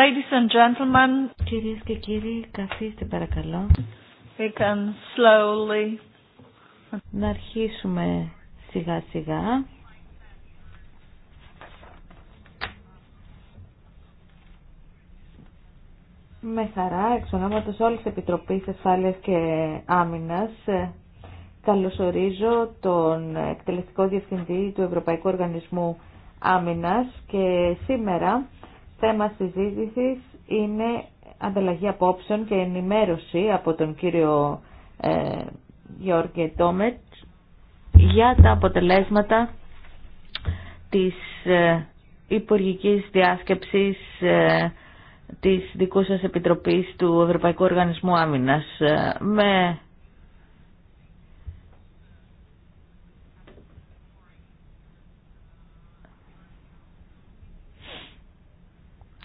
Ladies and gentlemen, κυρίες και κύριοι, καθίστε παρακαλώ. We can slowly... Να αρχίσουμε σιγά σιγά. Με χαρά, εξ ονόματος όλης της Επιτροπής Ασφάλειας και Άμυνας, Καλωσορίζω τον εκτελεστικό διευθυντή του Ευρωπαϊκού Οργανισμού Άμυνας και σήμερα θέμα συζήτησης είναι ανταλλαγή απόψεων και ενημέρωση από τον κύριο ε, Γιώργη Τόμετ για τα αποτελέσματα της ε, υπουργικής διάσκεψης ε, της δικού σας Επιτροπής του Ευρωπαϊκού Οργανισμού Άμυνας ε, με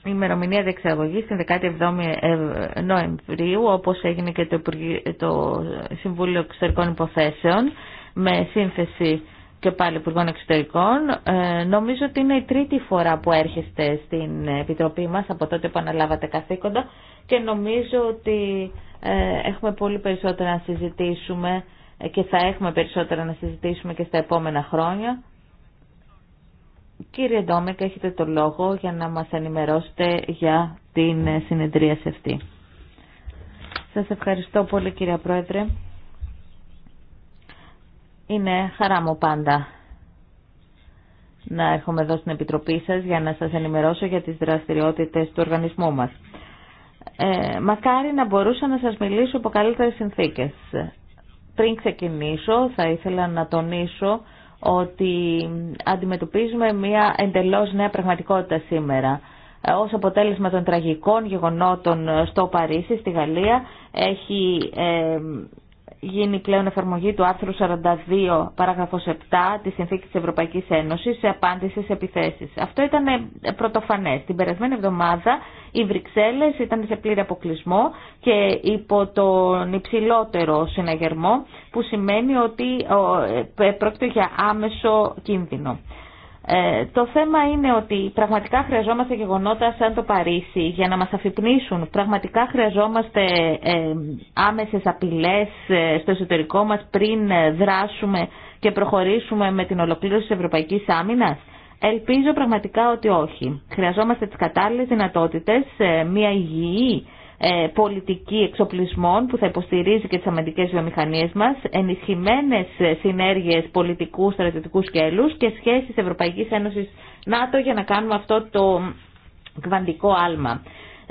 ημερομηνία διεξαγωγής την 17η ε, Νοεμβρίου, όπως έγινε και το, το Συμβούλιο Εξωτερικών Υποθέσεων, με σύνθεση και πάλι Υπουργών Εξωτερικών. Ε, νομίζω ότι είναι η τρίτη φορά που έρχεστε στην Επιτροπή μας από τότε που αναλάβατε καθήκοντα και νομίζω ότι ε, έχουμε πολύ περισσότερα να συζητήσουμε και θα έχουμε περισσότερα να συζητήσουμε και στα επόμενα χρόνια. Κύριε Ντόμεκ, έχετε το λόγο για να μας ενημερώσετε για την σε αυτή. Σας ευχαριστώ πολύ κύριε Πρόεδρε. Είναι χαρά μου πάντα να έρχομαι εδώ στην Επιτροπή σας για να σας ενημερώσω για τις δραστηριότητες του οργανισμού μας. Ε, μακάρι να μπορούσα να σας μιλήσω από καλύτερες συνθήκες. Πριν ξεκινήσω θα ήθελα να τονίσω ότι αντιμετωπίζουμε μια εντελώς νέα πραγματικότητα σήμερα. Ε, ως αποτέλεσμα των τραγικών γεγονότων στο Παρίσι, στη Γαλλία, έχει ε, γίνει πλέον εφαρμογή του άρθρου 42 παράγραφος 7 της Συνθήκης της Ευρωπαϊκής Ένωσης σε απάντηση σε επιθέσεις. Αυτό ήταν ε, πρωτοφανές. Την περασμένη εβδομάδα οι Βρυξέλλες ήταν σε πλήρη αποκλεισμό και υπό τον υψηλότερο συναγερμό που σημαίνει ότι ε, πρόκειται για άμεσο κίνδυνο. Ε, το θέμα είναι ότι πραγματικά χρειαζόμαστε γεγονότα σαν το Παρίσι για να μας αφυπνίσουν. Πραγματικά χρειαζόμαστε ε, άμεσες απειλές ε, στο εσωτερικό μας πριν ε, δράσουμε και προχωρήσουμε με την ολοκλήρωση της Ευρωπαϊκής Άμυνας. Ελπίζω πραγματικά ότι όχι. Χρειαζόμαστε τις κατάλληλες δυνατότητες, μια υγιή ε, πολιτική εξοπλισμών που θα υποστηρίζει και τις αμυντικές βιομηχανίες μας, ενισχυμένες συνέργειες πολιτικού στρατιωτικού σκέλους και σχέσεις Ευρωπαϊκής Ένωσης ΝΑΤΟ για να κάνουμε αυτό το κβαντικό άλμα.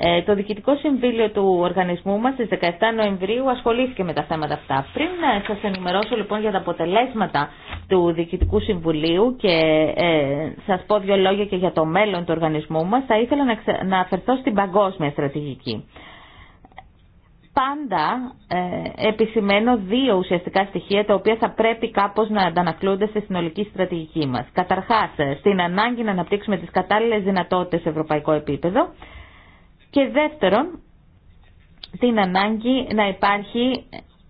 Ε, το Διοικητικό Συμβούλιο του οργανισμού μας στις 17 Νοεμβρίου ασχολήθηκε με τα θέματα αυτά. Πριν ε, σας ενημερώσω λοιπόν για τα αποτελέσματα του Διοικητικού Συμβουλίου και ε, σας πω δύο λόγια και για το μέλλον του οργανισμού μας, θα ήθελα να αφερθώ στην παγκόσμια στρατηγική πάντα ε, επισημαίνω δύο ουσιαστικά στοιχεία τα οποία θα πρέπει κάπως να αντανακλούνται στη συνολική στρατηγική μας. Καταρχάς, ε, στην ανάγκη να αναπτύξουμε τις κατάλληλες δυνατότητες σε ευρωπαϊκό επίπεδο και δεύτερον, την ανάγκη να υπάρχει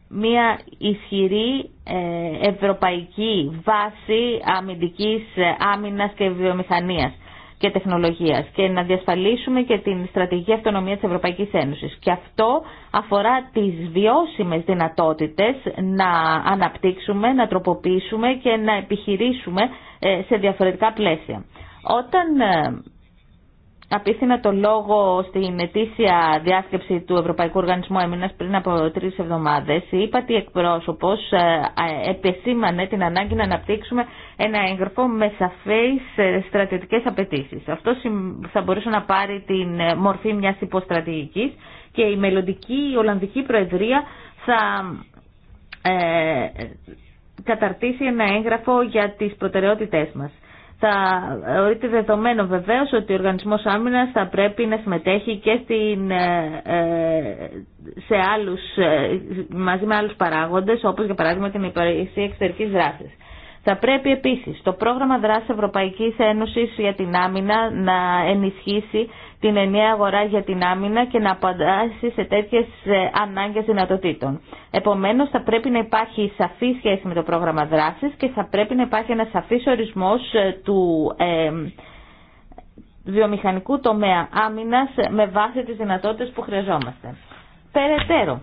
μια ισχυρή ε, ευρωπαϊκή βάση αμυντικής ε, άμυνας και βιομηχανίας και τεχνολογίας και να διασφαλίσουμε και την στρατηγική αυτονομία της Ευρωπαϊκής Ένωσης. Και αυτό αφορά τις βιώσιμες δυνατότητες να αναπτύξουμε, να τροποποιήσουμε και να επιχειρήσουμε ε, σε διαφορετικά πλαίσια. Όταν ε, απίθυνα το λόγο στην ετήσια διάσκεψη του Ευρωπαϊκού Οργανισμού Έμεινα πριν από τρει εβδομάδε. Η ύπατη εκπρόσωπο ε, επεσήμανε την ανάγκη να αναπτύξουμε ένα έγγραφο με σαφέ ε, στρατιωτικέ απαιτήσει. Αυτό θα μπορούσε να πάρει την ε, μορφή μια υποστρατηγική και η μελλοντική Ολλανδική Προεδρία θα καταρτήσει ένα έγγραφο για τις προτεραιότητές μας θα ορίτε δεδομένο βεβαίω ότι ο Οργανισμός Άμυνα θα πρέπει να συμμετέχει και στην, ε, ε, σε άλλους, ε, μαζί με άλλους παράγοντες όπως για παράδειγμα την υπηρεσία εξωτερική δράση. Θα πρέπει επίσης το πρόγραμμα δράσης Ευρωπαϊκής Ένωση για την άμυνα να ενισχύσει την ενιαία αγορά για την άμυνα και να απαντάσει σε τέτοιε ε, ανάγκες δυνατοτήτων. Επομένω, θα πρέπει να υπάρχει σαφή σχέση με το πρόγραμμα δράσης και θα πρέπει να υπάρχει ένα σαφής ορισμός ε, του ε, βιομηχανικού τομέα άμυνας με βάση τις δυνατότητε που χρειαζόμαστε. Περαιτέρω,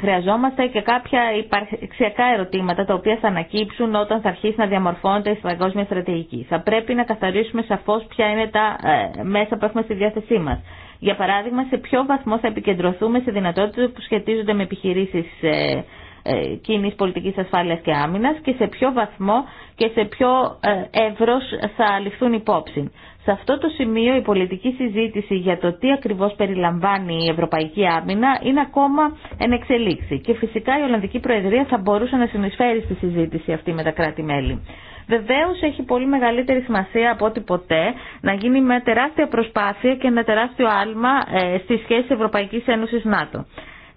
Χρειαζόμαστε και κάποια υπαρξιακά ερωτήματα τα οποία θα ανακύψουν όταν θα αρχίσει να διαμορφώνεται η παγκόσμια στρατηγική. Θα πρέπει να καθαρίσουμε σαφώ ποια είναι τα ε, μέσα που έχουμε στη διάθεσή μα. Για παράδειγμα, σε ποιο βαθμό θα επικεντρωθούμε σε δυνατότητε που σχετίζονται με επιχειρήσει ε, ε κοινή πολιτική ασφάλεια και άμυνα και σε ποιο βαθμό και σε ποιο ε, εύρο θα ληφθούν υπόψη. Σε αυτό το σημείο η πολιτική συζήτηση για το τι ακριβώς περιλαμβάνει η Ευρωπαϊκή Άμυνα είναι ακόμα εν εξελίξη και φυσικά η Ολλανδική Προεδρία θα μπορούσε να συνεισφέρει στη συζήτηση αυτή με τα κράτη-μέλη. Βεβαίω έχει πολύ μεγαλύτερη σημασία από ό,τι ποτέ να γίνει με τεράστια προσπάθεια και με τεράστιο άλμα ε, στη σχέση Ευρωπαϊκή Ένωση ΝΑΤΟ.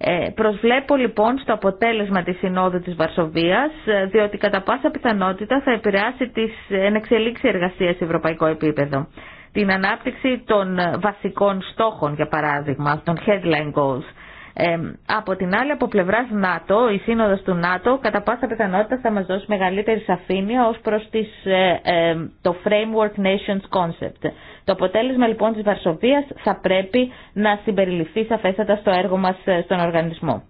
Ε, προσβλέπω λοιπόν στο αποτέλεσμα της Συνόδου της Βαρσοβίας, ε, διότι κατά πάσα πιθανότητα θα επηρεάσει τις ενεξελίξει εργασίες σε ευρωπαϊκό επίπεδο. Την ανάπτυξη των βασικών στόχων, για παράδειγμα, των headline goals, ε, από την άλλη, από πλευρά ΝΑΤΟ, η σύνοδο του ΝΑΤΟ κατά πάσα πιθανότητα θα μα δώσει μεγαλύτερη σαφήνεια ω προ ε, ε, το Framework Nations Concept. Το αποτέλεσμα λοιπόν τη Βαρσοβία θα πρέπει να συμπεριληφθεί σαφέστατα στο έργο μα ε, στον οργανισμό.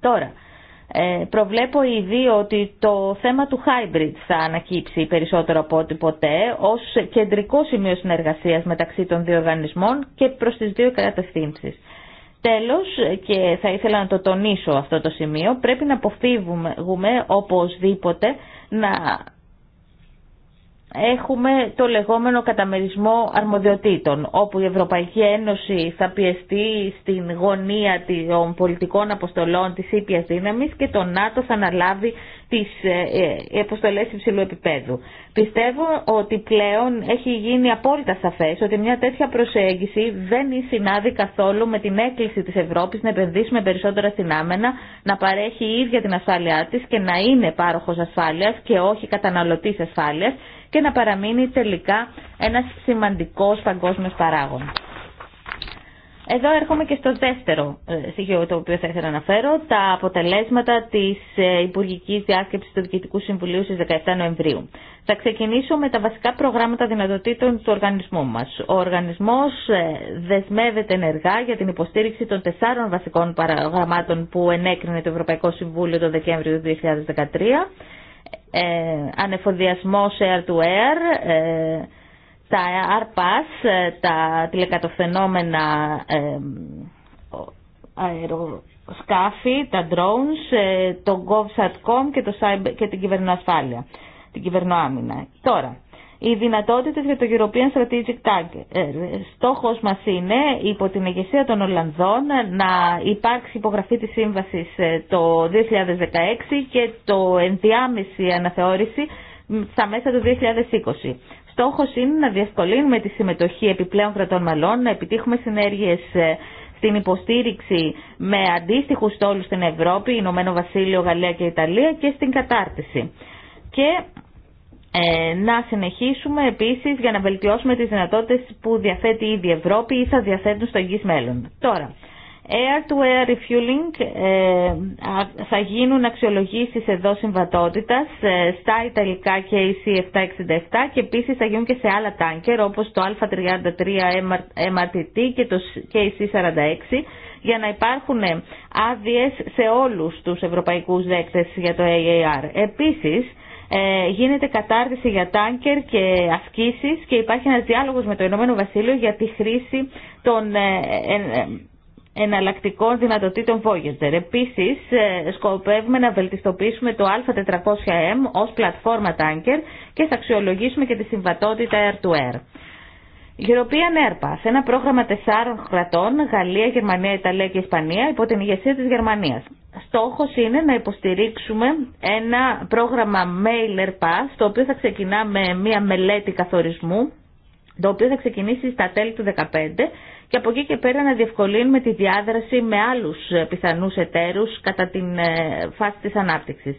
Τώρα, ε, προβλέπω ήδη ότι το θέμα του hybrid θα ανακύψει περισσότερο από ό,τι ποτέ ως κεντρικό σημείο συνεργασίας μεταξύ των δύο οργανισμών και προς τις δύο κατευθύνσεις. Τέλος, και θα ήθελα να το τονίσω αυτό το σημείο, πρέπει να αποφύγουμε οπωσδήποτε να έχουμε το λεγόμενο καταμερισμό αρμοδιοτήτων, όπου η Ευρωπαϊκή Ένωση θα πιεστεί στην γωνία των πολιτικών αποστολών της ήπιας δύναμης και το ΝΑΤΟ θα αναλάβει τις ε, ε, αποστολές υψηλού επίπεδου. Πιστεύω ότι πλέον έχει γίνει απόλυτα σαφές ότι μια τέτοια προσέγγιση δεν συνάδει καθόλου με την έκκληση της Ευρώπης να επενδύσουμε περισσότερα στην άμενα, να παρέχει η ίδια την ασφάλειά της και να είναι πάροχος ασφάλειας και όχι καταναλωτής ασφάλειας και να παραμείνει τελικά ένας σημαντικός παγκόσμιος παράγων. Εδώ έρχομαι και στο δεύτερο ε, στοιχείο το οποίο θα ήθελα να αναφέρω, τα αποτελέσματα της ε, Υπουργικής Διάσκεψης του Διοικητικού Συμβουλίου στις 17 Νοεμβρίου. Θα ξεκινήσω με τα βασικά προγράμματα δυνατοτήτων του οργανισμού μας. Ο οργανισμός ε, δεσμεύεται ενεργά για την υποστήριξη των τεσσάρων βασικών παραγραμμάτων... που ενέκρινε το Ευρωπαϊκό Συμβούλιο το Δεκέμβριο του 2013 ε, ανεφοδιασμό air to air, ε, τα ARPAS, ε, τα τηλεκατοφαινόμενα αεροσκάφη, τα drones, το GovSatcom και, το και την κυβερνοασφάλεια, την κυβερνοάμυνα. Τώρα, οι δυνατότητε για το European Strategic Tag. Ε, στόχος μας είναι, υπό την ηγεσία των Ολλανδών, να υπάρξει υπογραφή της σύμβασης ε, το 2016 και το ενδιάμεση αναθεώρηση στα μέσα του 2020. Στόχος είναι να διευκολύνουμε τη συμμετοχή επιπλέον κρατών μελών, να επιτύχουμε συνέργειες ε, στην υποστήριξη με αντίστοιχου στόλους στην Ευρώπη, Ηνωμένο Βασίλειο, Γαλλία και Ιταλία και στην κατάρτιση. Και ε, να συνεχίσουμε επίσης για να βελτιώσουμε τις δυνατότητες που διαθέτει ήδη η Ευρώπη ή θα διαθέτουν στο εγγυ μελλον μέλλον. Τώρα, air-to-air refueling ε, θα γίνουν αξιολογήσει εδώ συμβατότητας ε, στα Ιταλικά και η C767 και επίσης θα γίνουν και σε άλλα τάνκερ όπως το Α33 MRTT και το KC46 για να υπάρχουν άδειε σε όλους τους Ευρωπαϊκού δέκτε για το AAR. Επίσης, ε, γίνεται κατάρτιση για τάνκερ και ασκήσεις και υπάρχει ένας διάλογος με το Ηνωμένο Βασίλειο για τη χρήση των ε, ε, εναλλακτικών δυνατοτήτων Voyager. Επίσης, σκοπεύουμε να βελτιστοποιήσουμε το Α400M ως πλατφόρμα τάνκερ και θα αξιολογήσουμε και τη συμβατότητα Air-to-Air. European Airpass, ένα πρόγραμμα τεσσάρων κρατών, Γαλλία, Γερμανία, Ιταλία και Ισπανία, υπό την ηγεσία της Γερμανίας στόχος είναι να υποστηρίξουμε ένα πρόγραμμα Mailer Pass, το οποίο θα ξεκινά με μια μελέτη καθορισμού, το οποίο θα ξεκινήσει στα τέλη του 2015 και από εκεί και πέρα να διευκολύνουμε τη διάδραση με άλλους πιθανούς εταίρους κατά την ε, φάση της ανάπτυξης.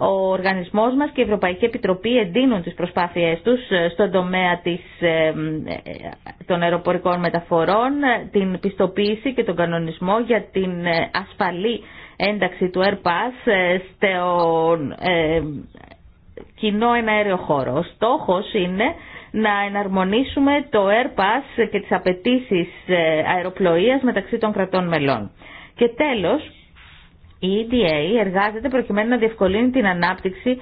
Ο οργανισμός μας και η Ευρωπαϊκή Επιτροπή εντείνουν τις προσπάθειές τους ε, στον τομέα της, ε, των αεροπορικών μεταφορών, την πιστοποίηση και τον κανονισμό για την ασφαλή ένταξη του ΕΡΠΑΣ στο ε, κοινό εναέριο χώρο. Ο στόχος είναι να εναρμονίσουμε το ΕΡΠΑΣ και τις απαιτήσεις ε, αεροπλοείας μεταξύ των κρατών μελών. Και τέλος, η EDA εργάζεται προκειμένου να διευκολύνει την ανάπτυξη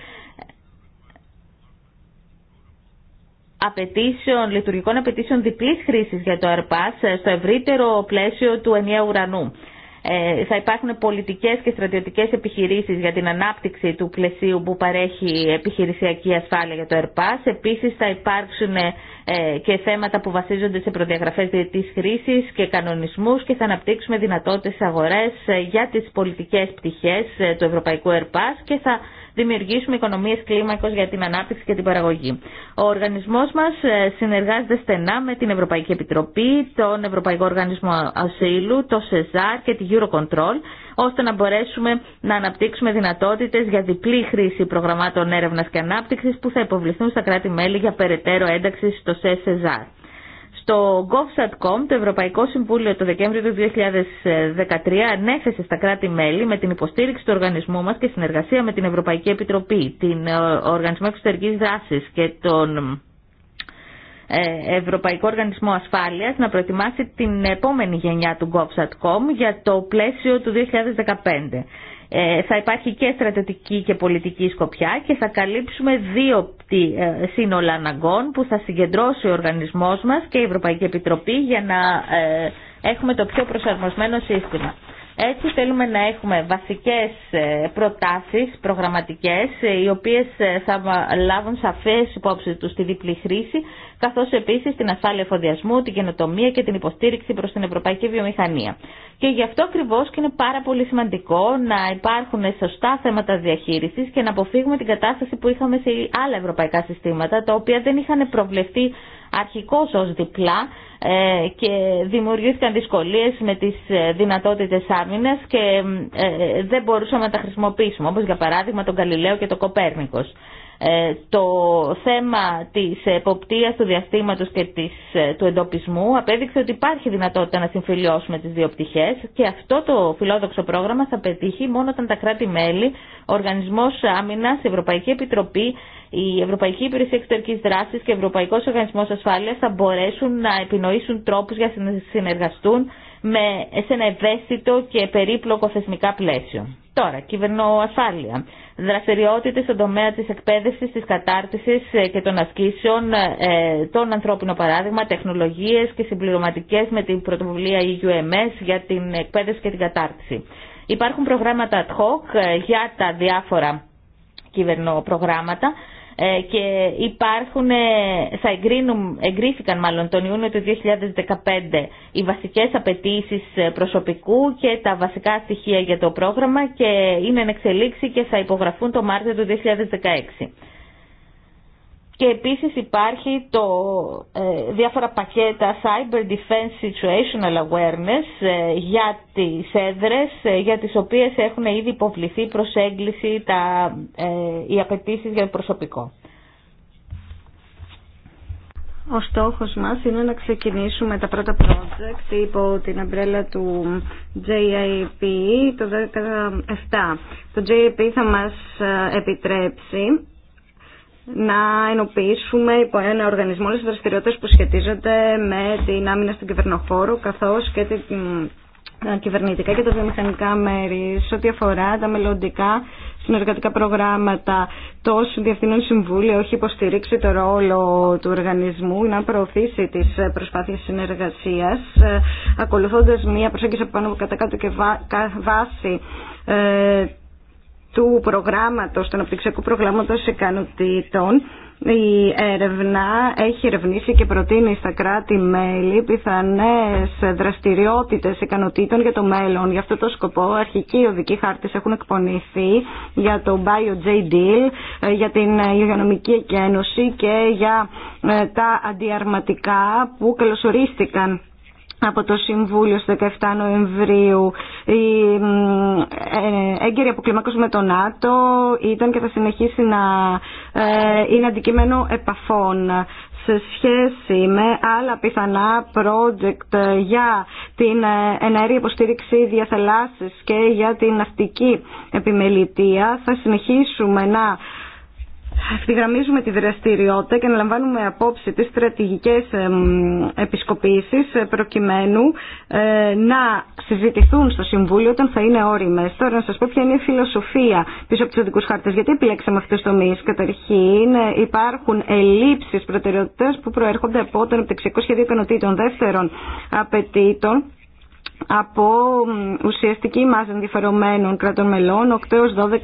απαιτήσεων, λειτουργικών απαιτήσεων διπλής χρήσης για το ΕΡΠΑΣ στο ευρύτερο πλαίσιο του ενιαίου ουρανού. Ε, θα υπάρχουν πολιτικές και στρατιωτικές επιχειρήσεις για την ανάπτυξη του πλαισίου που παρέχει επιχειρησιακή ασφάλεια για το ΕΡΠΑΣ. Επίσης θα υπάρξουν ε, και θέματα που βασίζονται σε προδιαγραφές διετής χρήσης και κανονισμούς και θα αναπτύξουμε δυνατότητες αγορές ε, για τις πολιτικές πτυχές του Ευρωπαϊκού ΕΡΠΑΣ και θα δημιουργήσουμε οικονομίες κλίμακος για την ανάπτυξη και την παραγωγή. Ο οργανισμός μας ε, συνεργάζεται στενά με την Ευρωπαϊκή Επιτροπή, τον Ευρωπαϊκό Οργανισμό Ασύλου, το ΣΕΖΑΡ και τη Eurocontrol, ώστε να μπορέσουμε να αναπτύξουμε δυνατότητες για διπλή χρήση προγραμμάτων έρευνας και ανάπτυξης που θα υποβληθούν στα κράτη-μέλη για περαιτέρω ένταξη στο ΣΕΖΑΡ. Το GovSatcom, το Ευρωπαϊκό Συμβούλιο το Δεκέμβριο του 2013, ανέθεσε στα κράτη-μέλη με την υποστήριξη του οργανισμού μας και συνεργασία με την Ευρωπαϊκή Επιτροπή, την ε, Οργανισμό Εξωτερικής Δράσης και τον ε, Ευρωπαϊκό Οργανισμό Ασφάλειας να προετοιμάσει την επόμενη γενιά του GovSatcom για το πλαίσιο του 2015. Ε, θα υπάρχει και στρατιωτική και πολιτική σκοπιά και θα καλύψουμε δύο ε, σύνολα αναγκών που θα συγκεντρώσει ο οργανισμός μας και η Ευρωπαϊκή Επιτροπή για να ε, έχουμε το πιο προσαρμοσμένο σύστημα. Έτσι θέλουμε να έχουμε βασικές προτάσεις προγραμματικές οι οποίες θα λάβουν σαφές υπόψη τους τη διπλή χρήση καθώ επίση την ασφάλεια εφοδιασμού, την καινοτομία και την υποστήριξη προ την ευρωπαϊκή βιομηχανία. Και γι' αυτό ακριβώ και είναι πάρα πολύ σημαντικό να υπάρχουν σωστά θέματα διαχείριση και να αποφύγουμε την κατάσταση που είχαμε σε άλλα ευρωπαϊκά συστήματα, τα οποία δεν είχαν προβλεφτεί αρχικώ ω διπλά ε, και δημιουργήθηκαν δυσκολίε με τις ε, δυνατότητε άμυνα και ε, δεν μπορούσαμε να τα χρησιμοποιήσουμε, όπω για παράδειγμα τον Καλλιλέο και τον Κοπέρνικο. Ε, το θέμα της εποπτείας του διαστήματος και της, ε, του εντοπισμού απέδειξε ότι υπάρχει δυνατότητα να συμφιλιώσουμε τις δύο πτυχές και αυτό το φιλόδοξο πρόγραμμα θα πετύχει μόνο όταν τα κράτη-μέλη, ο Οργανισμός Άμυνας, η Ευρωπαϊκή Επιτροπή, η Ευρωπαϊκή Υπηρεσία Εξωτερικής Δράσης και ο Ευρωπαϊκός Οργανισμός Ασφάλειας θα μπορέσουν να επινοήσουν τρόπους για να συνεργαστούν με, σε ένα ευαίσθητο και περίπλοκο θεσμικά πλαίσιο. Τώρα, κυβερνοασφάλεια. Δραστηριότητες στον τομέα της εκπαίδευση, της κατάρτιση ε, και των ασκήσεων, ε, τον ανθρώπινο παράδειγμα, τεχνολογίες και συμπληρωματικέ με την πρωτοβουλία EUMS για την εκπαίδευση και την κατάρτιση. Υπάρχουν προγράμματα ad hoc ε, για τα διάφορα κυβερνοπρογράμματα ε, και υπάρχουν, ε, θα εγκρίνουν, εγκρίθηκαν μάλλον τον Ιούνιο του 2015 οι βασικές απαιτήσει ε, προσωπικού και τα βασικά στοιχεία για το πρόγραμμα και είναι εν και θα υπογραφούν το Μάρτιο του 2016. Και επίσης υπάρχει το ε, διάφορα πακέτα Cyber Defense Situational Awareness ε, για τις έδρες ε, για τις οποίες έχουν ήδη υποβληθεί προς έγκληση τα, οι απαιτήσει για το προσωπικό. Ο στόχος μας είναι να ξεκινήσουμε τα πρώτα project υπό την αμπρέλα του JIP το 2017. Το JIP θα μας επιτρέψει να ενοποιήσουμε υπό ένα οργανισμό όλες τις δραστηριότητες που σχετίζονται με την άμυνα στον κυβερνοχώρο καθώς και την τα κυβερνητικά και τα βιομηχανικά μέρη, σε ό,τι αφορά τα μελλοντικά συνεργατικά προγράμματα, το Διευθύνων Συμβούλιο έχει υποστηρίξει το ρόλο του οργανισμού να προωθήσει τις προσπάθειες συνεργασία, ε, ακολουθώντας μία προσέγγιση από πάνω κατά κάτω και βάση ε, του προγράμματος, του αναπτυξιακού προγράμματος ικανοτήτων. Η έρευνα έχει ερευνήσει και προτείνει στα κράτη-μέλη πιθανές δραστηριότητες ικανοτήτων για το μέλλον. Γι' αυτό το σκοπό αρχικοί οδικοί χάρτες έχουν εκπονηθεί για το BioJ Deal, ε, για την Υγειονομική Εκένωση και για ε, τα αντιαρματικά που καλωσορίστηκαν από το Συμβούλιο στις 17 Νοεμβρίου η ε, έγκαιρη αποκλιμάκωση με το ΝΑΤΟ ήταν και θα συνεχίσει να ε, είναι αντικείμενο επαφών σε σχέση με άλλα πιθανά project για την ε, εναέρη υποστήριξη διαθελάσεις και για την ναυτική επιμελητία. Θα συνεχίσουμε να ευθυγραμμίζουμε τη δραστηριότητα και να λαμβάνουμε απόψη τις στρατηγικές επισκοπήσεις ε, προκειμένου ε, να συζητηθούν στο Συμβούλιο όταν θα είναι όριμες. Τώρα να σας πω ποια είναι η φιλοσοφία πίσω από τους χάρτες. Γιατί επιλέξαμε αυτούς τους τομείς. Καταρχήν ε, υπάρχουν ελλείψεις προτεραιότητες που προέρχονται από τον επιτεξιακό σχέδιο ικανοτήτων δεύτερων απαιτήτων από ουσιαστική μάζα ενδιαφερομένων κρατών μελών, 8 έως 12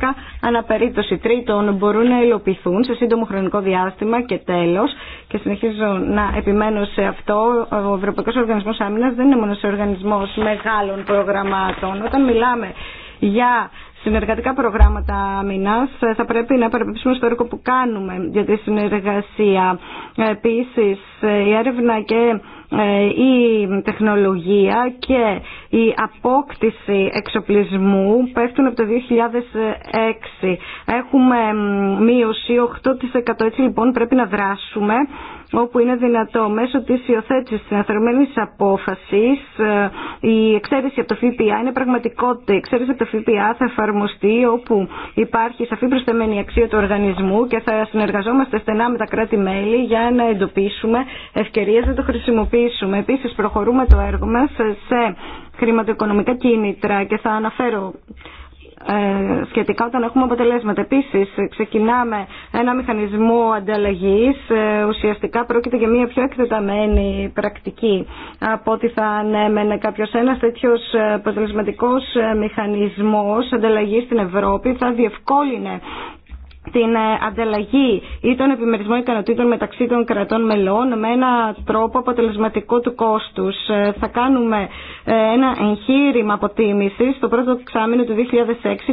αναπερίπτωση τρίτων μπορούν να υλοποιηθούν σε σύντομο χρονικό διάστημα και τέλος και συνεχίζω να επιμένω σε αυτό, ο Ευρωπαϊκός Οργανισμός Άμυνας δεν είναι μόνο σε οργανισμός μεγάλων προγραμμάτων. Όταν μιλάμε για συνεργατικά προγράμματα άμυνα. Θα πρέπει να παραπέψουμε στο έργο που κάνουμε για τη συνεργασία. Επίση, η έρευνα και ε, η τεχνολογία και η απόκτηση εξοπλισμού πέφτουν από το 2006. Έχουμε μείωση 8%. Έτσι λοιπόν πρέπει να δράσουμε όπου είναι δυνατό μέσω τη υιοθέτηση τη αναθερωμένης απόφασης ε, η εξαίρεση από το ΦΠΑ είναι πραγματικότητα. Η εξαίρεση από το ΦΠΑ θα εφαρμοστεί όπου υπάρχει σαφή προσθεμένη αξία του οργανισμού και θα συνεργαζόμαστε στενά με τα κράτη-μέλη για να εντοπίσουμε ευκαιρίες να το χρησιμοποιήσουμε. Επίσης προχωρούμε το έργο μα σε χρηματοοικονομικά κίνητρα και θα αναφέρω ε, σχετικά όταν έχουμε αποτελέσματα. Επίσης, ξεκινάμε ένα μηχανισμό ανταλλαγής. Ε, ουσιαστικά πρόκειται για μια πιο εκτεταμένη πρακτική από ότι θα ανέμενε κάποιο ένας τέτοιος ε, αποτελεσματικό μηχανισμός ανταλλαγή στην Ευρώπη θα διευκόλυνε την ε, ανταλλαγή ή τον επιμερισμό ικανοτήτων μεταξύ των κρατών μελών με ένα τρόπο αποτελεσματικό του κόστους. Ε, θα κάνουμε ε, ένα εγχείρημα αποτίμησης στο πρώτο εξάμεινο του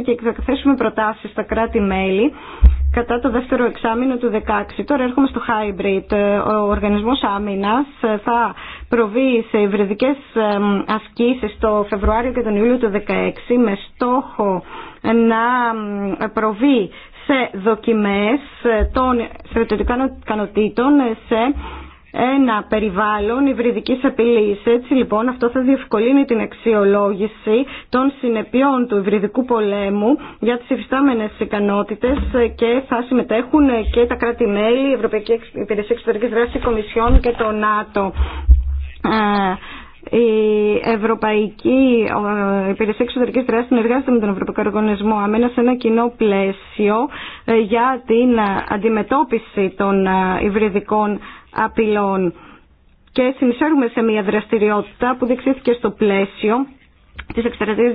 2006 και θα θέσουμε προτάσεις στα κράτη-μέλη κατά το δεύτερο εξάμεινο του 2016. Τώρα έρχομαι στο hybrid. Ο Οργανισμός Άμυνας θα προβεί σε υβριδικές ασκήσεις το Φεβρουάριο και τον Ιούλιο του 2016 με στόχο να προβεί σε δοκιμές των στρατιωτικών ικανοτήτων σε ένα περιβάλλον υβριδικής απειλής. Έτσι λοιπόν αυτό θα διευκολύνει την αξιολόγηση των συνεπειών του υβριδικού πολέμου για τις υφιστάμενες ικανότητες και θα συμμετέχουν και τα κράτη-μέλη, η Ευρωπαϊκή Υπηρεσία Εξωτερικής Δράσης, η Κομισιόν και το ΝΑΤΟ. Ε, η Ευρωπαϊκή Υπηρεσία Εξωτερικής Δράσης συνεργάζεται με τον Ευρωπαϊκό Οργανισμό Αμένα σε ένα κοινό πλαίσιο ε, για την ε, αντιμετώπιση των ε, υβριδικών απειλών και συνεισφέρουμε σε μια δραστηριότητα που διεξήθηκε στο πλαίσιο της εξαιρετίας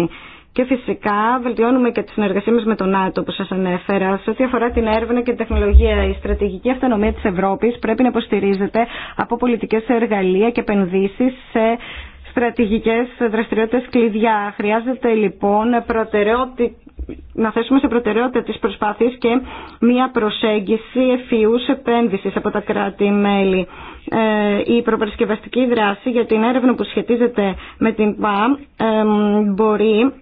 2015-2016. Και φυσικά βελτιώνουμε και τη συνεργασία μας με τον ΝΑΤΟ που σας ανέφερα. Σε ό,τι αφορά την έρευνα και την τεχνολογία, η στρατηγική αυτονομία της Ευρώπης πρέπει να υποστηρίζεται από πολιτικές εργαλεία και επενδύσεις σε στρατηγικές δραστηριότητες κλειδιά. Χρειάζεται λοιπόν προτεραιότητα να θέσουμε σε προτεραιότητα τις προσπάθειες και μία προσέγγιση εφιούς επένδυσης από τα κράτη-μέλη. Ε, η προπαρασκευαστική δράση για την έρευνα που σχετίζεται με την ΠΑ μπορεί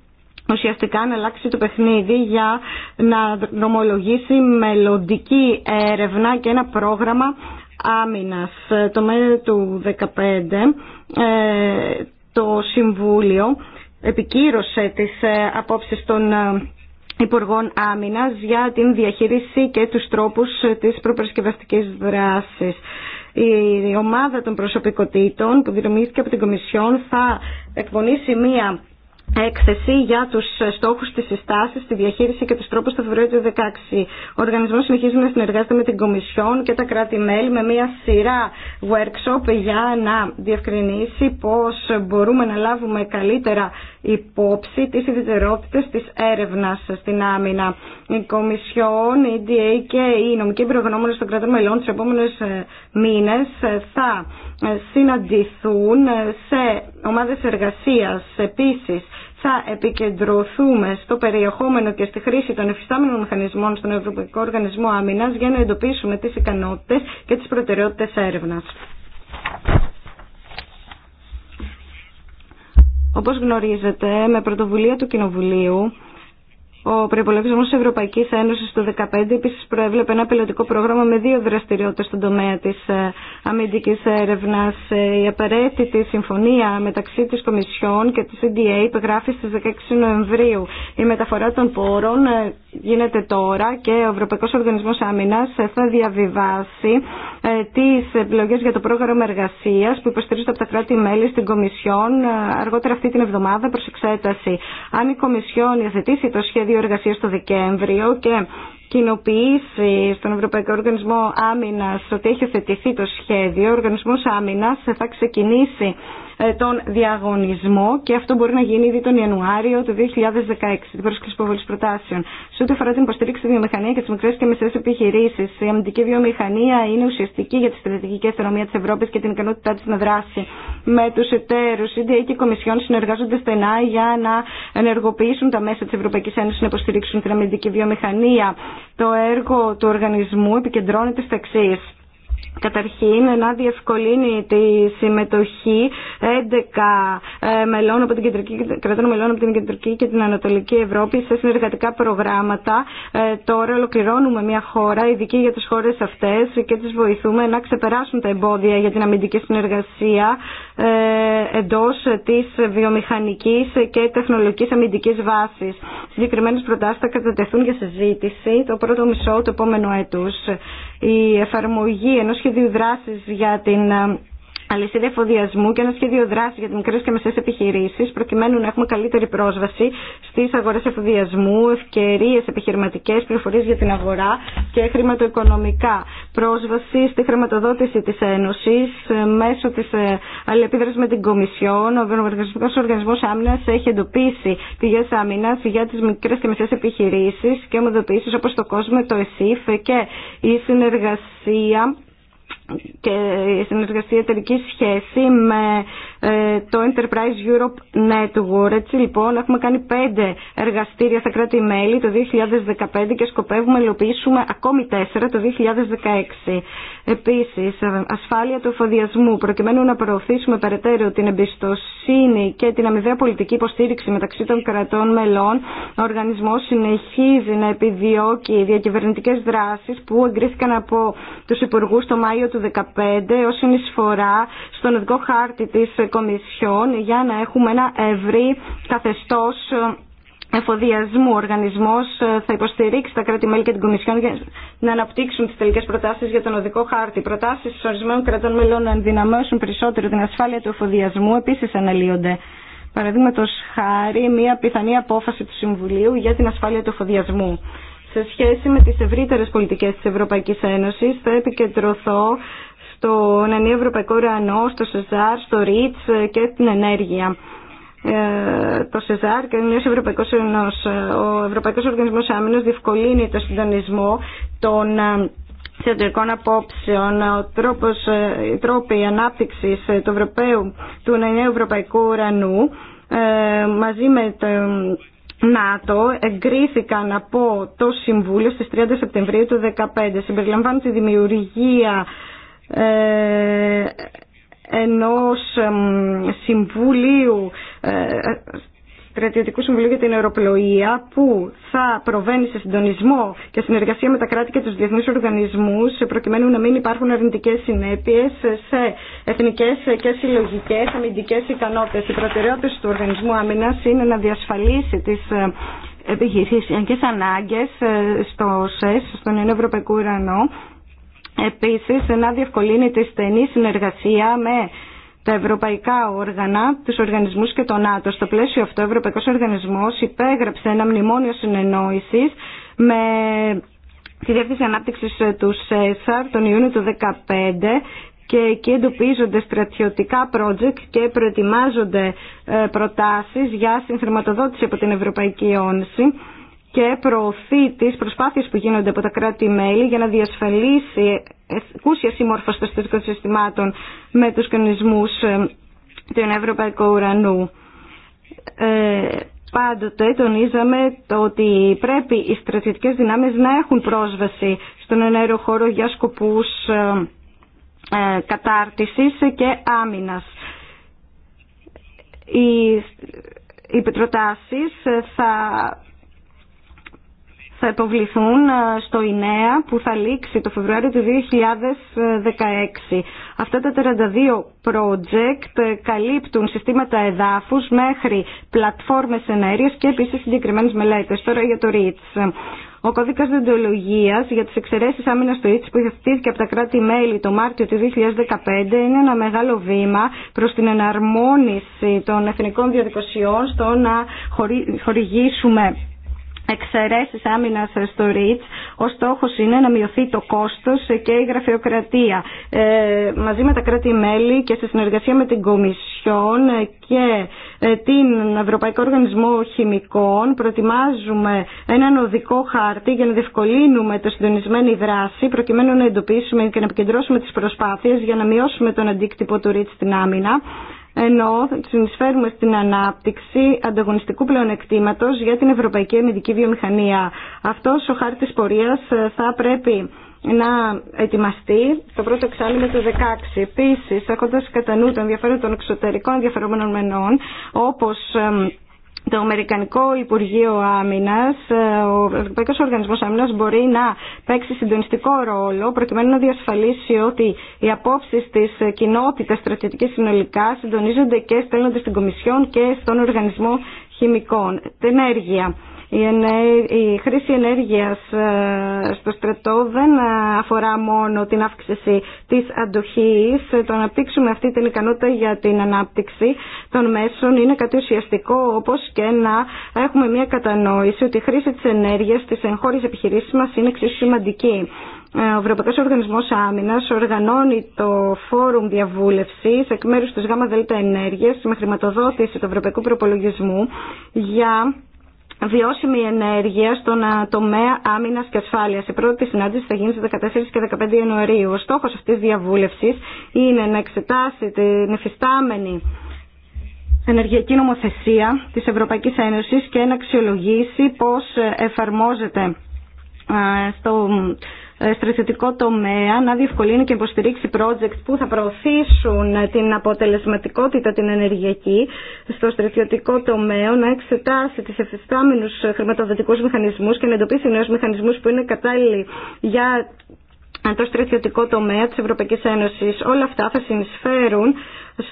ουσιαστικά να αλλάξει το παιχνίδι για να νομολογήσει μελλοντική έρευνα και ένα πρόγραμμα άμυνας. Το μέρο του 2015 ε, το Συμβούλιο επικύρωσε τις ε, απόψεις των ε, Υπουργών Άμυνας για την διαχείριση και τους τρόπους της προπαρασκευαστικής δράσης. Η ομάδα των προσωπικότητων που δημιουργήθηκε από την Κομισιόν θα εκπονήσει μία Έκθεση για του στόχου, τι συστάσει, τη διαχείριση και του τρόπου του Φεβρουαρίου του 2016. Ο οργανισμό συνεχίζει να συνεργάζεται με την Κομισιόν και τα κράτη-μέλη με μία σειρά workshop για να διευκρινίσει πώ μπορούμε να λάβουμε καλύτερα υπόψη τι ιδιαιτερότητε τη έρευνα στην άμυνα. Η Κομισιόν, η DA και οι νομικοί προγνώμονε των κρατών μελών του επόμενου ε, μήνε ε, θα συναντηθούν σε ομάδες εργασίας. Επίσης, θα επικεντρωθούμε στο περιεχόμενο και στη χρήση των εφιστάμενων μηχανισμών στον Ευρωπαϊκό Οργανισμό Άμυνας για να εντοπίσουμε τις ικανότητες και τις προτεραιότητες έρευνας. Όπως γνωρίζετε, με πρωτοβουλία του Κοινοβουλίου, ο προπολογισμό τη Ευρωπαϊκή Ένωση του 2015 επίση προέβλεπε ένα πιλωτικό πρόγραμμα με δύο δραστηριότητε στον τομέα τη ε, αμυντική έρευνα. Ε, η απαραίτητη συμφωνία μεταξύ τη Κομισιόν και τη CDA υπεγράφει στι 16 Νοεμβρίου. Η μεταφορά των πόρων ε, γίνεται τώρα και ο Ευρωπαϊκό Οργανισμό Άμυνα θα διαβιβάσει τι επιλογέ για το πρόγραμμα εργασία που υποστηρίζεται από τα κράτη-μέλη στην Κομισιόν αργότερα αυτή την εβδομάδα προ εξέταση. Αν η Κομισιόν υιοθετήσει το σχέδιο σχέδιο εργασία το Δεκέμβριο και κοινοποιήσει στον Ευρωπαϊκό Οργανισμό Άμυνα ότι έχει θετηθεί το σχέδιο, ο Οργανισμό Άμυνα θα ξεκινήσει ε, τον διαγωνισμό και αυτό μπορεί να γίνει ήδη τον Ιανουάριο του 2016, την πρόσκληση υποβολή προτάσεων. Σε ό,τι αφορά την υποστήριξη τη βιομηχανία και τι μικρέ και μεσαίε επιχειρήσει, η αμυντική βιομηχανία είναι ουσιαστική για τη στρατηγική αστυνομία τη Ευρώπη και την ικανότητά τη να δράσει. Με του εταίρου, η ΔΕΗ και η Κομισιόν συνεργάζονται στενά για να ενεργοποιήσουν τα μέσα τη Ευρωπαϊκή Ένωση να υποστηρίξουν την αμυντική βιομηχανία. Το έργο του οργανισμού επικεντρώνεται στα εξή καταρχήν να διευκολύνει τη συμμετοχή 11 ε, μελών από την κεντρική, κρατών μελών από την Κεντρική και την Ανατολική Ευρώπη σε συνεργατικά προγράμματα. Ε, τώρα ολοκληρώνουμε μια χώρα ειδική για τις χώρες αυτές και τις βοηθούμε να ξεπεράσουν τα εμπόδια για την αμυντική συνεργασία ε, εντός της βιομηχανικής και τεχνολογικής αμυντικής βάσης. Συγκεκριμένες προτάσεις θα κατατεθούν για συζήτηση το πρώτο μισό του επόμενου έτους η εφαρμογή ενός σχεδίου δράσης για την ε, αλυσίδα εφοδιασμού και ένα σχέδιο δράση για τι μικρέ και μεσαίε επιχειρήσει, προκειμένου να έχουμε καλύτερη πρόσβαση στι αγορέ εφοδιασμού, ευκαιρίε επιχειρηματικέ, πληροφορίε για την αγορά και χρηματοοικονομικά. Πρόσβαση στη χρηματοδότηση τη Ένωση ε, μέσω τη ε, αλληλεπίδραση με την Κομισιόν. Ο Ευρωπαϊκό Οργανισμό Άμυνα έχει εντοπίσει πηγέ άμυνα για τι μικρέ και μεσαίε επιχειρήσει και ομοδοποιήσει όπω το κόσμο, το ΕΣΥΦ και η συνεργασία και η συνεργασία εταιρική σχέση με ε, το Enterprise Europe Network. Έτσι λοιπόν έχουμε κάνει πέντε εργαστήρια στα κράτη-μέλη το 2015 και σκοπεύουμε να υλοποιήσουμε ακόμη τέσσερα το 2016. Επίσης, ε, ασφάλεια του εφοδιασμού προκειμένου να προωθήσουμε περαιτέρω την εμπιστοσύνη και την αμοιβαία πολιτική υποστήριξη μεταξύ των κρατών μελών. Ο οργανισμός συνεχίζει να επιδιώκει διακυβερνητικές δράσεις που εγκρίθηκαν από τους υπουργούς το Μάιο του 2015 ως συνεισφορά στον οδικό χάρτη της Κομισιόν για να έχουμε ένα ευρύ καθεστώς εφοδιασμού. Ο οργανισμό θα υποστηρίξει τα κράτη-μέλη και την Κομισιόν για να αναπτύξουν τι τελικέ προτάσει για τον οδικό χάρτη. Προτάσει ορισμένων κρατών μελών να ενδυναμώσουν περισσότερο την ασφάλεια του εφοδιασμού επίση αναλύονται. Παραδείγματο χάρη, μια πιθανή απόφαση του Συμβουλίου για την ασφάλεια του εφοδιασμού. Σε σχέση με τις ευρύτερες πολιτικές της Ευρωπαϊκής Ένωσης θα επικεντρωθώ στον ενίο ευρωπαϊκό ουρανό, στο ΣΕΖΑΡ, στο ΡΙΤΣ και την ενέργεια. Ε, το ΣΕΖΑΡ και ο νέος Ευρωπαϊκός ε, ο Ευρωπαϊκός Οργανισμός Άμυνος διευκολύνει το συντονισμό των ε, θεατρικών απόψεων, ο τρόπος, οι τρόποι ανάπτυξης του, Ευρωπαίου, του ευρωπαϊκού ουρανού μαζί με ΝΑΤΟ εγκρίθηκαν από το Συμβούλιο στις 30 Σεπτεμβρίου του 2015. Συμπεριλαμβάνει τη δημιουργία ε, ενός Συμβουλίου ε, Στρατιωτικού Συμβουλίου για την Αεροπλοεία που θα προβαίνει σε συντονισμό και συνεργασία με τα κράτη και του διεθνεί οργανισμού, προκειμένου να μην υπάρχουν αρνητικέ συνέπειε σε εθνικέ και συλλογικέ, αμυντικέ ικανότητε. Οι προτεραιότητε του Οργανισμού Άμυνα είναι να διασφαλίσει τι ε, επιχειρησιακέ ε, ανάγκε ε, στο ΣΕΣ, στον Ευρωπαϊκό Ουρανό, Επίσης, να διευκολύνει τη στενή συνεργασία με τα ευρωπαϊκά όργανα, τους οργανισμούς και τον ΝΑΤΟ. Στο πλαίσιο αυτό, ο Ευρωπαϊκός Οργανισμός υπέγραψε ένα μνημόνιο συνεννόησης με τη Διεύθυνση Ανάπτυξης του ΣΕΣΑΡ τον Ιούνιο του 2015 και εκεί εντοπίζονται στρατιωτικά project και προετοιμάζονται ε, προτάσεις για συγχρηματοδότηση από την Ευρωπαϊκή Ένωση και προωθεί τις προσπάθειες που γίνονται από τα κράτη-μέλη για να διασφαλίσει κούσια σύμμορφωση των στρατιωτικών συστημάτων με τους κανονισμού ε, του Ευρωπαϊκού Ουρανού. Ε, πάντοτε τονίζαμε το ότι πρέπει οι στρατιωτικέ δυνάμεις να έχουν πρόσβαση στον ενέργειο χώρο για σκοπούς ε, ε και άμυνας. Οι, οι θα θα υποβληθούν στο ΙΝΕΑ που θα λήξει το Φεβρουάριο του 2016. Αυτά τα 42 project ε, καλύπτουν συστήματα εδάφους μέχρι πλατφόρμες ενέργειας και επίσης συγκεκριμένε μελέτες. Τώρα για το REACH. Ο κώδικας δεντολογίας για τις εξαιρέσεις άμυνας του ΙΤΣ που υιοθετήθηκε από τα κράτη-μέλη το Μάρτιο του 2015 είναι ένα μεγάλο βήμα προς την εναρμόνιση των εθνικών διαδικασιών στο να χορηγήσουμε εξαιρέσει άμυνα στο ΡΙΤΣ, ο στόχο είναι να μειωθεί το κόστο και η γραφειοκρατία. Ε, μαζί με τα κράτη-μέλη και σε συνεργασία με την Κομισιόν και ε, την Ευρωπαϊκό Οργανισμό Χημικών, προετοιμάζουμε έναν οδικό χάρτη για να διευκολύνουμε το συντονισμένη δράση, προκειμένου να εντοπίσουμε και να επικεντρώσουμε τι προσπάθειε για να μειώσουμε τον αντίκτυπο του ΡΙΤΣ στην άμυνα ενώ συνεισφέρουμε στην ανάπτυξη ανταγωνιστικού πλεονεκτήματος για την ευρωπαϊκή αμυντική βιομηχανία. Αυτός ο χάρτης πορείας ε, θα πρέπει να ετοιμαστεί το πρώτο εξάμεινο του 2016. Επίση, έχοντα κατά νου το ενδιαφέρον των εξωτερικών ενδιαφερόμενων μενών, όπω το Αμερικανικό Υπουργείο Άμυνα, ε, ο Ευρωπαϊκό Οργανισμό Άμυνα μπορεί να παίξει συντονιστικό ρόλο προκειμένου να διασφαλίσει ότι οι απόψει τη κοινότητα στρατιωτική συνολικά συντονίζονται και στέλνονται στην Κομισιόν και στον Οργανισμό Χημικών. Την ενέργεια. Η χρήση ενέργειας ε, στο στρατό δεν αφορά μόνο την αύξηση της αντοχής. Το να αναπτύξουμε αυτή την ικανότητα για την ανάπτυξη των μέσων είναι κάτι ουσιαστικό, όπως και να έχουμε μια κατανόηση ότι η χρήση της ενέργειας στις εγχώριες επιχειρήσεις μας είναι εξίσου σημαντική. Ε, ο Ευρωπαϊκός Οργανισμός Άμυνας οργανώνει το φόρουμ διαβούλευσης εκ μέρους της ΓΔΕ με χρηματοδότηση του Ευρωπαϊκού Προπολογισμού για βιώσιμη ενέργεια στον τομέα άμυνα και ασφάλεια. Η πρώτη συνάντηση θα γίνει στι 14 και 15 Ιανουαρίου. Ο στόχο αυτή τη διαβούλευση είναι να εξετάσει την εφιστάμενη ενεργειακή νομοθεσία τη Ευρωπαϊκή Ένωση και να αξιολογήσει πώ εφαρμόζεται στο ε, στρατιωτικό τομέα να διευκολύνει και υποστηρίξει project που θα προωθήσουν την αποτελεσματικότητα την ενεργειακή στο στρατιωτικό τομέα, να εξετάσει τις εφιστάμενους χρηματοδοτικούς μηχανισμούς και να εντοπίσει νέους μηχανισμούς που είναι κατάλληλοι για το στρατιωτικό τομέα της Ευρωπαϊκής Ένωσης. Όλα αυτά θα συνεισφέρουν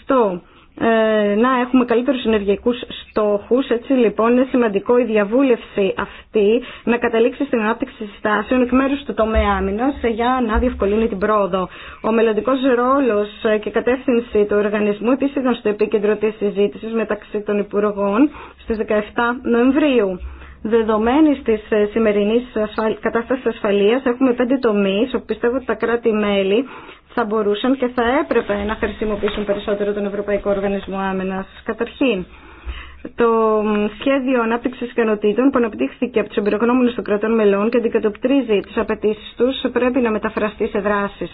στο ε, να έχουμε καλύτερους ενεργειακούς στόχους. Έτσι λοιπόν είναι σημαντικό η διαβούλευση αυτή να καταλήξει στην ανάπτυξη συστάσεων εκ μέρους του τομέα άμυνας για να διευκολύνει την πρόοδο. Ο μελλοντικό ρόλος και κατεύθυνση του οργανισμού επίσης ήταν στο επίκεντρο της συζήτησης μεταξύ των Υπουργών στις 17 Νοεμβρίου. Δεδομένη τη σημερινή κατάσταση ασφαλεία, έχουμε πέντε τομεί όπου πιστεύω ότι τα κράτη-μέλη θα μπορούσαν και θα έπρεπε να χρησιμοποιήσουν περισσότερο τον Ευρωπαϊκό Οργανισμό Άμενας. Καταρχήν, το σχέδιο ανάπτυξη ικανοτήτων που αναπτύχθηκε από του εμπειρογνώμονε των κρατών μελών και αντικατοπτρίζει τι απαιτήσει του πρέπει να μεταφραστεί σε δράσει.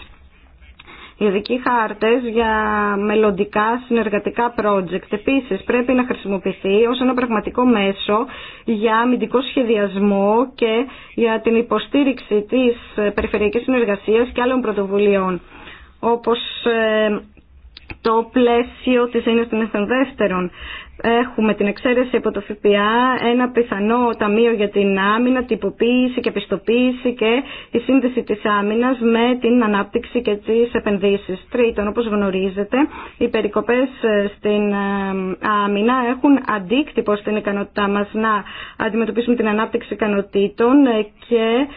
Οι ειδικοί χάρτε για μελλοντικά συνεργατικά project επίση πρέπει να χρησιμοποιηθεί ω ένα πραγματικό μέσο για αμυντικό σχεδιασμό και για την υποστήριξη τη περιφερειακή συνεργασία και άλλων πρωτοβουλειών όπως ε, το πλαίσιο της έννοιας των δεύτερων. Έχουμε την εξαίρεση από το ΦΠΑ, ένα πιθανό ταμείο για την άμυνα, τυποποίηση και πιστοποίηση και η σύνδεση της άμυνας με την ανάπτυξη και τις επενδύσεις. Τρίτον, όπως γνωρίζετε, οι περικοπές ε, στην ε, άμυνα έχουν αντίκτυπο στην ικανότητά μας να αντιμετωπίσουμε την ανάπτυξη ικανοτήτων και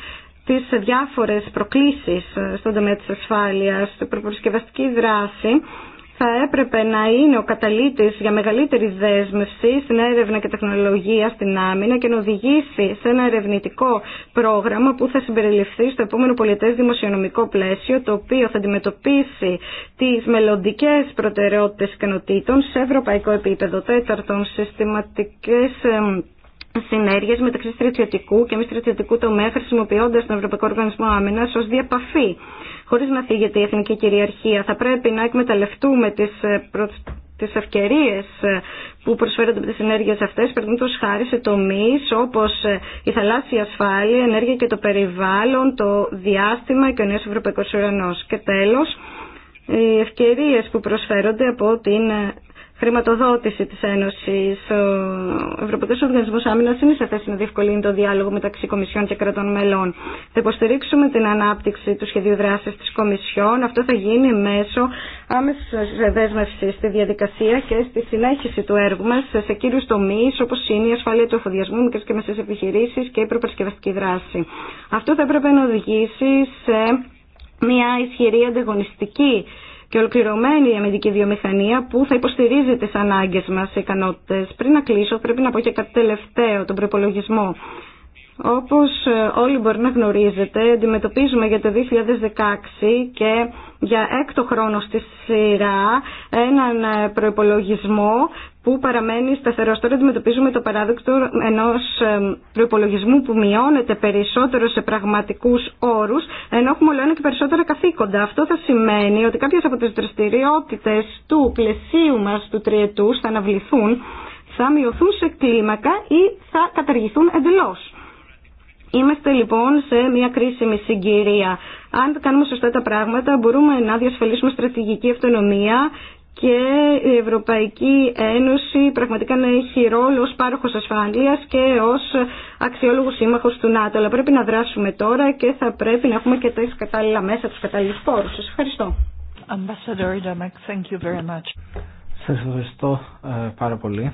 σε διάφορες προκλήσεις ε, στον τομέα της ασφάλειας, στην προπορισκευαστική δράση θα έπρεπε να είναι ο καταλήτης για μεγαλύτερη δέσμευση στην έρευνα και τεχνολογία στην άμυνα και να οδηγήσει σε ένα ερευνητικό πρόγραμμα που θα συμπεριληφθεί στο επόμενο πολιτές δημοσιονομικό πλαίσιο το οποίο θα αντιμετωπίσει τις μελλοντικέ προτεραιότητες ικανοτήτων σε ευρωπαϊκό επίπεδο τέταρτον συστηματικές ε, συνέργειε μεταξύ στρατιωτικού και μη στρατιωτικού τομέα, χρησιμοποιώντα τον Ευρωπαϊκό Οργανισμό Άμυνα ω διαπαφή. Χωρί να θίγεται η εθνική κυριαρχία, θα πρέπει να εκμεταλλευτούμε τι ε, τις ευκαιρίες ε, που προσφέρονται από τι συνέργειε αυτέ, παραδείγματος χάρη σε τομεί, όπω ε, η θαλάσσια ασφάλεια, η ενέργεια και το περιβάλλον, το διάστημα και ο νέος Ευρωπαϊκό Ουρανό. Και τέλο, οι ευκαιρίες που προσφέρονται από την χρηματοδότηση της Ένωσης. Ο Ευρωπαϊκός Οργανισμός Άμυνας είναι σε θέση να διευκολύνει το διάλογο μεταξύ Κομισιών και κρατών μελών. Θα υποστηρίξουμε την ανάπτυξη του σχεδίου δράσης της Κομισιόν. Αυτό θα γίνει μέσω άμεσης δέσμευση στη διαδικασία και στη συνέχιση του έργου μας σε κύριους τομείς όπως είναι η ασφάλεια του εφοδιασμού, μικρές και μεσές επιχειρήσεις και η προπαρασκευαστική δράση. Αυτό θα έπρεπε να οδηγήσει σε μια ισχυρή ανταγωνιστική και ολοκληρωμένη η αμυντική βιομηχανία που θα υποστηρίζει τι ανάγκε μα οι ικανότητε Πριν να κλείσω πρέπει να πω και κάτι τελευταίο, τον προπολογισμό. Όπω ε, όλοι μπορεί να γνωρίζετε, αντιμετωπίζουμε για το 2016 και για έκτο χρόνο στη σειρά έναν ε, προπολογισμό που παραμένει σταθερό. Τώρα αντιμετωπίζουμε το παράδοξο ενό προπολογισμού που μειώνεται περισσότερο σε πραγματικού όρου, ενώ έχουμε όλο ένα και περισσότερα καθήκοντα. Αυτό θα σημαίνει ότι κάποιε από τι δραστηριότητε του πλαισίου μα του τριετού θα αναβληθούν, θα μειωθούν σε κλίμακα ή θα καταργηθούν εντελώ. Είμαστε λοιπόν σε μια κρίσιμη συγκυρία. Αν κάνουμε σωστά τα πράγματα, μπορούμε να διασφαλίσουμε στρατηγική αυτονομία και η Ευρωπαϊκή Ένωση πραγματικά να έχει ρόλο ως πάροχος ασφαλείας και ως αξιόλογος σύμμαχος του ΝΑΤΟ. Αλλά πρέπει να δράσουμε τώρα και θα πρέπει να έχουμε και τα κατάλληλα μέσα, τους κατάλληλους πόρους. Σας ευχαριστώ. thank Σας ευχαριστώ ε, πάρα πολύ.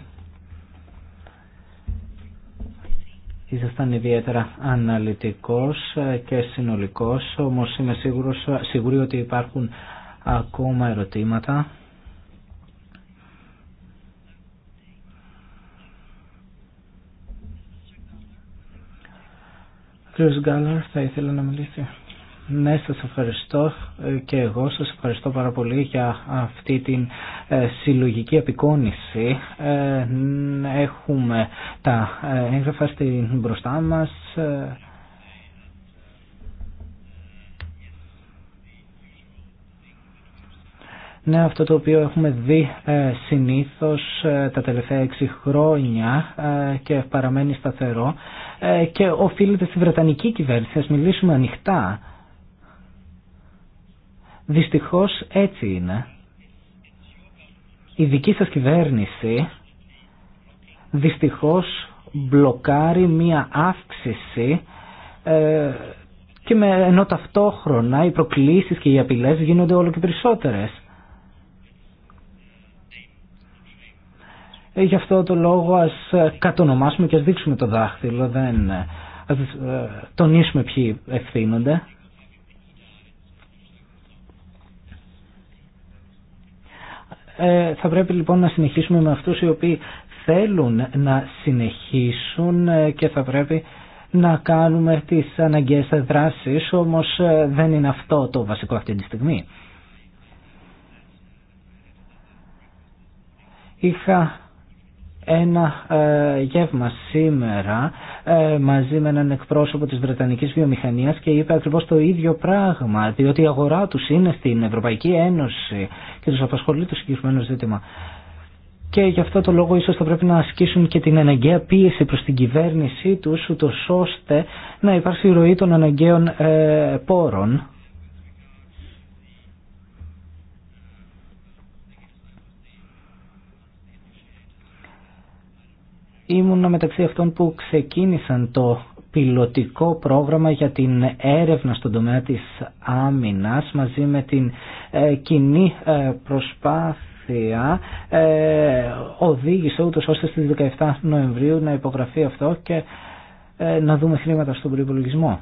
Ήσασταν ιδιαίτερα αναλυτικός ε, και συνολικός, όμως είμαι σίγουρος, ε, σίγουρη ότι υπάρχουν ακόμα ερωτήματα. Κύριος Γκάλλαρ θα ήθελα να μιλήσει. Ναι, σας ευχαριστώ ε, και εγώ σας ευχαριστώ πάρα πολύ για αυτή την ε, συλλογική απεικόνηση. Ε, έχουμε τα έγγραφα στην μπροστά μας Ναι, αυτό το οποίο έχουμε δει ε, συνήθως ε, τα τελευταία έξι χρόνια ε, και παραμένει σταθερό και οφείλεται στη Βρετανική κυβέρνηση. Ας μιλήσουμε ανοιχτά. Δυστυχώς έτσι είναι. Η δική σας κυβέρνηση δυστυχώς μπλοκάρει μία αύξηση και με, ενώ ταυτόχρονα οι προκλήσεις και οι απειλές γίνονται όλο και περισσότερες. Ε, γι' αυτό το λόγο ας ε, κατονομάσουμε και ας δείξουμε το δάχτυλο, δεν, ε, ας τονίσουμε ποιοι ευθύνονται. Ε, θα πρέπει λοιπόν να συνεχίσουμε με αυτούς οι οποίοι θέλουν να συνεχίσουν και θα πρέπει να κάνουμε τις αναγκαίες δράσεις, όμως δεν είναι αυτό το βασικό αυτή τη στιγμή. Είχα ένα ε, γεύμα σήμερα ε, μαζί με έναν εκπρόσωπο της Βρετανικής Βιομηχανίας και είπε ακριβώς το ίδιο πράγμα, διότι η αγορά τους είναι στην Ευρωπαϊκή Ένωση και τους απασχολεί το συγκεκριμένο ζήτημα. Και γι' αυτό το λόγο ίσως θα πρέπει να ασκήσουν και την αναγκαία πίεση προς την κυβέρνησή τους, ούτως ώστε να υπάρξει ροή των αναγκαίων ε, πόρων ήμουν μεταξύ αυτών που ξεκίνησαν το πιλωτικό πρόγραμμα για την έρευνα στον τομέα της άμυνας μαζί με την ε, κοινή ε, προσπάθεια ε, οδήγησε ούτως ώστε στις 17 Νοεμβρίου να υπογραφεί αυτό και να δούμε χρήματα στον προϋπολογισμό.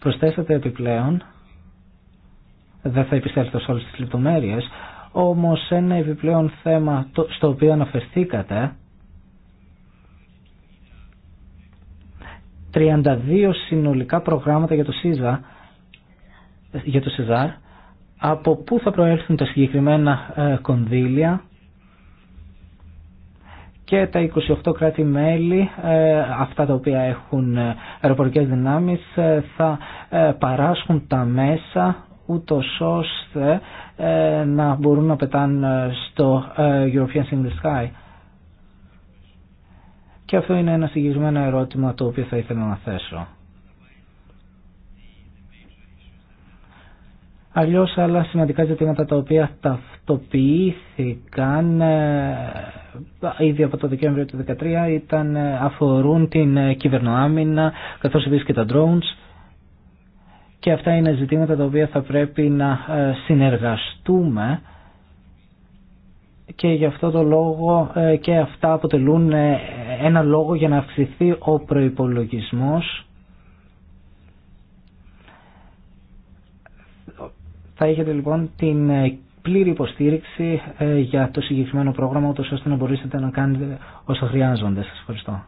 Προσθέσατε επιπλέον δεν θα επιστρέψω σε όλες τις λεπτομέρειες, όμως ένα επιπλέον θέμα στο οποίο αναφερθήκατε 32 συνολικά προγράμματα για το ΣΥΖΑ για το ΣΥΖΑΡ από πού θα προέλθουν τα συγκεκριμένα ε, κονδύλια και τα 28 κράτη-μέλη, ε, αυτά τα οποία έχουν ε, αεροπορικές δυνάμεις, θα παράσχουν τα μέσα ούτω ώστε ε, να μπορούν να πετάνε στο ε, European Single Sky. Και αυτό είναι ένα συγκεκριμένο ερώτημα το οποίο θα ήθελα να θέσω. Αλλιώς άλλα σημαντικά ζητήματα τα οποία ταυτοποιήθηκαν ε, ήδη από το Δεκέμβριο του 2013 ήταν, αφορούν την κυβερνοάμυνα καθώς επίσης και τα drones και αυτά είναι ζητήματα τα οποία θα πρέπει να ε, συνεργαστούμε και γι' αυτό το λόγο ε, και αυτά αποτελούν ε, ένα λόγο για να αυξηθεί ο προϋπολογισμός. Θα έχετε λοιπόν την πλήρη υποστήριξη για το συγκεκριμένο πρόγραμμα, ώστε να μπορέσετε να κάνετε όσα χρειάζονται. Σας ευχαριστώ.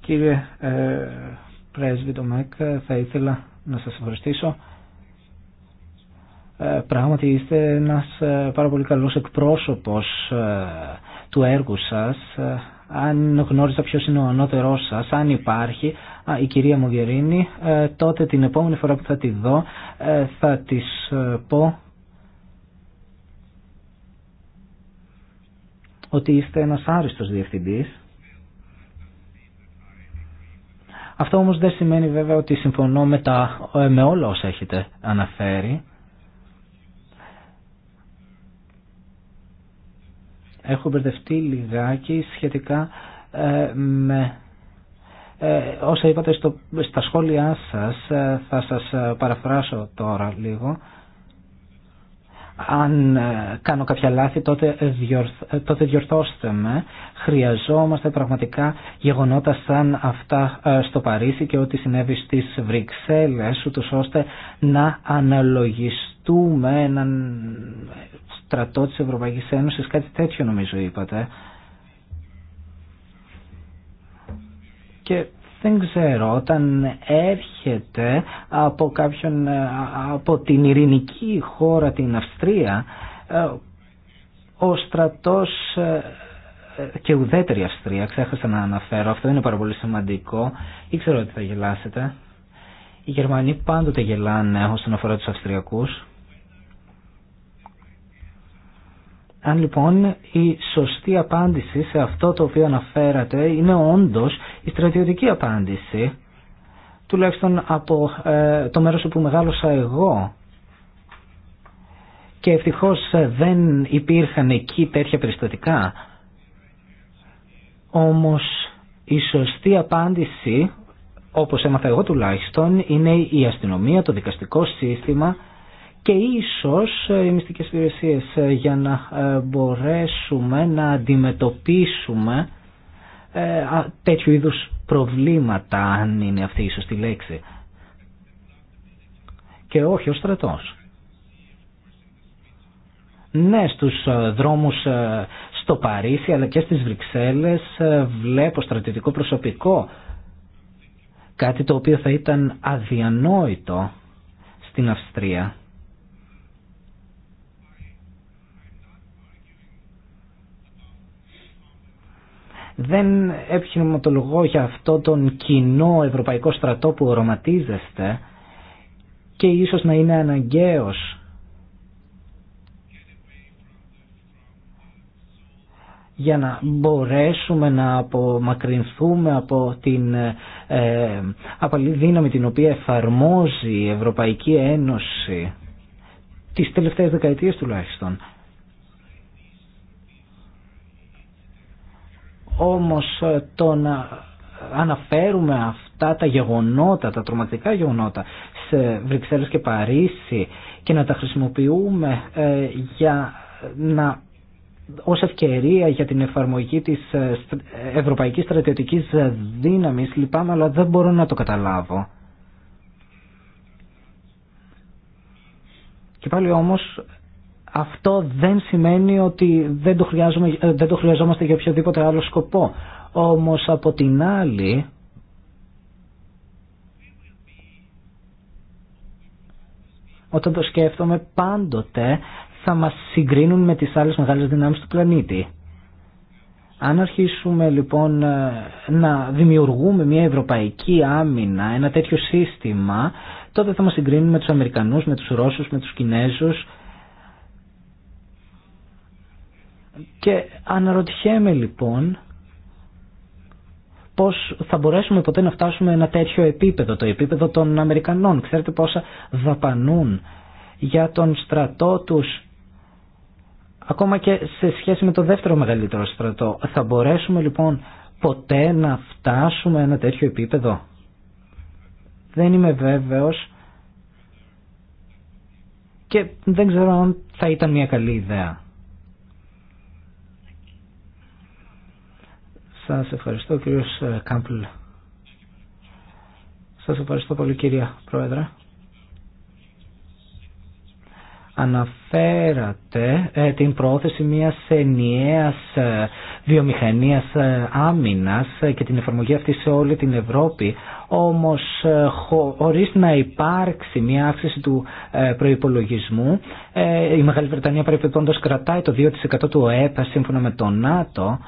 Κύριε ε, Πρέσβη μέκ θα ήθελα να σας ευχαριστήσω. Ε, πράγματι είστε ένας ε, πάρα πολύ καλός εκπρόσωπος ε, του έργου σας. Ε, αν γνώριζα ποιος είναι ο ανώτερός σας, αν υπάρχει η κυρία Μογερίνη, τότε την επόμενη φορά που θα τη δω θα της πω ότι είστε ένας άριστος διευθυντής. Αυτό όμως δεν σημαίνει βέβαια ότι συμφωνώ με, τα, ε, όλα όσα έχετε αναφέρει. Έχω μπερδευτεί λιγάκι σχετικά ε, με ε, όσα είπατε στο, στα σχόλιά σας. θα σας παραφράσω τώρα λίγο αν ε, κάνω κάποια λάθη τότε, ε, ε, τότε διορθώστε με. Χρειαζόμαστε πραγματικά γεγονότα σαν αυτά στο Παρίσι και ό,τι συνέβη στις Βρυξέλλες, ούτως ώστε να αναλογιστούμε έναν στρατό της Ευρωπαϊκής Ένωσης, κάτι τέτοιο νομίζω είπατε. Και δεν ξέρω, όταν έρχεται από κάποιον, ε, από την ειρηνική χώρα, την Αυστρία, ε, ο στρατός ε, και ουδέτερη Αυστρία, ξέχασα να αναφέρω, αυτό είναι πάρα πολύ σημαντικό, ήξερα ότι θα γελάσετε. Οι Γερμανοί πάντοτε γελάνε όσον αφορά τους Αυστριακούς. Αν λοιπόν η σωστή απάντηση σε αυτό το οποίο αναφέρατε είναι όντως η στρατιωτική απάντηση, τουλάχιστον από ε, το μέρος όπου μεγάλωσα εγώ, και ευτυχώς ε, δεν υπήρχαν εκεί τέτοια περιστατικά, όμως η σωστή απάντηση, όπως έμαθα εγώ τουλάχιστον, είναι η αστυνομία, το δικαστικό σύστημα, και ίσως ε, οι μυστικές υπηρεσίες ε, για να ε, μπορέσουμε να αντιμετωπίσουμε τέτοιου είδους προβλήματα, αν είναι αυτή η σωστή λέξη. Και όχι ο στρατός. Ναι, στους δρόμους στο Παρίσι αλλά και στις Βρυξέλλες βλέπω στρατιωτικό προσωπικό. Κάτι το οποίο θα ήταν αδιανόητο στην Αυστρία. δεν επιχειρηματολογώ για αυτό τον κοινό ευρωπαϊκό στρατό που οροματίζεστε και ίσως να είναι αναγκαίος για να μπορέσουμε να απομακρυνθούμε από την ε, απαλή δύναμη την οποία εφαρμόζει η Ευρωπαϊκή Ένωση τις τελευταίες δεκαετίες τουλάχιστον. Όμως ε, το να αναφέρουμε αυτά τα γεγονότα, τα τρομακτικά γεγονότα σε Βρυξέλλες και Παρίσι και να τα χρησιμοποιούμε ε, για να ως ευκαιρία για την εφαρμογή της ε, ευρωπαϊκής στρατιωτικής δύναμης λυπάμαι αλλά δεν μπορώ να το καταλάβω. Και πάλι όμως αυτό δεν σημαίνει ότι δεν το, ε, δεν το χρειαζόμαστε για οποιοδήποτε άλλο σκοπό. Όμως από την άλλη όταν το σκέφτομαι πάντοτε θα μας συγκρίνουν με τις άλλες μεγάλες δυνάμεις του πλανήτη. Αν αρχίσουμε λοιπόν ε, να δημιουργούμε μια ευρωπαϊκή άμυνα, ένα τέτοιο σύστημα, τότε θα μας συγκρίνουν με τους Αμερικανούς, με τους Ρώσους, με τους Κινέζους Και αναρωτιέμαι λοιπόν πώς θα μπορέσουμε ποτέ να φτάσουμε ένα τέτοιο επίπεδο, το επίπεδο των Αμερικανών. Ξέρετε πόσα δαπανούν για τον στρατό τους ακόμα και σε σχέση με το δεύτερο μεγαλύτερο στρατό. Θα μπορέσουμε λοιπόν ποτέ να φτάσουμε ένα τέτοιο επίπεδο. Δεν είμαι βέβαιος και δεν ξέρω αν θα ήταν μια καλή ιδέα. Σας ευχαριστώ κύριος ε, Κάμπλ. Σας ευχαριστώ πολύ κυρία Πρόεδρε. Αναφέρατε ε, την πρόθεση μιας ενιαίας ε, βιομηχανίας ε, άμυνας και την εφαρμογή αυτή σε όλη την Ευρώπη, όμως χωρίς να υπάρξει μια αύξηση του προϋπολογισμού, η Μεγάλη Βρετανία να κρατάει το 2% του ΟΕΠ σύμφωνα με το ΝΑΤΟ,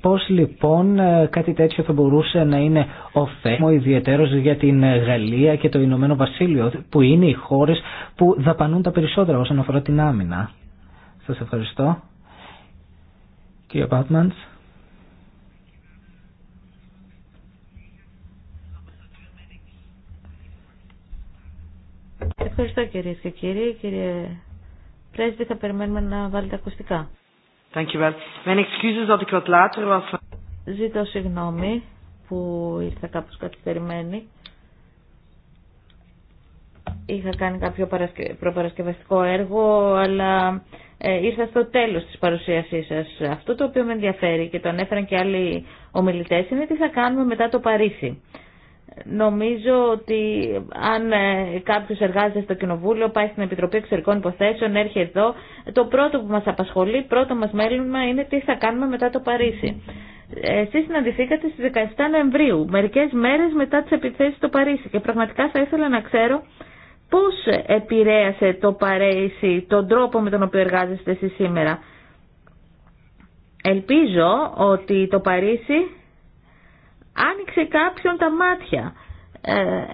Πώς λοιπόν ε, κάτι τέτοιο θα μπορούσε να είναι ωφέλιμο ναι. ιδιαίτερος για την ε, Γαλλία και το Ηνωμένο Βασίλειο που είναι οι χώρες που δαπανούν τα περισσότερα όσον αφορά την άμυνα. Σας ευχαριστώ. Κύριε Πάτμαντς. Ευχαριστώ κυρίε και κύριοι. Κύριε Πρέσβη, θα περιμένουμε να βάλετε ακουστικά excuses later was. Ζήτω συγγνώμη που ήρθα κάπως καθυστερημένη. Είχα κάνει κάποιο προπαρασκευαστικό έργο, αλλά ε, ήρθα στο τέλος της παρουσίασής σας. Αυτό το οποίο με ενδιαφέρει και το ανέφεραν και άλλοι ομιλητές είναι τι θα κάνουμε μετά το Παρίσι. Νομίζω ότι αν ε, κάποιο εργάζεται στο Κοινοβούλιο, πάει στην Επιτροπή Εξωτερικών Υποθέσεων, έρχεται εδώ, το πρώτο που μα απασχολεί, πρώτο μα μέλημα είναι τι θα κάνουμε μετά το Παρίσι. Εσείς συναντηθήκατε στις 17 Νοεμβρίου, μερικές μέρες μετά τις επιθέσεις στο Παρίσι και πραγματικά θα ήθελα να ξέρω πώς επηρέασε το Παρίσι τον τρόπο με τον οποίο εργάζεστε εσείς σήμερα. Ελπίζω ότι το Παρίσι άνοιξε κάποιον τα μάτια. Ε,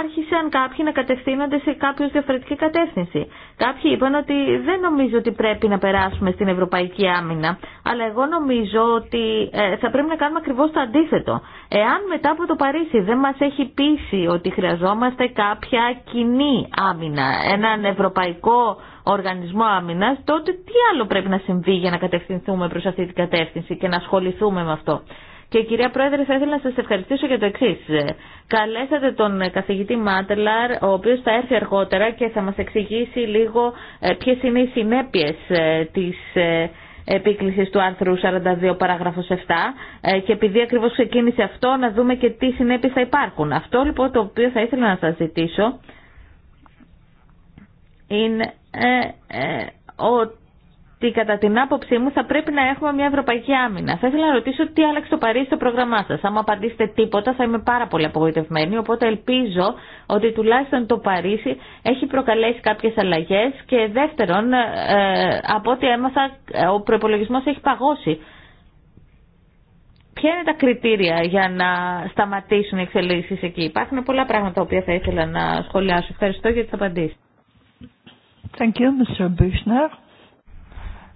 άρχισαν κάποιοι να κατευθύνονται σε κάποιο διαφορετική κατεύθυνση. Κάποιοι είπαν ότι δεν νομίζω ότι πρέπει να περάσουμε στην ευρωπαϊκή άμυνα, αλλά εγώ νομίζω ότι ε, θα πρέπει να κάνουμε ακριβώς το αντίθετο. Εάν μετά από το Παρίσι δεν μας έχει πείσει ότι χρειαζόμαστε κάποια κοινή άμυνα, έναν ευρωπαϊκό οργανισμό άμυνα, τότε τι άλλο πρέπει να συμβεί για να κατευθυνθούμε προς αυτή την κατεύθυνση και να ασχοληθούμε με αυτό. Και κυρία Πρόεδρε, θα ήθελα να σα ευχαριστήσω για το εξή. Ε, καλέσατε τον ε, καθηγητή Μάτελαρ, ο οποίος θα έρθει αργότερα και θα μας εξηγήσει λίγο ε, ποιε είναι οι συνέπειε της επίκλησης του άρθρου 42 παράγραφος 7 και επειδή ακριβώς ξεκίνησε αυτό να δούμε και τι συνέπειες θα υπάρχουν. Αυτό λοιπόν το οποίο θα ήθελα να σας ζητήσω είναι ότι ότι κατά την άποψή μου θα πρέπει να έχουμε μια ευρωπαϊκή άμυνα. Θα ήθελα να ρωτήσω τι άλλαξε το Παρίσι στο πρόγραμμά σα. μου απαντήσετε τίποτα θα είμαι πάρα πολύ απογοητευμένη. Οπότε ελπίζω ότι τουλάχιστον το Παρίσι έχει προκαλέσει κάποιε αλλαγέ. Και δεύτερον, ε, από ό,τι έμαθα, ο προπολογισμό έχει παγώσει. Ποια είναι τα κριτήρια για να σταματήσουν οι εξελίξει εκεί. Υπάρχουν πολλά πράγματα τα οποία θα ήθελα να σχολιάσω. Ευχαριστώ για τι απαντήσει. Thank you, Mr.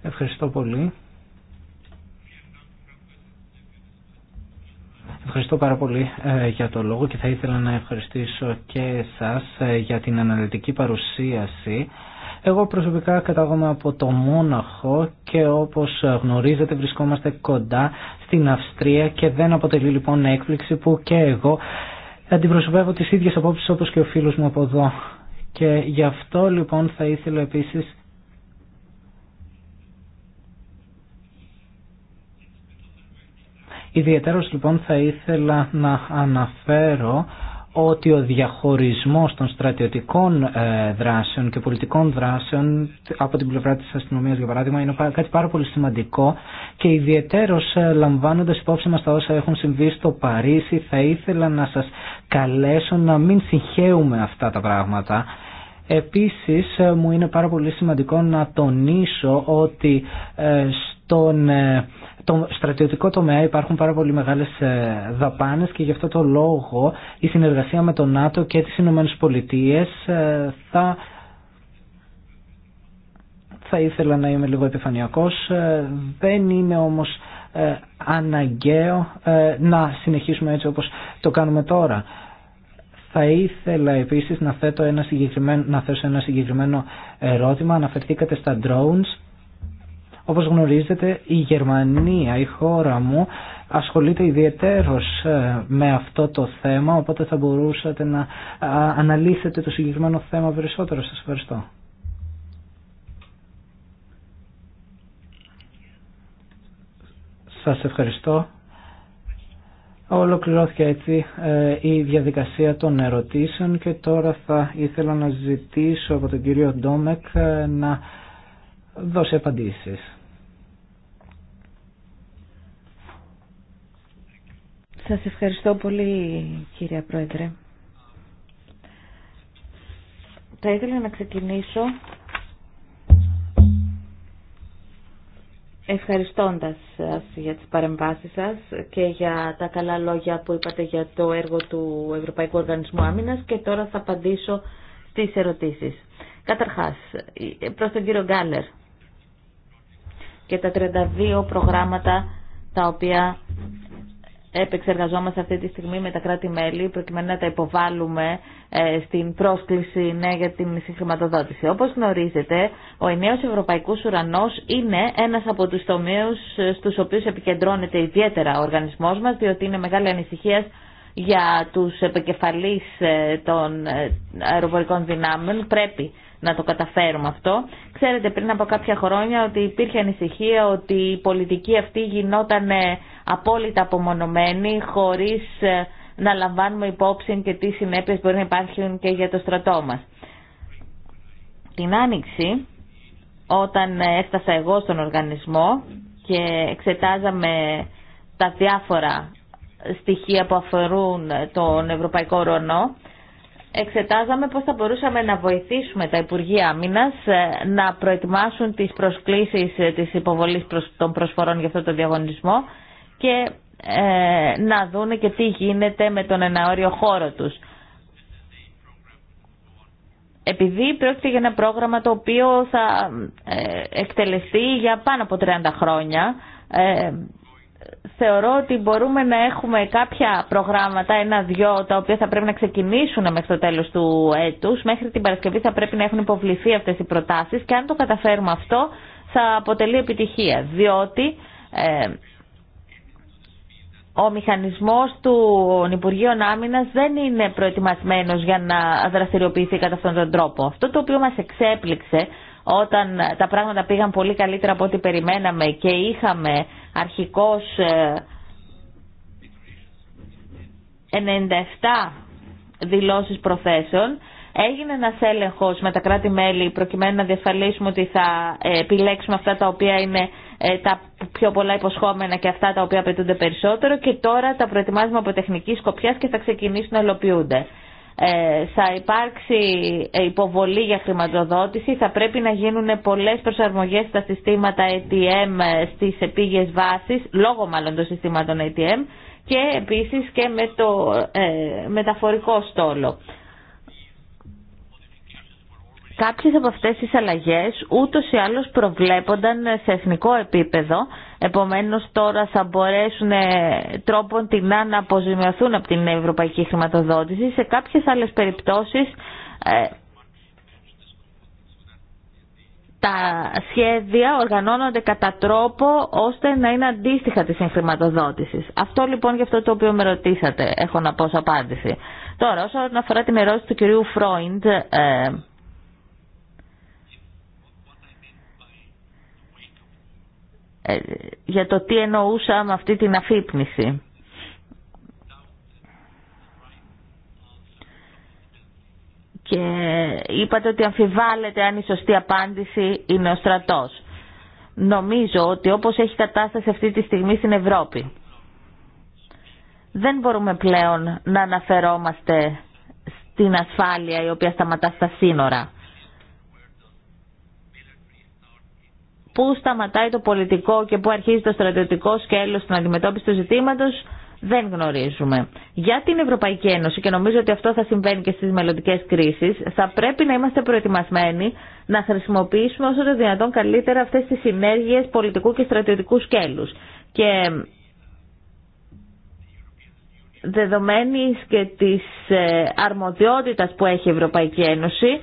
Ευχαριστώ πολύ. Ευχαριστώ πάρα πολύ ε, για το λόγο και θα ήθελα να ευχαριστήσω και εσάς ε, για την αναλυτική παρουσίαση. Εγώ προσωπικά κατάγομαι από το Μόναχο και όπως γνωρίζετε βρισκόμαστε κοντά στην Αυστρία και δεν αποτελεί λοιπόν έκπληξη που και εγώ αντιπροσωπεύω τις ίδιες απόψεις όπως και ο φίλος μου από εδώ. Και γι' αυτό λοιπόν θα ήθελα επίσης Ιδιαίτερος λοιπόν θα ήθελα να αναφέρω ότι ο διαχωρισμός των στρατιωτικών ε, δράσεων και πολιτικών δράσεων από την πλευρά της αστυνομίας για παράδειγμα είναι κάτι πάρα πολύ σημαντικό και ιδιαίτερος ε, λαμβάνοντας υπόψη μας τα όσα έχουν συμβεί στο Παρίσι θα ήθελα να σας καλέσω να μην συγχαίουμε αυτά τα πράγματα. Επίσης ε, μου είναι πάρα πολύ σημαντικό να τονίσω ότι στον το στρατιωτικό τομέα υπάρχουν πάρα πολύ μεγάλες ε, δαπάνες και γι' αυτό το λόγο η συνεργασία με το ΝΑΤΟ και τις Ηνωμένες Πολιτείες ε, θα... Θα ήθελα να είμαι λίγο επιφανειακός, ε, δεν είναι όμως αναγκαίο να συνεχίσουμε έτσι όπως το κάνουμε τώρα. Θα ήθελα επίσης να, ένα συγκεκριμένο, να θέσω ένα συγκεκριμένο ερώτημα. Αναφερθήκατε στα drones όπως γνωρίζετε η Γερμανία, η χώρα μου, ασχολείται ιδιαίτερος ε, με αυτό το θέμα, οπότε θα μπορούσατε να αναλύσετε το συγκεκριμένο θέμα περισσότερο. Σας ευχαριστώ. Σας ευχαριστώ. Ολοκληρώθηκε έτσι ε, η διαδικασία των ερωτήσεων και τώρα θα ήθελα να ζητήσω από τον κύριο Ντόμεκ ε, να δώσει απαντήσεις. Σας ευχαριστώ πολύ κύριε Πρόεδρε. Θα ήθελα να ξεκινήσω ευχαριστώντας σας για τις παρεμβάσεις σας και για τα καλά λόγια που είπατε για το έργο του Ευρωπαϊκού Οργανισμού Άμυνας και τώρα θα απαντήσω στις ερωτήσεις. Καταρχάς, προς τον κύριο Γκάλερ και τα 32 προγράμματα τα οποία επεξεργαζόμαστε αυτή τη στιγμή με τα κράτη-μέλη προκειμένου να τα υποβάλουμε ε, στην πρόσκληση ναι, για την συγχρηματοδότηση. Όπως γνωρίζετε, ο ενιαίος Ευρωπαϊκός Ουρανός είναι ένας από τους τομείους ε, στους οποίους επικεντρώνεται ιδιαίτερα ο οργανισμός μας, διότι είναι μεγάλη ανησυχία για τους επικεφαλείς ε, των αεροπορικών δυνάμεων. Πρέπει να το καταφέρουμε αυτό. Ξέρετε πριν από κάποια χρόνια ότι υπήρχε ανησυχία ότι η πολιτική αυτή γινόταν ε, απόλυτα απομονωμένη χωρίς ε, να λαμβάνουμε υπόψη και τι συνέπειες μπορεί να υπάρχουν και για το στρατό μας. Την Άνοιξη, όταν έφτασα εγώ στον οργανισμό και εξετάζαμε τα διάφορα στοιχεία που αφορούν τον Ευρωπαϊκό Ρωνό, εξετάζαμε πώς θα μπορούσαμε να βοηθήσουμε τα Υπουργεία Άμυνας ε, να προετοιμάσουν τις προσκλήσεις ε, της υποβολής των προσφορών για αυτό το διαγωνισμό και ε, να δούνε και τι γίνεται με τον εναόριο χώρο τους. Επειδή πρόκειται για ένα πρόγραμμα το οποίο θα εκτελεστεί για πάνω από 30 χρόνια, θεωρώ ότι μπορούμε να έχουμε κάποια προγράμματα, ένα-δυο, τα οποία θα πρέπει να ξεκινήσουν μέχρι το τέλος του έτους. Μέχρι την Παρασκευή θα πρέπει να έχουν υποβληθεί αυτές οι προτάσεις και αν το καταφέρουμε αυτό θα αποτελεί επιτυχία, διότι... Ε, ο μηχανισμός του Υπουργείων Άμυνα δεν είναι προετοιμασμένος για να δραστηριοποιηθεί κατά αυτόν τον τρόπο. Αυτό το οποίο μας εξέπληξε όταν τα πράγματα πήγαν πολύ καλύτερα από ό,τι περιμέναμε και είχαμε αρχικώς 97 ε, δηλώσεις προθέσεων, έγινε ένα έλεγχο με τα κράτη-μέλη προκειμένου να διασφαλίσουμε ότι θα ε, επιλέξουμε αυτά τα οποία είναι ε, τα πιο πολλά υποσχόμενα και αυτά τα οποία απαιτούνται περισσότερο και τώρα τα προετοιμάζουμε από τεχνική σκοπιά και θα ξεκινήσουν να ολοποιούνται. Ε, θα υπάρξει υποβολή για χρηματοδότηση, θα πρέπει να γίνουν πολλές προσαρμογές στα συστήματα ATM στις επίγειες βάσεις, λόγω μάλλον των συστήματων ATM και επίσης και με το ε, μεταφορικό στόλο. Κάποιες από αυτές τις αλλαγές ούτως ή άλλως προβλέπονταν σε εθνικό επίπεδο Επομένως τώρα θα μπορέσουν ε, τρόπον την να αποζημιωθούν από την ευρωπαϊκή χρηματοδότηση. Σε κάποιες άλλες περιπτώσεις ε, τα σχέδια οργανώνονται κατά τρόπο ώστε να είναι αντίστοιχα της χρηματοδότηση. Αυτό λοιπόν για αυτό το οποίο με ρωτήσατε έχω να πω απάντηση. Τώρα όσον αφορά την ερώτηση του κυρίου Φρόιντ, ε, Ε, για το τι εννοούσα με αυτή την αφύπνιση. Και είπατε ότι αμφιβάλλεται αν η σωστή απάντηση είναι ο στρατός. Νομίζω ότι όπως έχει κατάσταση αυτή τη στιγμή στην Ευρώπη, δεν μπορούμε πλέον να αναφερόμαστε στην ασφάλεια η οποία σταματά στα σύνορα. πού σταματάει το πολιτικό και πού αρχίζει το στρατιωτικό σκέλος στην αντιμετώπιση του ζητήματος, δεν γνωρίζουμε. Για την Ευρωπαϊκή Ένωση, και νομίζω ότι αυτό θα συμβαίνει και στις μελλοντικέ κρίσεις, θα πρέπει να είμαστε προετοιμασμένοι να χρησιμοποιήσουμε όσο το δυνατόν καλύτερα αυτές τις συνέργειες πολιτικού και στρατιωτικού σκέλους. Και δεδομένης και της ε, αρμοδιότητας που έχει η Ευρωπαϊκή Ένωση,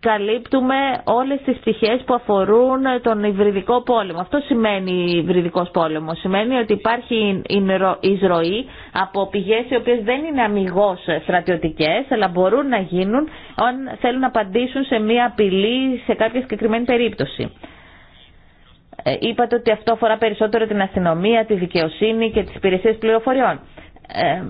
καλύπτουμε όλες τις πτυχές που αφορούν τον υβριδικό πόλεμο. Αυτό σημαίνει υβριδικός πόλεμος. Σημαίνει ότι υπάρχει εισρωή από πηγές οι οποίες δεν είναι αμυγός στρατιωτικές, αλλά μπορούν να γίνουν αν θέλουν να απαντήσουν σε μία απειλή σε κάποια συγκεκριμένη περίπτωση. Ε, είπατε ότι αυτό αφορά περισσότερο την αστυνομία, τη δικαιοσύνη και τις υπηρεσίες πληροφοριών. Ε,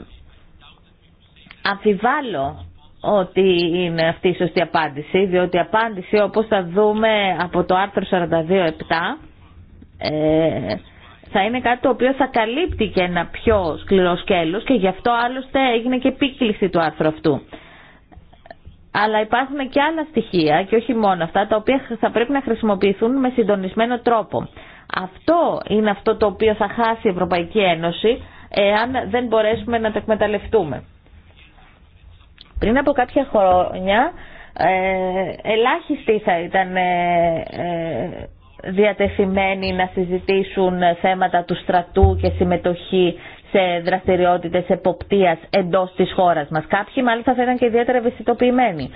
αμφιβάλλω ότι είναι αυτή η σωστή απάντηση, διότι η απάντηση όπως θα δούμε από το άρθρο 42.7 ε, θα είναι κάτι το οποίο θα καλύπτει και ένα πιο σκληρό σκέλος και γι' αυτό άλλωστε έγινε και επίκληση του άρθρου αυτού. Αλλά υπάρχουν και άλλα στοιχεία και όχι μόνο αυτά τα οποία θα πρέπει να χρησιμοποιηθούν με συντονισμένο τρόπο. Αυτό είναι αυτό το οποίο θα χάσει η Ευρωπαϊκή Ένωση εάν δεν μπορέσουμε να το εκμεταλλευτούμε. Πριν από κάποια χρόνια ε, ελάχιστοι θα ήταν ε, ε, διατεθειμένοι να συζητήσουν θέματα του στρατού και συμμετοχή σε δραστηριότητες εποπτείας εντός της χώρας μας. Κάποιοι μάλιστα θα ήταν και ιδιαίτερα ευαισθητοποιημένοι.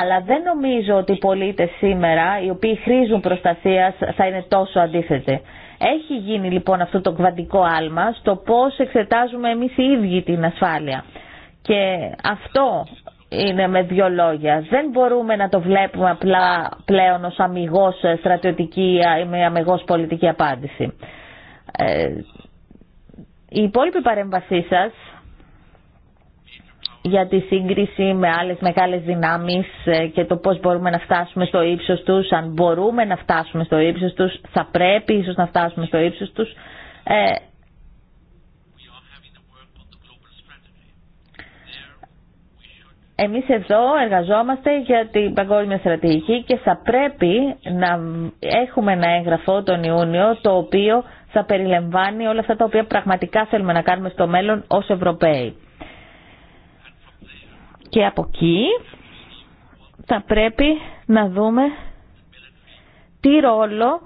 Αλλά δεν νομίζω ότι οι πολίτες σήμερα, οι οποίοι χρήζουν προστασίας, θα είναι τόσο αντίθετοι. Έχει γίνει λοιπόν αυτό το κβαντικό άλμα στο πώς εξετάζουμε εμείς οι ίδιοι την ασφάλεια. Και αυτό είναι με δύο λόγια. Δεν μπορούμε να το βλέπουμε απλά πλέον ως αμυγός στρατιωτική ή με αμυγός πολιτική απάντηση. η ε, υπόλοιπη παρέμβασή σας για τη σύγκριση με άλλες μεγάλες δυνάμεις ε, και το πώς μπορούμε να φτάσουμε στο ύψος τους, αν μπορούμε να φτάσουμε στο ύψος τους, θα πρέπει ίσως να φτάσουμε στο ύψος τους, ε, Εμείς εδώ εργαζόμαστε για την παγκόσμια στρατηγική και θα πρέπει να έχουμε ένα έγγραφο τον Ιούνιο το οποίο θα περιλαμβάνει όλα αυτά τα οποία πραγματικά θέλουμε να κάνουμε στο μέλλον ως Ευρωπαίοι. Και από εκεί θα πρέπει να δούμε τι ρόλο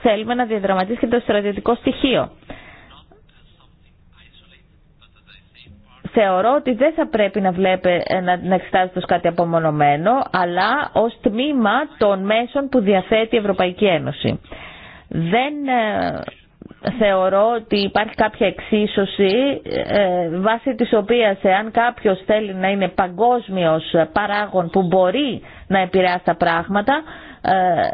θέλουμε να διαδραματίσει και το στρατιωτικό στοιχείο. θεωρώ ότι δεν θα πρέπει να, βλέπε, ε, να, να εξετάζεται ως κάτι απομονωμένο, αλλά ως τμήμα των μέσων που διαθέτει η Ευρωπαϊκή Ένωση. Δεν ε, θεωρώ ότι υπάρχει κάποια εξίσωση ε, βάσει της οποίας εάν κάποιος θέλει να είναι παγκόσμιος παράγων που μπορεί να επηρεάσει τα πράγματα ε,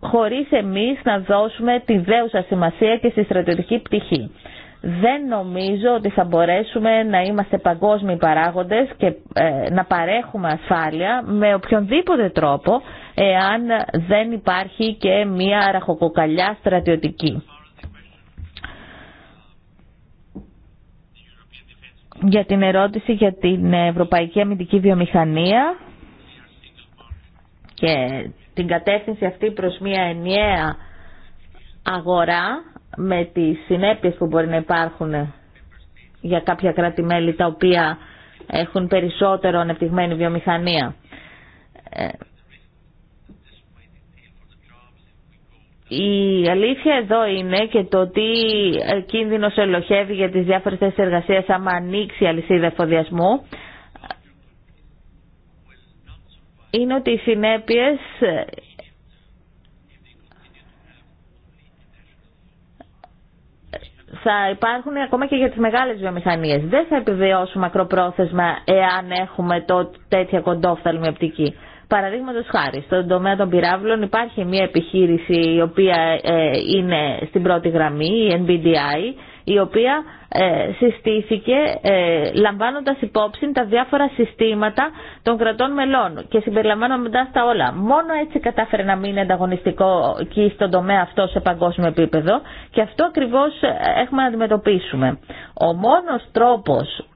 χωρίς εμείς να δώσουμε τη δέουσα σημασία και στη στρατιωτική πτυχή δεν νομίζω ότι θα μπορέσουμε να είμαστε παγκόσμιοι παράγοντες και ε, να παρέχουμε ασφάλεια με οποιονδήποτε τρόπο εάν δεν υπάρχει και μία ραχοκοκαλιά στρατιωτική. Για την ερώτηση για την Ευρωπαϊκή Αμυντική Βιομηχανία και την κατεύθυνση αυτή προς μία ενιαία αγορά με τις συνέπειες που μπορεί να υπάρχουν για κάποια κράτη-μέλη τα οποία έχουν περισσότερο ανεπτυγμένη βιομηχανία. Ε, η αλήθεια εδώ είναι και το τι ε, κίνδυνο ελοχεύει για τις διάφορες θέσεις εργασίας άμα ανοίξει η αλυσίδα εφοδιασμού ε, είναι ότι οι συνέπειες θα υπάρχουν ακόμα και για τις μεγάλες βιομηχανίες. Δεν θα επιβεώσουμε μακροπρόθεσμα εάν έχουμε το, τέτοια κοντόφθαλμη οπτική. Παραδείγματο χάρη, στον τομέα των πυράβλων υπάρχει μια επιχείρηση η οποία ε, είναι στην πρώτη γραμμή, η NBDI, η οποία ε, συστήθηκε ε, λαμβάνοντας υπόψη τα διάφορα συστήματα των κρατών μελών και συμπεριλαμβάνοντας τα όλα. Μόνο έτσι κατάφερε να μείνει ανταγωνιστικό και στον τομέα αυτό σε παγκόσμιο επίπεδο και αυτό ακριβώς ε, έχουμε να αντιμετωπίσουμε. Ο μόνος τρόπος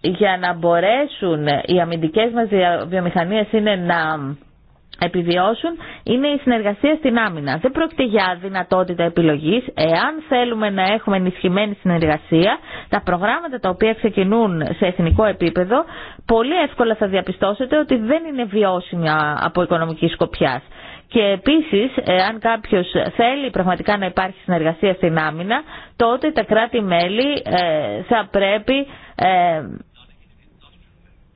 για να μπορέσουν οι αμυντικές μας βιομηχανίες είναι να επιβιώσουν είναι η συνεργασία στην άμυνα. Δεν πρόκειται για δυνατότητα επιλογής. Εάν θέλουμε να έχουμε ενισχυμένη συνεργασία, τα προγράμματα τα οποία ξεκινούν σε εθνικό επίπεδο, πολύ εύκολα θα διαπιστώσετε ότι δεν είναι βιώσιμα από οικονομική σκοπιά. Και επίση, αν κάποιο θέλει πραγματικά να υπάρχει συνεργασία στην άμυνα, τότε τα κράτη-μέλη ε, θα πρέπει ε,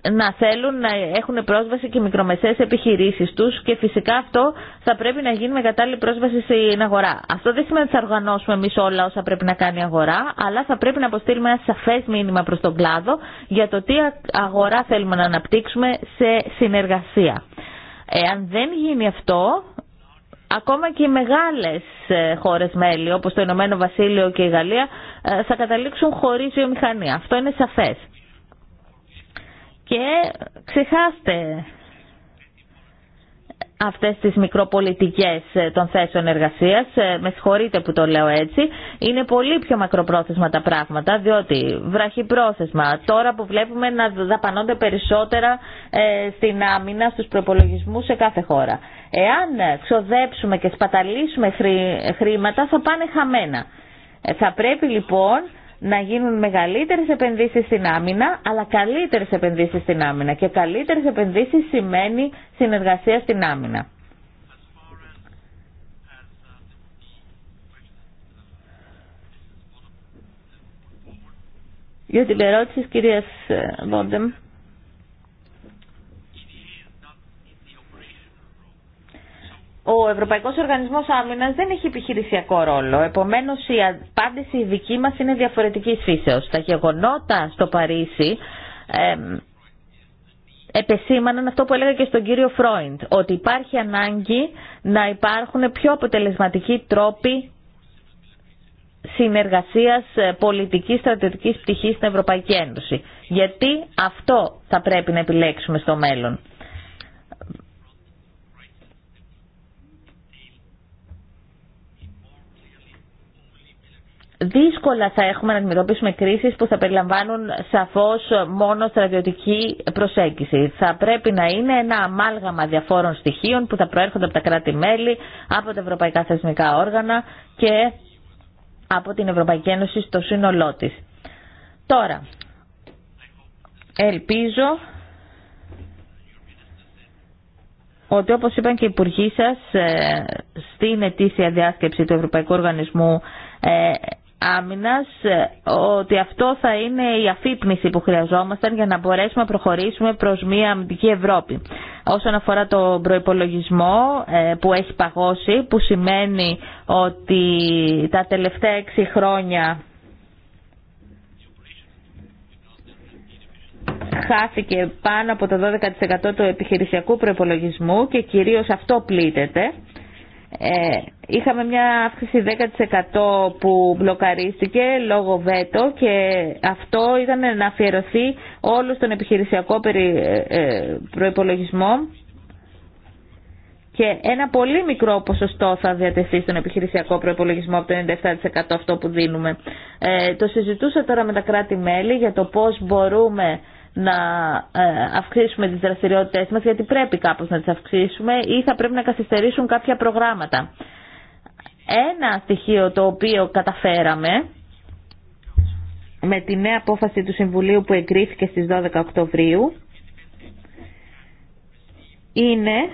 να θέλουν να έχουν πρόσβαση και μικρομεσαίες επιχειρήσεις τους και φυσικά αυτό θα πρέπει να γίνει με κατάλληλη πρόσβαση στην αγορά. Αυτό δεν σημαίνει ότι θα οργανώσουμε εμείς όλα όσα πρέπει να κάνει η αγορά, αλλά θα πρέπει να αποστείλουμε ένα σαφές μήνυμα προς τον κλάδο για το τι αγορά θέλουμε να αναπτύξουμε σε συνεργασία. Εάν δεν γίνει αυτό, ακόμα και οι μεγάλες ε, χώρες μέλη όπως το Ηνωμένο Βασίλειο και η Γαλλία ε, θα καταλήξουν χωρίς βιομηχανία. Αυτό είναι σαφές και ξεχάστε αυτές τις μικροπολιτικές ε, των θέσεων εργασίας, ε, με συγχωρείτε που το λέω έτσι, είναι πολύ πιο μακροπρόθεσμα τα πράγματα, διότι βραχυπρόθεσμα, τώρα που βλέπουμε να δαπανώνται περισσότερα ε, στην άμυνα, στους προπολογισμούς σε κάθε χώρα. Εάν ξοδέψουμε και σπαταλήσουμε χρήματα θα πάνε χαμένα. Θα πρέπει λοιπόν να γίνουν μεγαλύτερε επενδύσεις στην άμυνα, αλλά καλύτερες επενδύσεις στην άμυνα. Και καλύτερε επενδύσεις σημαίνει συνεργασία στην άμυνα. Για την ερώτηση της κυρίας Βόντεμ. ο Ευρωπαϊκός Οργανισμός Άμυνας δεν έχει επιχειρησιακό ρόλο. Επομένως η απάντηση δική μας είναι διαφορετική φύσεως. Τα γεγονότα στο Παρίσι επεσήμαναν αυτό που έλεγα και στον κύριο Φρόιντ, ότι υπάρχει ανάγκη να υπάρχουν πιο αποτελεσματικοί τρόποι συνεργασίας ε, πολιτικής στρατιωτικής πτυχής στην Ευρωπαϊκή Ένωση. Γιατί αυτό θα πρέπει να επιλέξουμε στο μέλλον. δύσκολα θα έχουμε να αντιμετωπίσουμε κρίσεις που θα περιλαμβάνουν σαφώς μόνο στρατιωτική προσέγγιση. Θα πρέπει να είναι ένα αμάλγαμα διαφόρων στοιχείων που θα προέρχονται από τα κράτη-μέλη, από τα ευρωπαϊκά θεσμικά όργανα και από την Ευρωπαϊκή Ένωση στο σύνολό της. Τώρα, ελπίζω ότι όπως είπαν και οι υπουργοί σας ε, στην ετήσια διάσκεψη του Ευρωπαϊκού Οργανισμού ε, άμυνας ε, ότι αυτό θα είναι η αφύπνιση που χρειαζόμασταν για να μπορέσουμε να προχωρήσουμε προς μια αμυντική Ευρώπη. Όσον αφορά το προϋπολογισμό ε, που έχει παγώσει, που σημαίνει ότι τα τελευταία έξι χρόνια χάθηκε πάνω από το 12% του επιχειρησιακού προϋπολογισμού και κυρίως αυτό πλήττεται. Ε, είχαμε μια αύξηση 10% που μπλοκαρίστηκε λόγω βέτο και αυτό ήταν να αφιερωθεί όλο τον επιχειρησιακό ε, ε, προϋπολογισμό και ένα πολύ μικρό ποσοστό θα διατεθεί στον επιχειρησιακό προϋπολογισμό από το 97% αυτό που δίνουμε. το συζητούσα τώρα με τα κράτη-μέλη για το πώς μπορούμε να ε, αυξήσουμε τις δραστηριότητες μας, γιατί πρέπει κάπως να τις αυξήσουμε ή θα πρέπει να καθυστερήσουν κάποια προγράμματα. Ένα στοιχείο το οποίο καταφέραμε με τη νέα απόφαση του Συμβουλίου που εγκρίθηκε στις 12 Οκτωβρίου είναι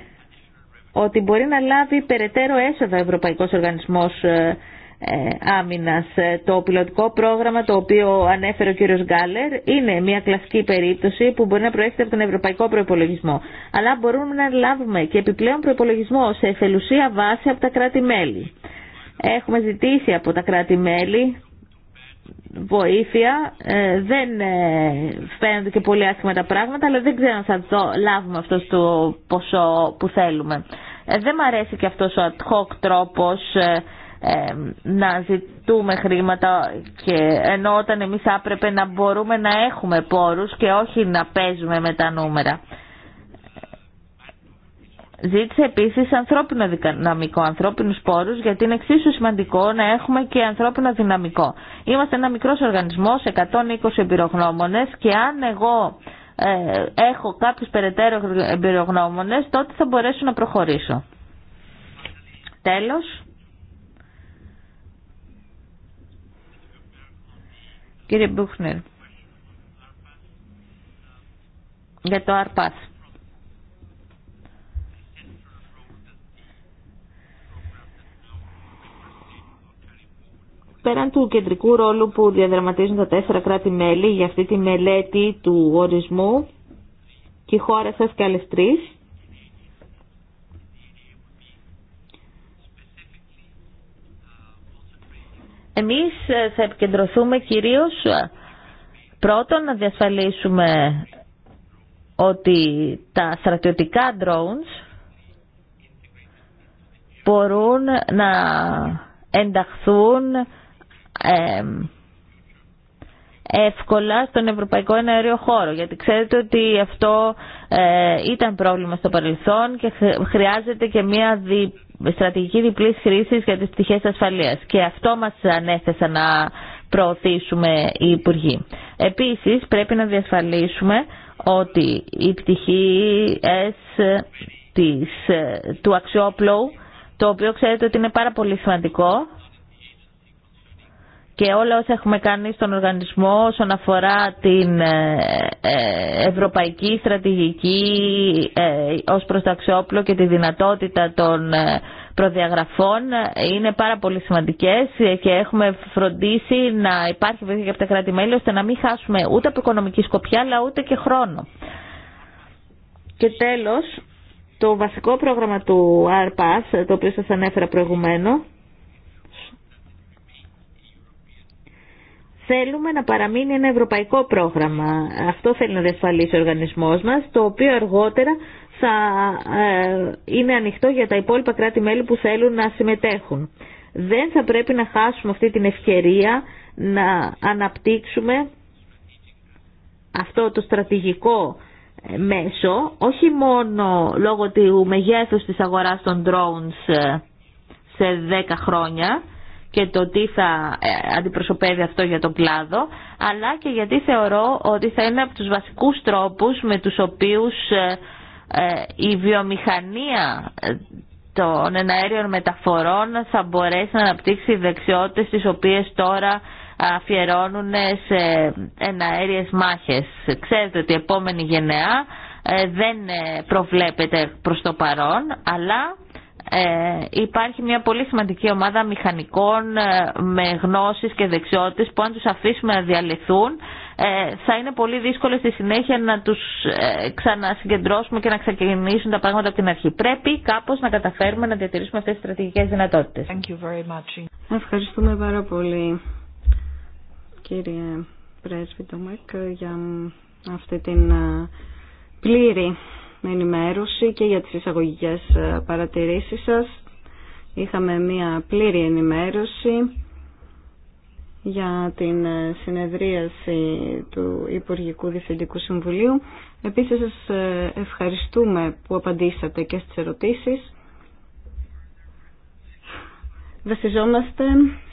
ότι μπορεί να λάβει περαιτέρω έσοδα ο Ευρωπαϊκός Οργανισμός ε, ε, άμυνας. Ε, το πιλωτικό πρόγραμμα το οποίο ανέφερε ο κύριος Γκάλερ είναι μια κλασική περίπτωση που μπορεί να προέρχεται από τον ευρωπαϊκό προϋπολογισμό. Αλλά μπορούμε να λάβουμε και επιπλέον προϋπολογισμό σε εθελουσία βάση από τα κράτη-μέλη. Έχουμε ζητήσει από τα κράτη-μέλη βοήθεια. Ε, δεν φαίνονται και πολύ άσχημα τα πράγματα, αλλά δεν ξέρω αν θα λάβουμε αυτό το ποσό που θέλουμε. δεν μου αρέσει και αυτός ο ad hoc τρόπος να ζητούμε χρήματα και ενώ όταν εμείς άπρεπε να μπορούμε να έχουμε πόρους και όχι να παίζουμε με τα νούμερα. Ζήτησε επίσης ανθρώπινο δυναμικό, ανθρώπινους πόρους, γιατί είναι εξίσου σημαντικό να έχουμε και ανθρώπινο δυναμικό. Είμαστε ένα μικρός οργανισμός, 120 εμπειρογνώμονες και αν εγώ ε, έχω κάποιους περαιτέρω εμπειρογνώμονες, τότε θα μπορέσω να προχωρήσω. Τέλος, Κύριε Μπούχνερ, για το ΑΡΠΑΘ. Πέραν του κεντρικού ρόλου που διαδραματίζουν τα τέσσερα κράτη-μέλη για αυτή τη μελέτη του ορισμού και η χώρα σας και άλλες τρεις, Εμείς ε, θα επικεντρωθούμε κυρίως ε, πρώτον να διασφαλίσουμε ότι τα στρατιωτικά drones μπορούν να ενταχθούν εύκολα στον Ευρωπαϊκό Εναέριο Χώρο. Γιατί ξέρετε ότι αυτό ε, ήταν πρόβλημα στο παρελθόν και χρειάζεται και μία διπλή στρατηγική διπλής χρήσης για τις πτυχές ασφαλείας και αυτό μας ανέθεσαν να προωθήσουμε οι Υπουργοί. Επίσης πρέπει να διασφαλίσουμε ότι οι πτυχές του αξιόπλου, το οποίο ξέρετε ότι είναι πάρα πολύ σημαντικό, και όλα όσα έχουμε κάνει στον οργανισμό όσον αφορά την ε, ε, ευρωπαϊκή στρατηγική ε, ως προς το αξιόπλο και τη δυνατότητα των προδιαγραφών είναι πάρα πολύ σημαντικές και έχουμε φροντίσει να υπάρχει βοήθεια και από τα κράτη-μέλη ώστε να μην χάσουμε ούτε από οικονομική σκοπιά αλλά ούτε και χρόνο. Και τέλος, το βασικό πρόγραμμα του ΑΡΠΑΣ, το οποίο σας ανέφερα προηγουμένως, Θέλουμε να παραμείνει ένα ευρωπαϊκό πρόγραμμα. Αυτό θέλει να διασφαλίσει ο οργανισμός μας, το οποίο αργότερα θα ε, είναι ανοιχτό για τα υπόλοιπα κράτη-μέλη που θέλουν να συμμετέχουν. Δεν θα πρέπει να χάσουμε αυτή την ευκαιρία να αναπτύξουμε αυτό το στρατηγικό μέσο, όχι μόνο λόγω του μεγέθους της αγοράς των drones ε, σε 10 χρόνια, και το τι θα ε, αντιπροσωπεύει αυτό για τον κλάδο, αλλά και γιατί θεωρώ ότι θα είναι από τους βασικούς τρόπους με τους οποίους ε, ε, η βιομηχανία των εναέριων μεταφορών θα μπορέσει να αναπτύξει δεξιότητες τις οποίες τώρα αφιερώνουν σε εναέριες μάχες. Ξέρετε ότι η επόμενη γενεά δεν προβλέπεται προς το παρόν, αλλά ε, υπάρχει μια πολύ σημαντική ομάδα μηχανικών ε, με γνώσεις και δεξιότητες που αν τους αφήσουμε να διαλυθούν ε, θα είναι πολύ δύσκολο στη συνέχεια να τους ε, ξανασυγκεντρώσουμε και να ξεκινήσουν τα πράγματα από την αρχή. Πρέπει κάπως να καταφέρουμε να διατηρήσουμε αυτές τις στρατηγικές δυνατότητες. Ευχαριστούμε πάρα πολύ κύριε Πρέσβη Τομέκ για αυτή την ε, πλήρη ενημέρωση και για τις εισαγωγικές ε, παρατηρήσεις σας. Είχαμε μία πλήρη ενημέρωση για την ε, συνεδρίαση του Υπουργικού Διευθυντικού Συμβουλίου. Επίσης σας ε, ευχαριστούμε που απαντήσατε και στις ερωτήσεις. Βασιζόμαστε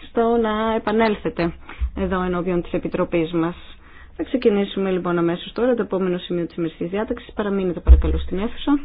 στο να επανέλθετε εδώ ενώπιον της Επιτροπής μας. Θα ξεκινήσουμε λοιπόν αμέσω τώρα το επόμενο σημείο τη ημερική διάταξη. Παραμείνετε παρακαλώ στην αίθουσα.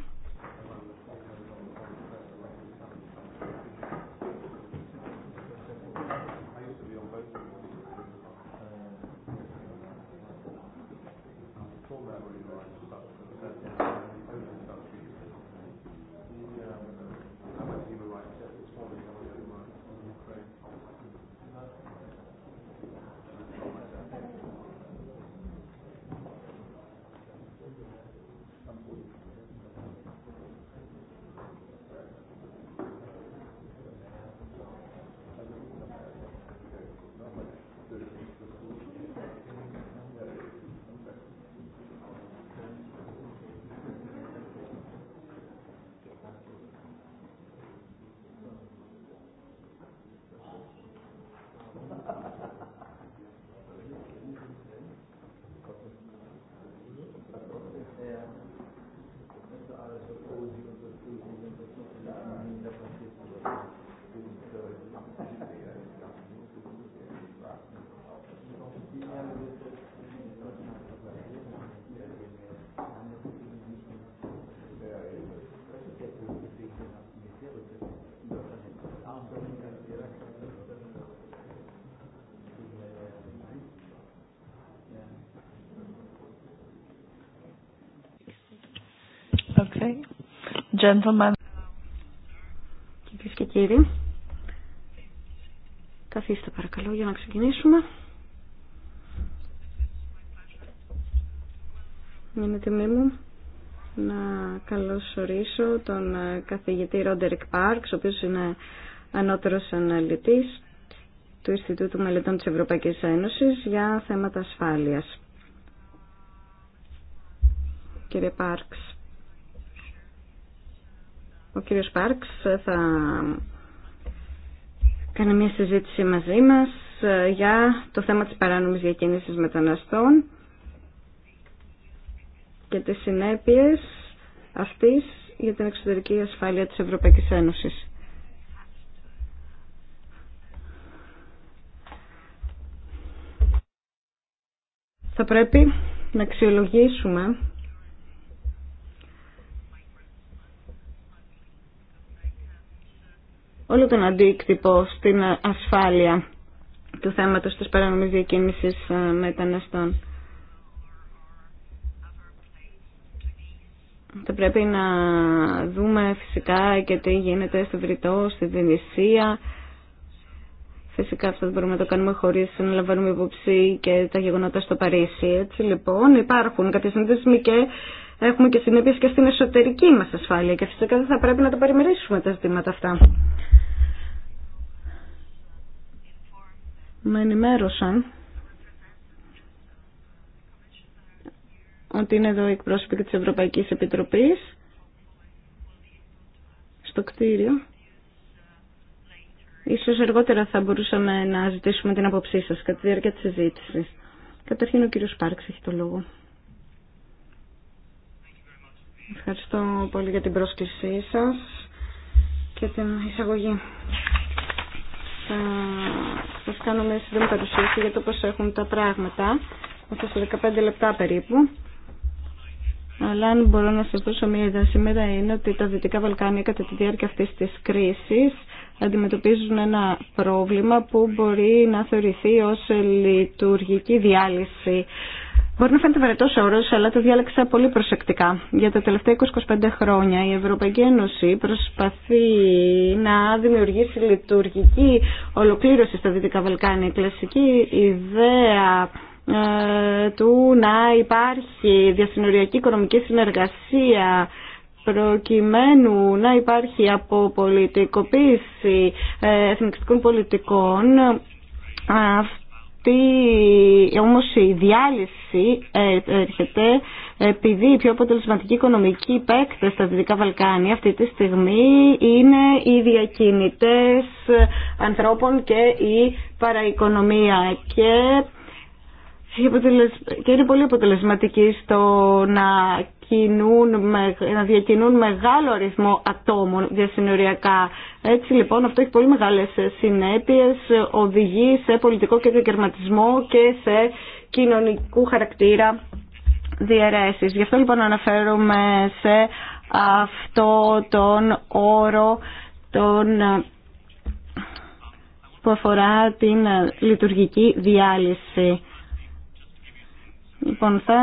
Okay. Gentlemen. Κυρίες και κύριοι, καθίστε παρακαλώ για να ξεκινήσουμε. Είναι τιμή μου να καλωσορίσω τον ε, καθηγητή Ρόντερικ Πάρξ, ο οποίος είναι ανώτερος αναλυτής του Ινστιτούτου Μελετών της Ευρωπαϊκής Ένωσης για θέματα ασφάλειας. Κύριε Πάρξ, Κύριο Πάρξ θα κάνει μια συζήτηση μαζί μας ε, για το θέμα της παράνομης διακίνησης μεταναστών και τις συνέπειες αυτής για την εξωτερική ασφάλεια της Ευρωπαϊκής Ένωσης. Θα πρέπει να αξιολογήσουμε όλο τον αντίκτυπο στην ασφάλεια του θέματος της παρανομής διακίνησης ε, μεταναστών. Θα πρέπει να δούμε φυσικά και τι γίνεται στο Βρυτό, στη Βενησία. Φυσικά αυτό δεν μπορούμε να το κάνουμε χωρίς να λαμβάνουμε υπόψη και τα γεγονότα στο Παρίσι. Έτσι λοιπόν υπάρχουν κάποιες συνδέσμοι και έχουμε και συνέπειες και στην εσωτερική μας ασφάλεια και φυσικά δεν θα πρέπει να τα περιμερίσουμε τα ζητήματα αυτά. με ενημέρωσαν ότι είναι εδώ η εκπρόσωπη της Ευρωπαϊκής Επιτροπής στο κτίριο. Ίσως αργότερα θα μπορούσαμε να ζητήσουμε την απόψή σας κατά τη διάρκεια της συζήτησης. Καταρχήν ο κύριος Πάρξ έχει το λόγο. Ευχαριστώ πολύ για την πρόσκλησή σας και την εισαγωγή θα σας κάνω μια σύντομη παρουσίαση για το πώς έχουν τα πράγματα, μέσα σε 15 λεπτά περίπου. Αλλά αν μπορώ να σας δώσω μια ιδέα σήμερα είναι ότι τα Δυτικά Βαλκάνια κατά τη διάρκεια αυτής της κρίσης αντιμετωπίζουν ένα πρόβλημα που μπορεί να θεωρηθεί ως λειτουργική διάλυση Μπορεί να φαίνεται βαρετό όρο, αλλά το διάλεξα πολύ προσεκτικά. Για τα τελευταια 20-25 χρόνια η Ευρωπαϊκή Ένωση προσπαθεί να δημιουργήσει λειτουργική ολοκλήρωση στα Δυτικά Βαλκάνια. Η κλασική ιδέα ε, του να υπάρχει διασυνοριακή οικονομική συνεργασία προκειμένου να υπάρχει από ε, εθνικιστικών πολιτικών ε, αυτή όμως η διάλυση ε, έρχεται επειδή οι πιο αποτελεσματικοί οικονομικοί παίκτες στα Δυτικά Βαλκάνια αυτή τη στιγμή είναι οι διακινητές ανθρώπων και η παραοικονομία και και είναι πολύ αποτελεσματική στο να διακινούν, να διακινούν μεγάλο αριθμό ατόμων διασυνοριακά. Έτσι λοιπόν αυτό έχει πολύ μεγάλες συνέπειες, οδηγεί σε πολιτικό και διακερματισμό και σε κοινωνικού χαρακτήρα διαιρέσεις. Γι' αυτό λοιπόν αναφέρουμε σε αυτό τον όρο τον που αφορά την λειτουργική διάλυση. Λοιπόν, θα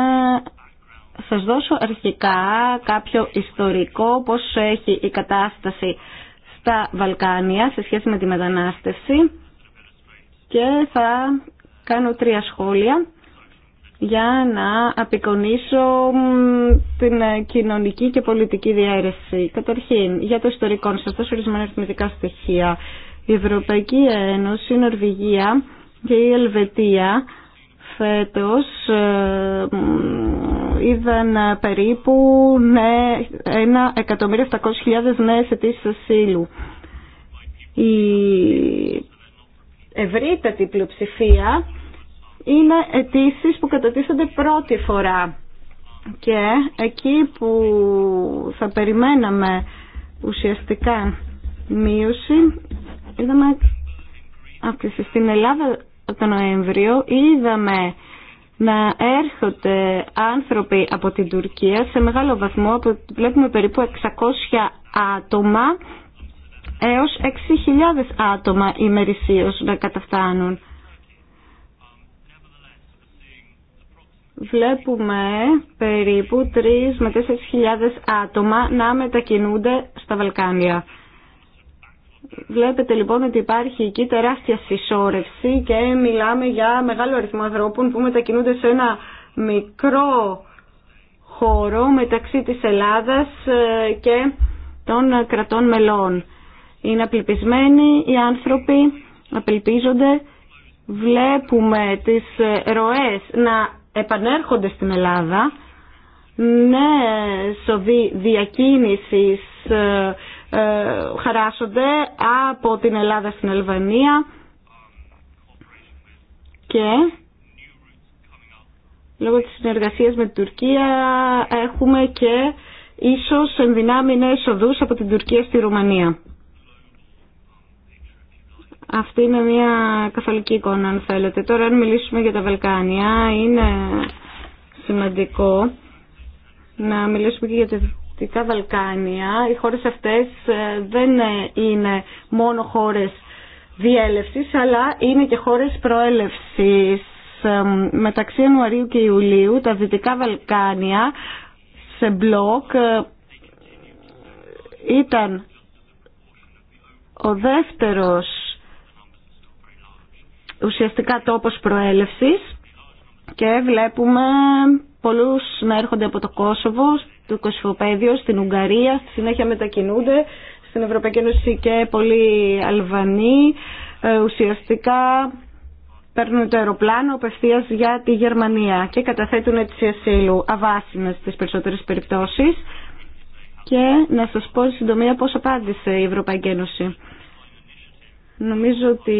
σας δώσω αρχικά κάποιο ιστορικό πώς έχει η κατάσταση στα Βαλκάνια σε σχέση με τη μετανάστευση και θα κάνω τρία σχόλια για να απεικονίσω την κοινωνική και πολιτική διαίρεση. Καταρχήν, για το ιστορικό, να σας δώσω ορισμένα αριθμητικά στοιχεία. Η Ευρωπαϊκή Ένωση, η Νορβηγία και η Ελβετία φέτος ε, είδαν περίπου ναι, 1.700.000 νέες αιτήσει ασύλου. Η ευρύτατη πλειοψηφία είναι αιτήσει που κατατίσσονται πρώτη φορά και εκεί που θα περιμέναμε ουσιαστικά μείωση είδαμε αύξηση. Στην Ελλάδα το Νοέμβριο είδαμε να έρχονται άνθρωποι από την Τουρκία σε μεγάλο βαθμό, βλέπουμε περίπου 600 άτομα έως 6.000 άτομα ημερησίως να καταφτάνουν. Βλέπουμε περίπου 3 με 4.000 άτομα να μετακινούνται στα Βαλκάνια. Βλέπετε λοιπόν ότι υπάρχει εκεί τεράστια συσσόρευση και μιλάμε για μεγάλο αριθμό ανθρώπων που μετακινούνται σε ένα μικρό χώρο μεταξύ της Ελλάδας ε, και των κρατών μελών. Είναι απελπισμένοι οι άνθρωποι, απελπίζονται. Βλέπουμε τις ε, ροές να επανέρχονται στην Ελλάδα, Ναι, οδοί διακίνησης, ε, ε, χαράσσονται από την Ελλάδα στην Αλβανία και λόγω της συνεργασίας με την Τουρκία έχουμε και ίσως ενδυνάμει νέες οδούς από την Τουρκία στη Ρουμανία. Αυτή είναι μια καθολική εικόνα αν θέλετε. Τώρα αν μιλήσουμε για τα Βαλκάνια είναι σημαντικό να μιλήσουμε και για τη Δυτικά Βαλκάνια, οι χώρες αυτές ε, δεν ε, είναι μόνο χώρες διέλευσης, αλλά είναι και χώρες προέλευσης. Μεταξύ Ιανουαρίου και Ιουλίου τα Δυτικά Βαλκάνια σε μπλοκ ε, ήταν ο δεύτερος ουσιαστικά τόπος προέλευσης και βλέπουμε πολλούς να έρχονται από το Κόσοβο του κοσφοπαίδιο στην Ουγγαρία, στη συνέχεια μετακινούνται στην Ευρωπαϊκή Ένωση και πολλοί Αλβανοί. Ε, ουσιαστικά παίρνουν το αεροπλάνο απευθεία για τη Γερμανία και καταθέτουν έτσι ασύλου αβάσιμε στι περισσότερε περιπτώσει. Και να σα πω συντομία πώ απάντησε η Ευρωπαϊκή Ένωση. Νομίζω ότι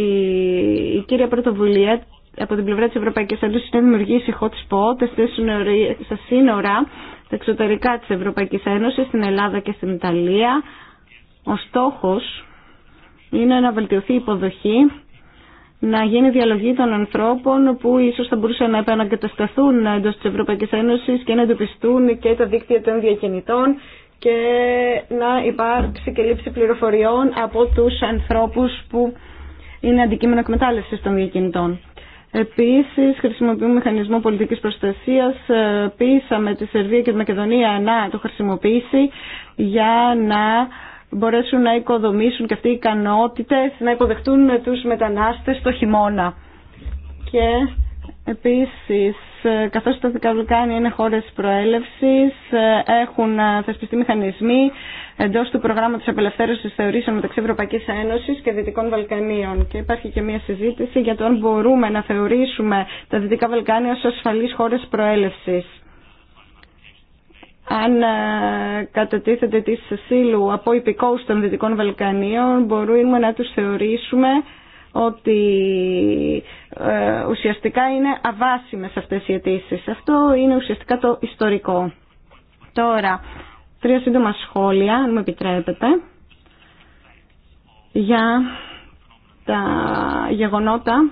η κύρια πρωτοβουλία από την πλευρά της Ευρωπαϊκής Ένωσης να δημιουργήσει hot spot στα σύνορα στα εξωτερικά της Ευρωπαϊκής Ένωσης, στην Ελλάδα και στην Ιταλία. Ο στόχος είναι να βελτιωθεί η υποδοχή, να γίνει διαλογή των ανθρώπων που ίσως θα μπορούσαν να επανακατασταθούν εντός της Ευρωπαϊκής Ένωσης και να εντοπιστούν και τα δίκτυα των διακινητών και να υπάρξει και λήψη πληροφοριών από τους ανθρώπους που είναι αντικείμενο εκμετάλλευση των διακινητών. Επίσης, χρησιμοποιούμε μηχανισμό πολιτικής προστασίας. Ε, πείσαμε τη Σερβία και τη Μακεδονία να το χρησιμοποιήσει για να μπορέσουν να οικοδομήσουν και αυτοί οι ικανότητες να υποδεχτούν τους μετανάστες το χειμώνα. Και επίσης ε, καθώς τα Δυτικά βουλκάνια είναι χώρες προέλευσης, ε, έχουν ε, θεσπιστεί μηχανισμοί εντός του προγράμματος απελευθέρωσης θεωρήσεων μεταξύ Ευρωπαϊκής Ένωσης και Δυτικών Βαλκανίων. Και υπάρχει και μια συζήτηση για το αν μπορούμε να θεωρήσουμε τα Δυτικά Βαλκάνια ως ασφαλείς χώρες προέλευσης αν κατατίθεται τη συλλου από υπηκόους των Δυτικών Βαλκανίων, μπορούμε να τους θεωρήσουμε ότι ε, ουσιαστικά είναι αβάσιμες αυτές οι αιτήσει. Αυτό είναι ουσιαστικά το ιστορικό. Τώρα, τρία σύντομα σχόλια, αν μου επιτρέπετε, για τα γεγονότα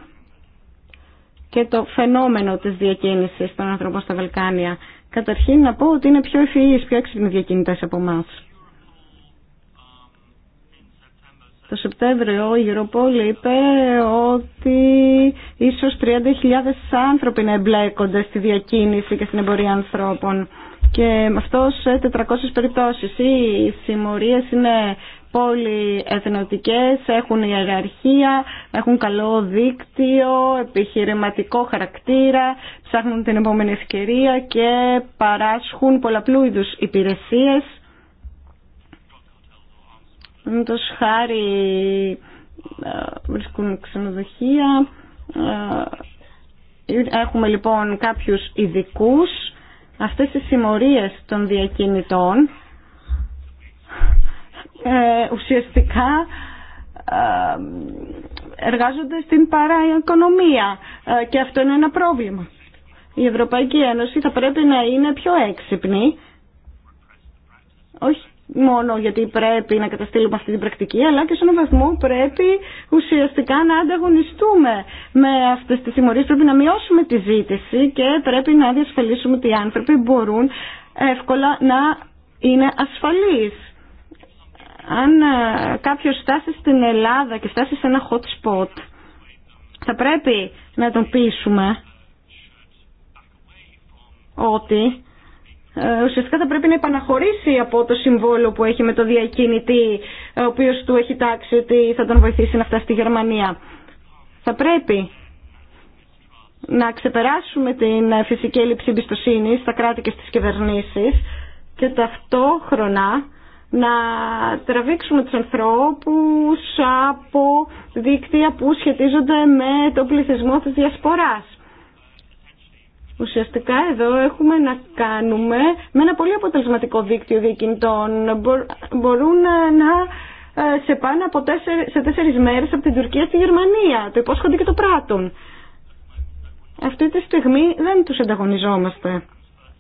και το φαινόμενο της διακίνησης των ανθρώπων στα Βαλκάνια. Καταρχήν να πω ότι είναι πιο ευφυείς, πιο έξυπνοι διακίνητες από εμάς. Το Σεπτέμβριο η Γεροπόλη είπε ότι ίσως 30.000 άνθρωποι να εμπλέκονται στη διακίνηση και στην εμπορία ανθρώπων. Και με αυτό σε 400 περιπτώσεις. Οι συμμορίες είναι πολύ εθνοτικές, έχουν ιεραρχία, έχουν καλό δίκτυο, επιχειρηματικό χαρακτήρα, ψάχνουν την επόμενη ευκαιρία και παράσχουν πολλαπλού είδους υπηρεσίες με το χάρη ε, βρίσκουν ξενοδοχεία. Ε, ε, έχουμε λοιπόν κάποιους ειδικού αυτές οι συμμορίες των διακινητών ουσιαστικά εργάζονται στην παραοικονομία και αυτό είναι ένα πρόβλημα. Η Ευρωπαϊκή Ένωση θα πρέπει να είναι πιο έξυπνη, όχι μόνο γιατί πρέπει να καταστήλουμε αυτή την πρακτική, αλλά και σε έναν βαθμό πρέπει ουσιαστικά να ανταγωνιστούμε με αυτές τις τιμωρίες. Πρέπει να μειώσουμε τη ζήτηση και πρέπει να διασφαλίσουμε ότι οι άνθρωποι μπορούν εύκολα να είναι ασφαλείς. Αν ε, κάποιος φτάσει στην Ελλάδα και φτάσει σε ένα hot spot, θα πρέπει να τον πείσουμε ότι ε, ουσιαστικά θα πρέπει να επαναχωρήσει από το συμβόλο που έχει με το διακίνητη, ο οποίος του έχει τάξει ότι θα τον βοηθήσει να φτάσει στη Γερμανία. Θα πρέπει να ξεπεράσουμε την φυσική έλλειψη εμπιστοσύνη στα κράτη και στις κυβερνήσεις και ταυτόχρονα να τραβήξουμε τους ανθρώπους από δίκτυα που σχετίζονται με το πληθυσμό της διασποράς. Ουσιαστικά εδώ έχουμε να κάνουμε με ένα πολύ αποτελεσματικό δίκτυο διακινητών. Μπορούν να ε, σε πάνε από τέσσερι, σε τέσσερις μέρες από την Τουρκία στη Γερμανία. Το υπόσχονται και το πράττουν. Αυτή τη στιγμή δεν τους ανταγωνιζόμαστε.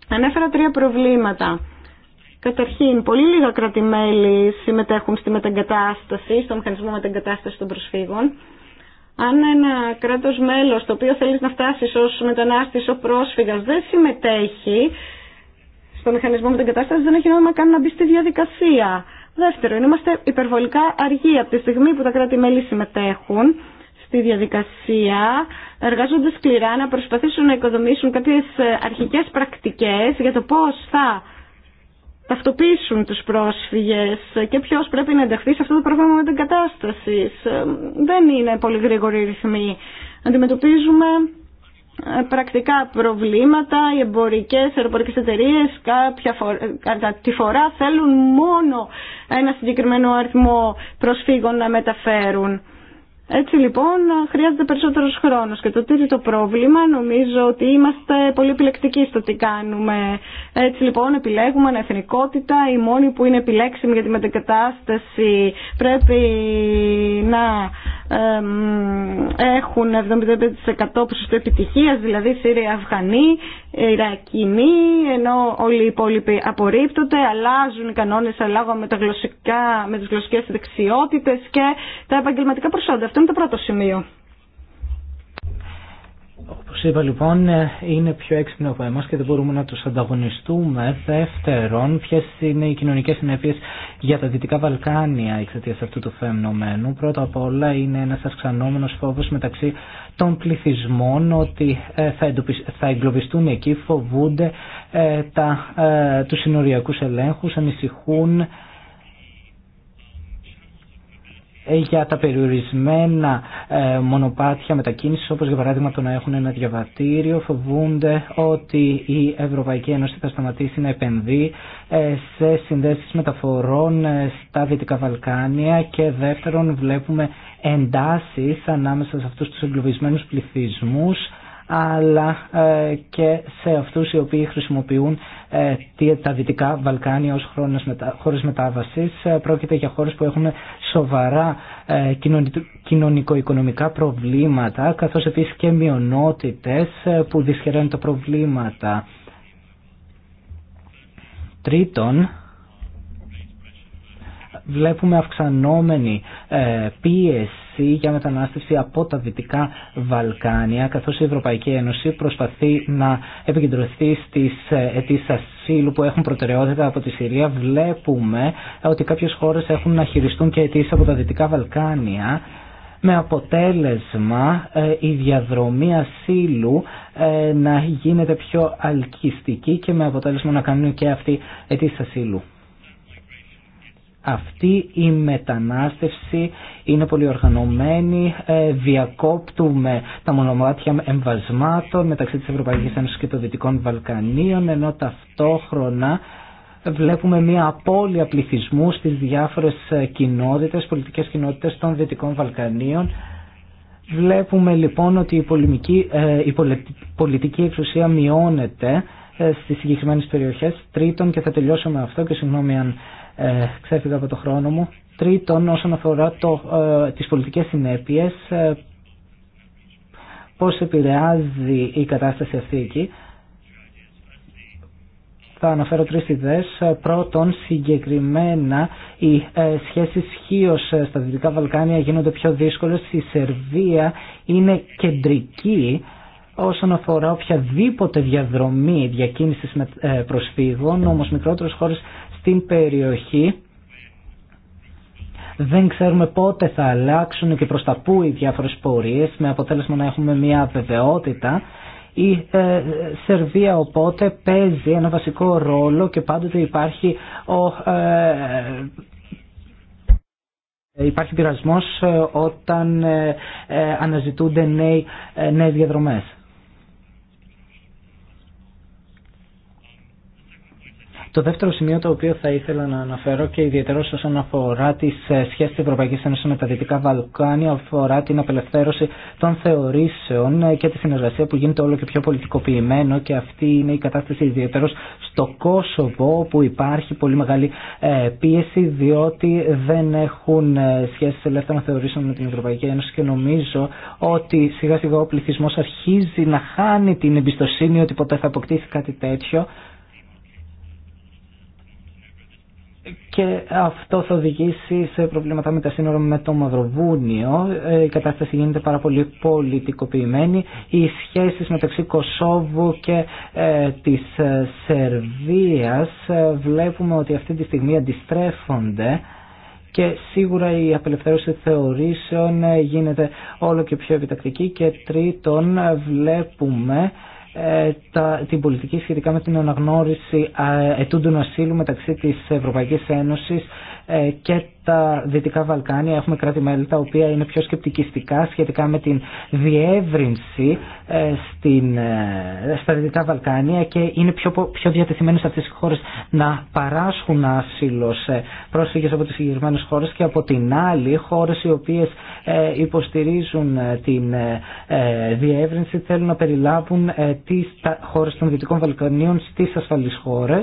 Ανέφερα τρία προβλήματα. Καταρχήν, πολύ λίγα κρατημέλη συμμετέχουν στη μεταγκατάσταση, στο μηχανισμό μεταγκατάσταση των προσφύγων. Αν ένα κράτος μέλος το οποίο θέλεις να φτάσεις ως μετανάστης, ως πρόσφυγας δεν συμμετέχει στο μηχανισμό με την κατάσταση δεν έχει νόημα καν να μπει στη διαδικασία. Δεύτερο, είμαστε υπερβολικά αργοί από τη στιγμή που τα κράτη-μέλη συμμετέχουν στη διαδικασία, εργάζονται σκληρά να προσπαθήσουν να οικοδομήσουν κάποιες αρχικές πρακτικές για το πώς θα ταυτοποιήσουν τους πρόσφυγες και ποιος πρέπει να ενταχθεί σε αυτό το την κατάσταση. Ε, δεν είναι πολύ γρήγοροι ρυθμοί. Αντιμετωπίζουμε ε, πρακτικά προβλήματα, οι εμπορικές, αεροπορικές εταιρείες κάποια τη φορά θέλουν μόνο ένα συγκεκριμένο αριθμό προσφύγων να μεταφέρουν. Έτσι λοιπόν χρειάζεται περισσότερος χρόνος και το τίτλο το πρόβλημα νομίζω ότι είμαστε πολύ επιλεκτικοί στο τι κάνουμε. Έτσι λοιπόν επιλέγουμε ανεθνικότητα, ή μόνοι που είναι επιλέξιμοι για τη μετακατάσταση πρέπει να έχουν 75% ποσοστό επιτυχία δηλαδή Σύριοι, Αφγανοί, Ιρακινοί, ενώ όλοι οι υπόλοιποι απορρίπτονται, αλλάζουν οι κανόνες ανάλογα με, τα γλωσσικά, με τις γλωσσικές δεξιότητες και τα επαγγελματικά προσόντα. Αυτό είναι το πρώτο σημείο όπως είπα λοιπόν είναι πιο έξυπνο από εμάς και δεν μπορούμε να τους ανταγωνιστούμε. Δεύτερον, ποιες είναι οι κοινωνικές συνέπειες για τα Δυτικά Βαλκάνια εξαιτίας αυτού του φαινομένου. Πρώτα απ' όλα είναι ένας αυξανόμενος φόβος μεταξύ των πληθυσμών ότι ε, θα εγκλωβιστούν εκεί, φοβούνται ε, τα, ε, τους συνοριακούς ελέγχους, ανησυχούν ε, για τα περιορισμένα ε, μονοπάτια μετακίνησης όπως για παράδειγμα το να έχουν ένα διαβατήριο φοβούνται ότι η Ευρωπαϊκή Ένωση θα σταματήσει να επενδύει ε, σε συνδέσεις μεταφορών στα Δυτικά Βαλκάνια και δεύτερον βλέπουμε εντάσεις ανάμεσα σε αυτούς τους εγκλωβισμένους πληθυσμούς αλλά ε, και σε αυτούς οι οποίοι χρησιμοποιούν ε, τα Δυτικά Βαλκάνια ως χώρες μετάβασης. Ε, πρόκειται για χώρες που έχουν σοβαρά κοινωνικο-οικονομικά προβλήματα, καθώς επίσης και μειονότητες που δυσχεραίνουν τα προβλήματα. Τρίτον, βλέπουμε αυξανόμενη πίεση για μετανάστευση από τα Δυτικά Βαλκάνια, καθώς η Ευρωπαϊκή Ένωση προσπαθεί να επικεντρωθεί στι ε, αιτήσει ασύλου που έχουν προτεραιότητα από τη Συρία. Βλέπουμε ε, ότι κάποιες χώρες έχουν να χειριστούν και αιτήσει από τα Δυτικά Βαλκάνια με αποτέλεσμα ε, η διαδρομή ασύλου να γίνεται πιο αλκιστική και με αποτέλεσμα να κάνουν και αυτοί αιτήσεις ασύλου αυτή η μετανάστευση είναι πολύ οργανωμένη, ε, διακόπτουμε τα μονομάτια εμβασμάτων μεταξύ της Ευρωπαϊκής Ένωσης και των Δυτικών Βαλκανίων, ενώ ταυτόχρονα βλέπουμε μια απώλεια πληθυσμού στις διάφορες ε, κοινότητες, πολιτικές κοινότητες των Δυτικών Βαλκανίων. Βλέπουμε λοιπόν ότι η, ε, η πολιτική εξουσία μειώνεται στις συγκεκριμένες περιοχές. Τρίτον, και θα τελειώσω με αυτό και συγγνώμη αν ε, ξέφυγα από το χρόνο μου. Τρίτον, όσον αφορά το, ε, τις πολιτικές συνέπειες, ε, πώς επηρεάζει η κατάσταση αυτή εκεί. Θα αναφέρω τρεις ιδέες. Πρώτον, συγκεκριμένα οι ε, σχέσεις στα Δυτικά Βαλκάνια γίνονται πιο δύσκολες. Η Σερβία είναι κεντρική όσον αφορά οποιαδήποτε διαδρομή διακίνησης ε, προσφύγων, όμως μικρότερες χώρες στην περιοχή. Δεν ξέρουμε πότε θα αλλάξουν και προς τα πού οι διάφορες πορείες με αποτέλεσμα να έχουμε μια βεβαιότητα. Η ε, Σερβία οπότε παίζει ένα βασικό ρόλο και πάντοτε υπάρχει ο... Ε, υπάρχει πειρασμός ε, όταν αναζητούνται νέοι, νέες διαδρομές. Το δεύτερο σημείο το οποίο θα ήθελα να αναφέρω και ιδιαίτερο όσον αφορά τι ε, σχέσει τη Ευρωπαϊκή Ένωση με τα Δυτικά Βαλκάνια αφορά την απελευθέρωση των θεωρήσεων ε, και τη συνεργασία που γίνεται όλο και πιο πολιτικοποιημένο και αυτή είναι η κατάσταση ιδιαίτερο στο Κόσοβο όπου υπάρχει πολύ μεγάλη ε, πίεση διότι δεν έχουν σχέσει ελεύθερων θεωρήσεων με την Ευρωπαϊκή Ένωση και νομίζω ότι σιγά σιγά ο πληθυσμό αρχίζει να χάνει την εμπιστοσύνη ότι ποτέ θα αποκτήσει κάτι τέτοιο και αυτό θα οδηγήσει σε προβλήματα με τα σύνορα με το Μαυροβούνιο. Ε, η κατάσταση γίνεται πάρα πολύ πολιτικοποιημένη. Οι σχέσεις μεταξύ Κωσόβου και ε, της ε, Σερβίας ε, βλέπουμε ότι αυτή τη στιγμή αντιστρέφονται και σίγουρα η απελευθέρωση θεωρήσεων γίνεται όλο και πιο επιτακτική και τρίτον βλέπουμε ε, τα, την πολιτική σχετικά με την αναγνώριση ε, ετούντων ασύλου μεταξύ της Ευρωπαϊκής Ένωσης ε, και τα Δυτικά Βαλκάνια. Έχουμε κράτη-μέλη τα οποία είναι πιο σκεπτικιστικά σχετικά με την διεύρυνση ε, στην, ε, στα Δυτικά Βαλκάνια και είναι πιο, πιο διατεθειμένε αυτέ οι χώρε να παράσχουν άσυλο σε πρόσφυγε από τι συγκεκριμένε χώρε και από την άλλη χώρε οι οποίε υποστηρίζουν την διεύρυνση θέλουν να περιλάβουν τις χώρε των Δυτικών Βαλκανίων στι ασφαλεί χώρε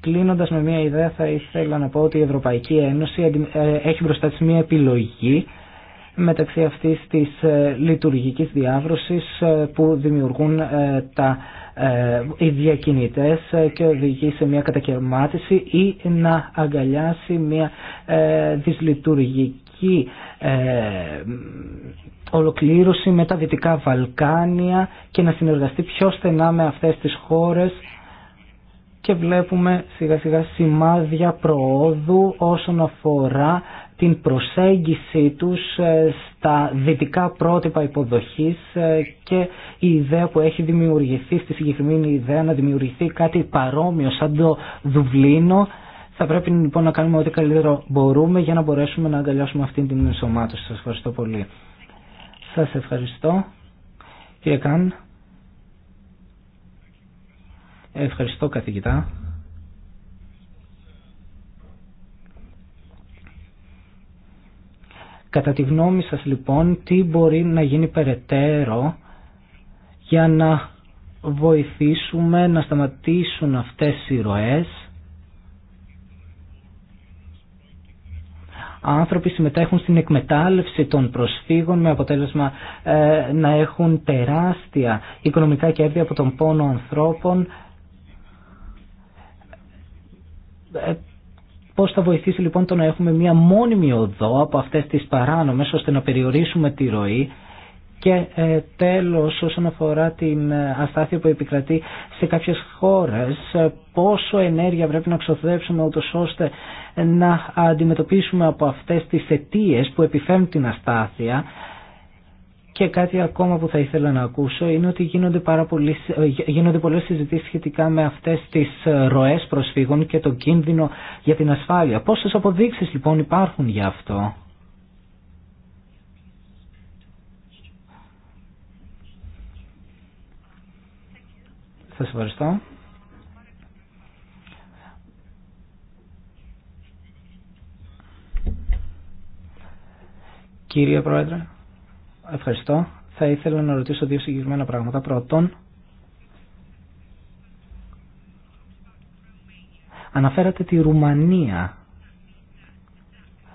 Κλείνοντα με μια ιδέα θα ήθελα να πω ότι η Ευρωπαϊκή Ένωση ε, έχει μπροστά της μια επιλογή μεταξύ αυτής της ε, λειτουργικής διάβρωσης ε, που δημιουργούν τα, οι διακινητές και οδηγεί σε μια κατακαιρμάτιση ή να αγκαλιάσει μια δυσλειτουργική ολοκλήρωση με τα Δυτικά Βαλκάνια και να συνεργαστεί πιο στενά με αυτές τις χώρες και βλέπουμε σιγά σιγά σημάδια προόδου όσον αφορά την προσέγγιση τους ε, στα δυτικά πρότυπα υποδοχής ε, και η ιδέα που έχει δημιουργηθεί στη συγκεκριμένη ιδέα να δημιουργηθεί κάτι παρόμοιο σαν το Δουβλίνο θα πρέπει λοιπόν να κάνουμε ό,τι καλύτερο μπορούμε για να μπορέσουμε να αγκαλιάσουμε αυτή την ενσωμάτωση. Σας ευχαριστώ πολύ. Σας ευχαριστώ. και Καν. Ευχαριστώ καθηγητά. Κατά τη γνώμη σας λοιπόν, τι μπορεί να γίνει περαιτέρω για να βοηθήσουμε να σταματήσουν αυτές οι ροές. Άνθρωποι συμμετέχουν στην εκμετάλλευση των προσφύγων με αποτέλεσμα ε, να έχουν τεράστια οικονομικά κέρδη από τον πόνο ανθρώπων ε, πώς θα βοηθήσει λοιπόν το να έχουμε μία μόνιμη οδό από αυτές τις παράνομες ώστε να περιορίσουμε τη ροή και ε, τέλος όσον αφορά την ε, αστάθεια που επικρατεί σε κάποιες χώρες πόσο ενέργεια πρέπει να ξοδέψουμε ώστε να αντιμετωπίσουμε από αυτές τις αιτίε που επιφέρουν την αστάθεια και κάτι ακόμα που θα ήθελα να ακούσω είναι ότι γίνονται, πάρα ε, πολλές, γίνονται συζητήσεις σχετικά με αυτές τις ε, ροές προσφύγων και το κίνδυνο για την ασφάλεια. Πόσες αποδείξεις λοιπόν υπάρχουν για αυτό. Σας ευχαριστώ. Κύριε Πρόεδρε. Ευχαριστώ. Θα ήθελα να ρωτήσω δύο συγκεκριμένα πράγματα. Πρώτον, αναφέρατε τη Ρουμανία.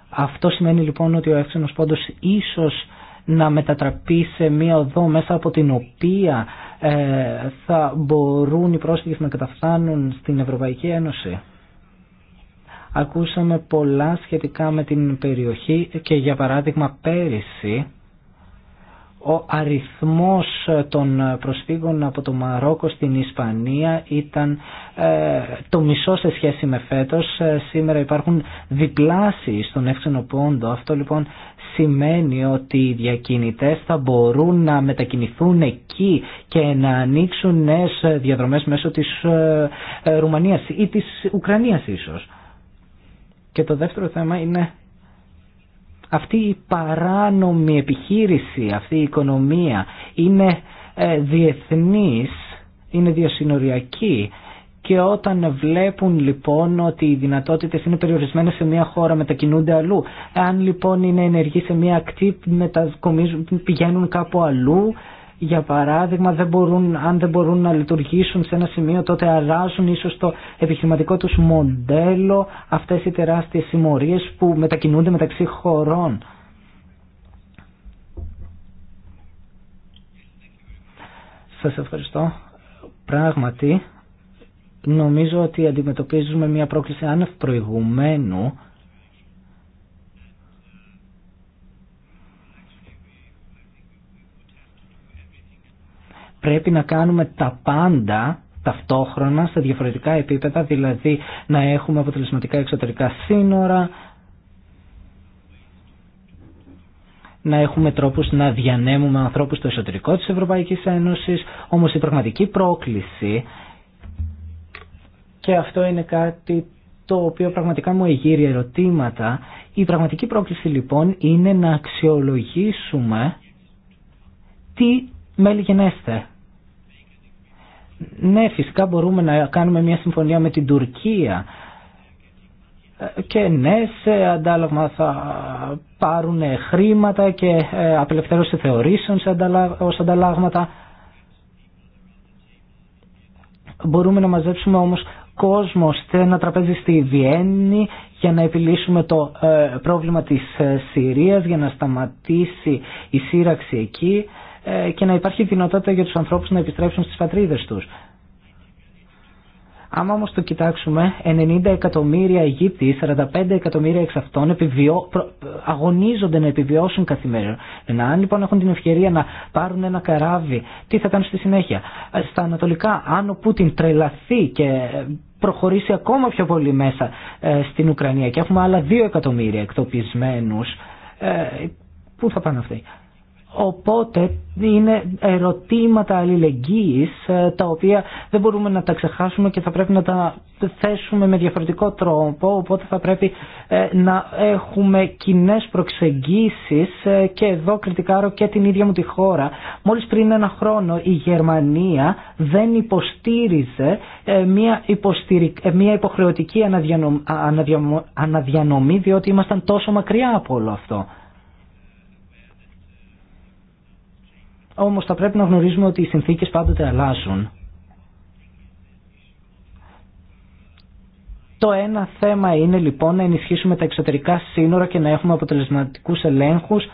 Αυτό σημαίνει λοιπόν ότι ο εύξενος πόντος ίσως να μετατραπεί σε μία οδό μέσα από την οποία ε, θα μπορούν οι πρόσφυγες να καταφθάνουν στην Ευρωπαϊκή Ένωση. Ακούσαμε πολλά σχετικά με την περιοχή και για παράδειγμα πέρυσι ο αριθμός ε, των ε, προσφύγων από το Μαρόκο στην Ισπανία ήταν ε, το μισό σε σχέση με φέτος. Σήμερα υπάρχουν διπλάσεις στον εύξενο πόντο. Αυτό λοιπόν σημαίνει ότι οι διακινητές θα μπορούν να μετακινηθούν εκεί και να ανοίξουν νέες διαδρομές μέσω της Ρουμανίας ή της Ουκρανίας ίσως. Και το δεύτερο θέμα είναι αυτή η παράνομη επιχείρηση, αυτή η οικονομία είναι ε, διεθνής, είναι διασυνοριακή και όταν βλέπουν λοιπόν ότι οι δυνατότητες είναι περιορισμένες σε μια χώρα, μετακινούνται αλλού. Αν λοιπόν είναι ενεργοί σε μια ακτή, πηγαίνουν κάπου αλλού για παράδειγμα δεν μπορούν, αν δεν μπορούν να λειτουργήσουν σε ένα σημείο τότε αλλάζουν ίσως το επιχειρηματικό τους μοντέλο αυτές οι τεράστιες συμμορίες που μετακινούνται μεταξύ χωρών. Σας ευχαριστώ. Πράγματι, νομίζω ότι αντιμετωπίζουμε μια πρόκληση άνευ προηγουμένου πρέπει να κάνουμε τα πάντα ταυτόχρονα σε διαφορετικά επίπεδα, δηλαδή να έχουμε αποτελεσματικά εξωτερικά σύνορα, να έχουμε τρόπους να διανέμουμε ανθρώπους στο εσωτερικό της Ευρωπαϊκής Ένωσης, όμως η πραγματική πρόκληση και αυτό είναι κάτι το οποίο πραγματικά μου εγείρει ερωτήματα. Η πραγματική πρόκληση λοιπόν είναι να αξιολογήσουμε τι μέλη γενέστε. Ναι, φυσικά μπορούμε να κάνουμε μια συμφωνία με την Τουρκία ε, και ναι, σε αντάλλαγμα θα πάρουν χρήματα και ε, απελευθέρωση θεωρήσεων σε ως ανταλλάγματα. Μπορούμε να μαζέψουμε όμως κόσμο σε ένα τραπέζι στη Βιέννη για να επιλύσουμε το ε, πρόβλημα της Συρίας, για να σταματήσει η σύραξη εκεί. Ε, και να υπάρχει δυνατότητα για τους ανθρώπους να επιστρέψουν στις πατρίδες τους. Άμα όμως το κοιτάξουμε, 90 εκατομμύρια Αιγύπτιοι, 45 εκατομμύρια εξ αυτών επιβιώ, αγωνίζονται να επιβιώσουν καθημερινά. Αν λοιπόν έχουν την ευκαιρία να πάρουν ένα καράβι, τι θα κάνουν στη συνέχεια. Ε, στα ανατολικά, αν ο Πούτιν τρελαθεί και ε, προχωρήσει ακόμα πιο πολύ μέσα στην Ουκρανία και έχουμε άλλα 2 εκατομμύρια εκτοπισμένους, πού θα πάνε αυτοί. Οπότε είναι ερωτήματα αλληλεγγύης ε, τα οποία δεν μπορούμε να τα ξεχάσουμε και θα πρέπει να τα θέσουμε με διαφορετικό τρόπο οπότε θα πρέπει ε, να έχουμε κοινέ προξεγγίσεις ε, και εδώ κριτικάρω και την ίδια μου τη χώρα. Μόλις πριν ένα χρόνο η Γερμανία δεν υποστήριζε μια, μια υποχρεωτική αναδιανομή διότι ήμασταν τόσο μακριά από όλο αυτό. Όμως θα πρέπει να γνωρίζουμε ότι οι συνθήκες πάντοτε αλλάζουν. Το ένα θέμα είναι λοιπόν να ενισχύσουμε τα εξωτερικά σύνορα και να έχουμε αποτελεσματικούς ελέγχους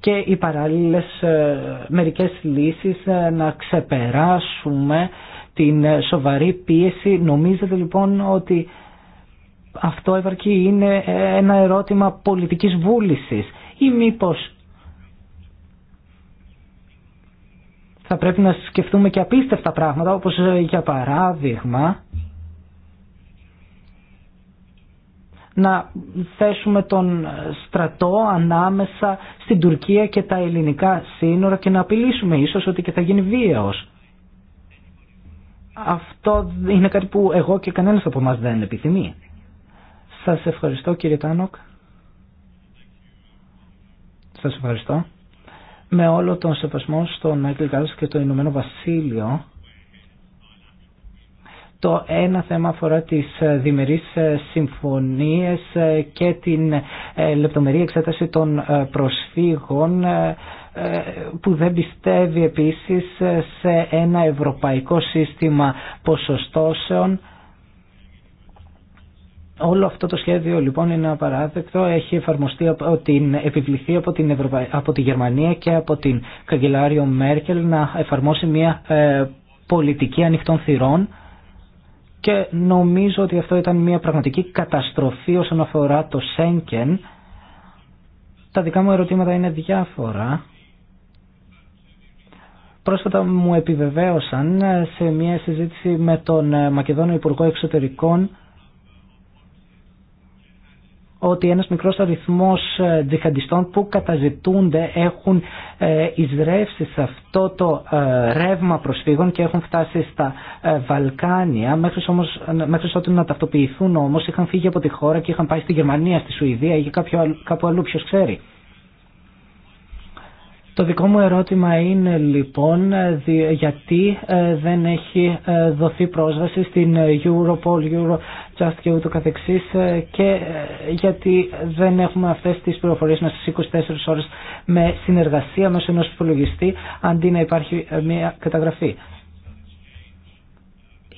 και οι παράλληλες ε, μερικές λύσεις ε, να ξεπεράσουμε την ε, σοβαρή πίεση. Νομίζετε λοιπόν ότι αυτό ευαρκεί είναι ένα ερώτημα πολιτικής βούλησης ή μήπως θα πρέπει να σκεφτούμε και απίστευτα πράγματα όπως ε, για παράδειγμα να θέσουμε τον στρατό ανάμεσα στην Τουρκία και τα ελληνικά σύνορα και να απειλήσουμε ίσως ότι και θα γίνει βίαιος. Αυτό είναι κάτι που εγώ και κανένας από εμάς δεν επιθυμεί. Σας ευχαριστώ κύριε Τάνοκ. Σας ευχαριστώ με όλο τον σεβασμό στον Μάικλ Γκάλλος και το Ηνωμένο Βασίλειο το ένα θέμα αφορά τις ε, διμερείς ε, συμφωνίες ε, και την λεπτομερή εξέταση των προσφύγων που δεν πιστεύει επίσης σε ένα ευρωπαϊκό σύστημα ποσοστώσεων Όλο αυτό το σχέδιο λοιπόν είναι απαράδεκτο, έχει εφαρμοστεί από την, επιβληθεί από, την τη Γερμανία και από την καγκελάριο Μέρκελ να εφαρμόσει μια ε, πολιτική ανοιχτών θυρών και νομίζω ότι αυτό ήταν μια πραγματική καταστροφή όσον αφορά το ΣΕΝΚΕΝ. Τα δικά μου ερωτήματα είναι διάφορα. Πρόσφατα μου επιβεβαίωσαν ε, σε μια συζήτηση με τον ε, Μακεδόνο Υπουργό Εξωτερικών ότι ένας μικρός αριθμός ε, τζιχαντιστών που καταζητούνται έχουν ε, εισρεύσει σε αυτό το ε, ρεύμα προσφύγων και έχουν φτάσει στα Βαλκάνια μέχρι, όμως, να ταυτοποιηθούν όμως είχαν φύγει από τη χώρα και είχαν πάει στη Γερμανία, στη Σουηδία ή κάπου αλλού ποιος ξέρει. Το δικό μου ερώτημα είναι λοιπόν γιατί ε, δεν έχει ε, δοθεί πρόσβαση στην Europol, Eurojust και ούτω καθεξής ε, και γιατί δεν έχουμε αυτές τις πληροφορίες μέσα στις 24 ώρες με συνεργασία μέσω ενός υπολογιστή αντί να υπάρχει μια καταγραφή.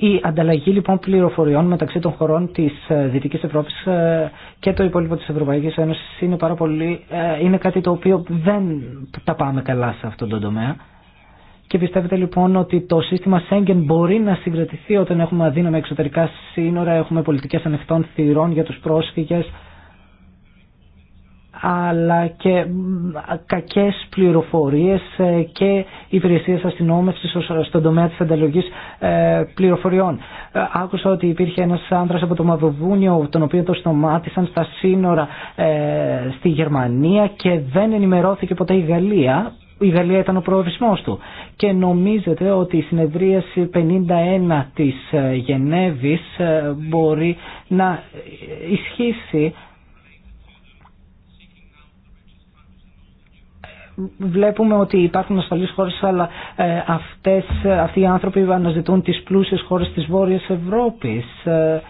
Η ανταλλαγή λοιπόν πληροφοριών μεταξύ των χωρών της ε, Δυτικής Ευρώπης ε, και το υπόλοιπο της Ευρωπαϊκής Ένωση, είναι, ε, είναι κάτι το οποίο δεν τα πάμε καλά σε αυτόν τον τομέα. Και πιστεύετε λοιπόν ότι το σύστημα Σέγγεν μπορεί να συγκρατηθεί όταν έχουμε αδύναμα εξωτερικά σύνορα, έχουμε πολιτικές ανοιχτών θυρών για τους πρόσφυγες, αλλά και κακές πληροφορίες ε, και υπηρεσίες αστυνόμευσης στον τομέα της ανταλλογής ε, πληροφοριών. Ε, άκουσα ότι υπήρχε ένας άντρας από το Μαδοβούνιο τον οποίο το στομάτησαν στα σύνορα στη Γερμανία και δεν ενημερώθηκε ποτέ η Γαλλία η Γαλλία ήταν ο προορισμός του. Και νομίζετε ότι η συνεδρίαση 51 της Γενέβης μπορεί να ισχύσει βλέπουμε ότι υπάρχουν ασφαλείς χώρες αλλά ε, αυτές, αυτοί οι άνθρωποι αναζητούν τις πλούσιες χώρες της Βόρειας Ευρώπης ε,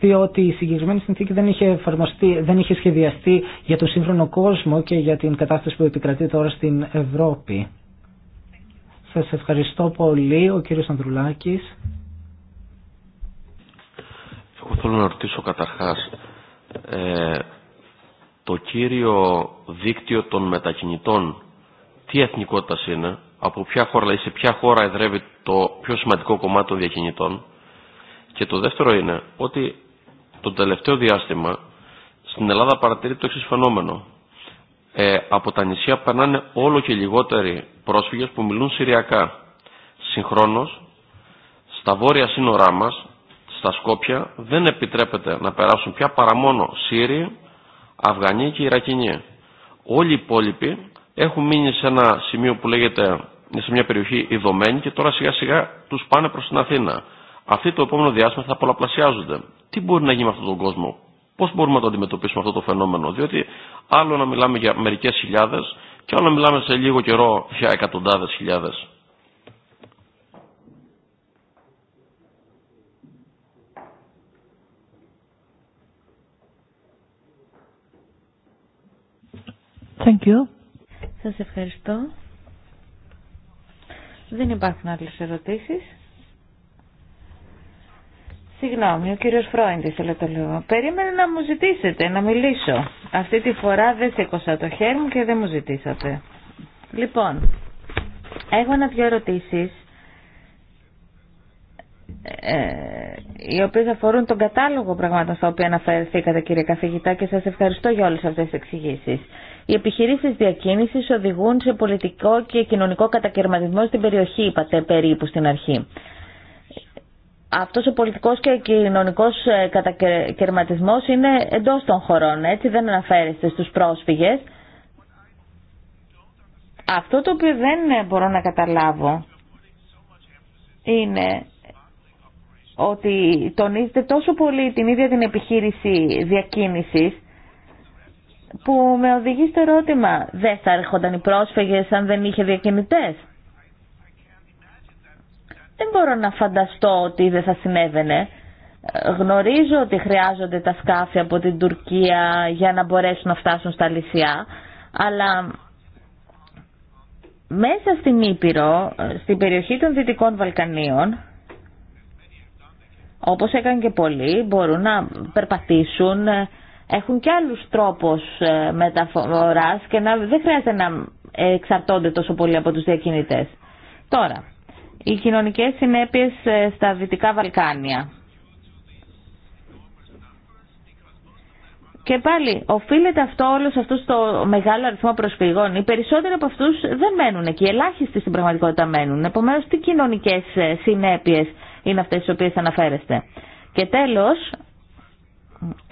διότι η συγκεκριμένη συνθήκη δεν είχε, εφαρμοστεί, δεν είχε σχεδιαστεί για τον σύγχρονο κόσμο και για την κατάσταση που επικρατεί τώρα στην Ευρώπη. Σας ευχαριστώ πολύ, ο κύριος Ανδρουλάκης. Εγώ θέλω να ρωτήσω καταρχάς, ε, το κύριο δίκτυο των μετακινητών τι εθνικότητα είναι, από ποια χώρα, δηλαδή σε ποια χώρα εδρεύει το πιο σημαντικό κομμάτι των διακινητών. Και το δεύτερο είναι ότι το τελευταίο διάστημα στην Ελλάδα παρατηρείται το εξή φαινόμενο. Ε, από τα νησιά περνάνε όλο και λιγότεροι πρόσφυγες που μιλούν Συριακά. Συγχρόνως, στα βόρεια σύνορά μας, στα Σκόπια, δεν επιτρέπεται να περάσουν πια παρά μόνο Σύριοι Αφγανοί και Ιρακινοί. Όλοι οι υπόλοιποι έχουν μείνει σε ένα σημείο που λέγεται σε μια περιοχή ειδωμένη και τώρα σιγά σιγά τους πάνε προς την Αθήνα. Αυτοί το επόμενο διάστημα θα πολλαπλασιάζονται. Τι μπορεί να γίνει με αυτόν τον κόσμο, πώς μπορούμε να το αντιμετωπίσουμε αυτό το φαινόμενο, διότι άλλο να μιλάμε για μερικές χιλιάδες και άλλο να μιλάμε σε λίγο καιρό για εκατοντάδες χιλιάδες. Thank you. Σας ευχαριστώ. Δεν υπάρχουν άλλες ερωτήσεις. Συγγνώμη, ο κύριος Φρόιντ ήθελε το λέω. Περίμενε να μου ζητήσετε, να μιλήσω. Αυτή τη φορά δεν σήκωσα το χέρι μου και δεν μου ζητήσατε. Λοιπόν, έχω ένα δυο ερωτήσεις ε, οι οποίες αφορούν τον κατάλογο πραγμάτων στα οποία αναφερθήκατε κύριε καθηγητά και σας ευχαριστώ για όλες αυτές τις εξηγήσεις. Οι επιχειρήσει διακίνηση οδηγούν σε πολιτικό και κοινωνικό κατακαιρματισμό στην περιοχή, είπατε περίπου στην αρχή. Αυτό ο πολιτικό και κοινωνικό ε, κατακαιρματισμό είναι εντό των χωρών, έτσι δεν αναφέρεστε στου πρόσφυγε. Αυτό το οποίο δεν ε, μπορώ να καταλάβω είναι ότι τονίζετε τόσο πολύ την ίδια την επιχείρηση διακίνησης που με οδηγεί στο ερώτημα δεν θα έρχονταν οι πρόσφυγες αν δεν είχε διακινητές. Δεν μπορώ να φανταστώ ότι δεν θα συνέβαινε. Γνωρίζω ότι χρειάζονται τα σκάφη από την Τουρκία για να μπορέσουν να φτάσουν στα λυσιά, αλλά μέσα στην Ήπειρο, στην περιοχή των Δυτικών Βαλκανίων, όπως έκανε και πολλοί, μπορούν να περπατήσουν έχουν και άλλους τρόπους ε, μεταφοράς και να, δεν χρειάζεται να εξαρτώνται τόσο πολύ από τους διακινητές. Τώρα, οι κοινωνικές συνέπειες ε, στα Δυτικά Βαλκάνια. Και πάλι, οφείλεται αυτό όλο αυτό το μεγάλο αριθμό προσφυγών. Οι περισσότεροι από αυτού δεν μένουν εκεί. Ελάχιστοι στην πραγματικότητα μένουν. Επομένω, τι κοινωνικέ ε, συνέπειε είναι αυτέ τι οποίε αναφέρεστε. Και τέλο,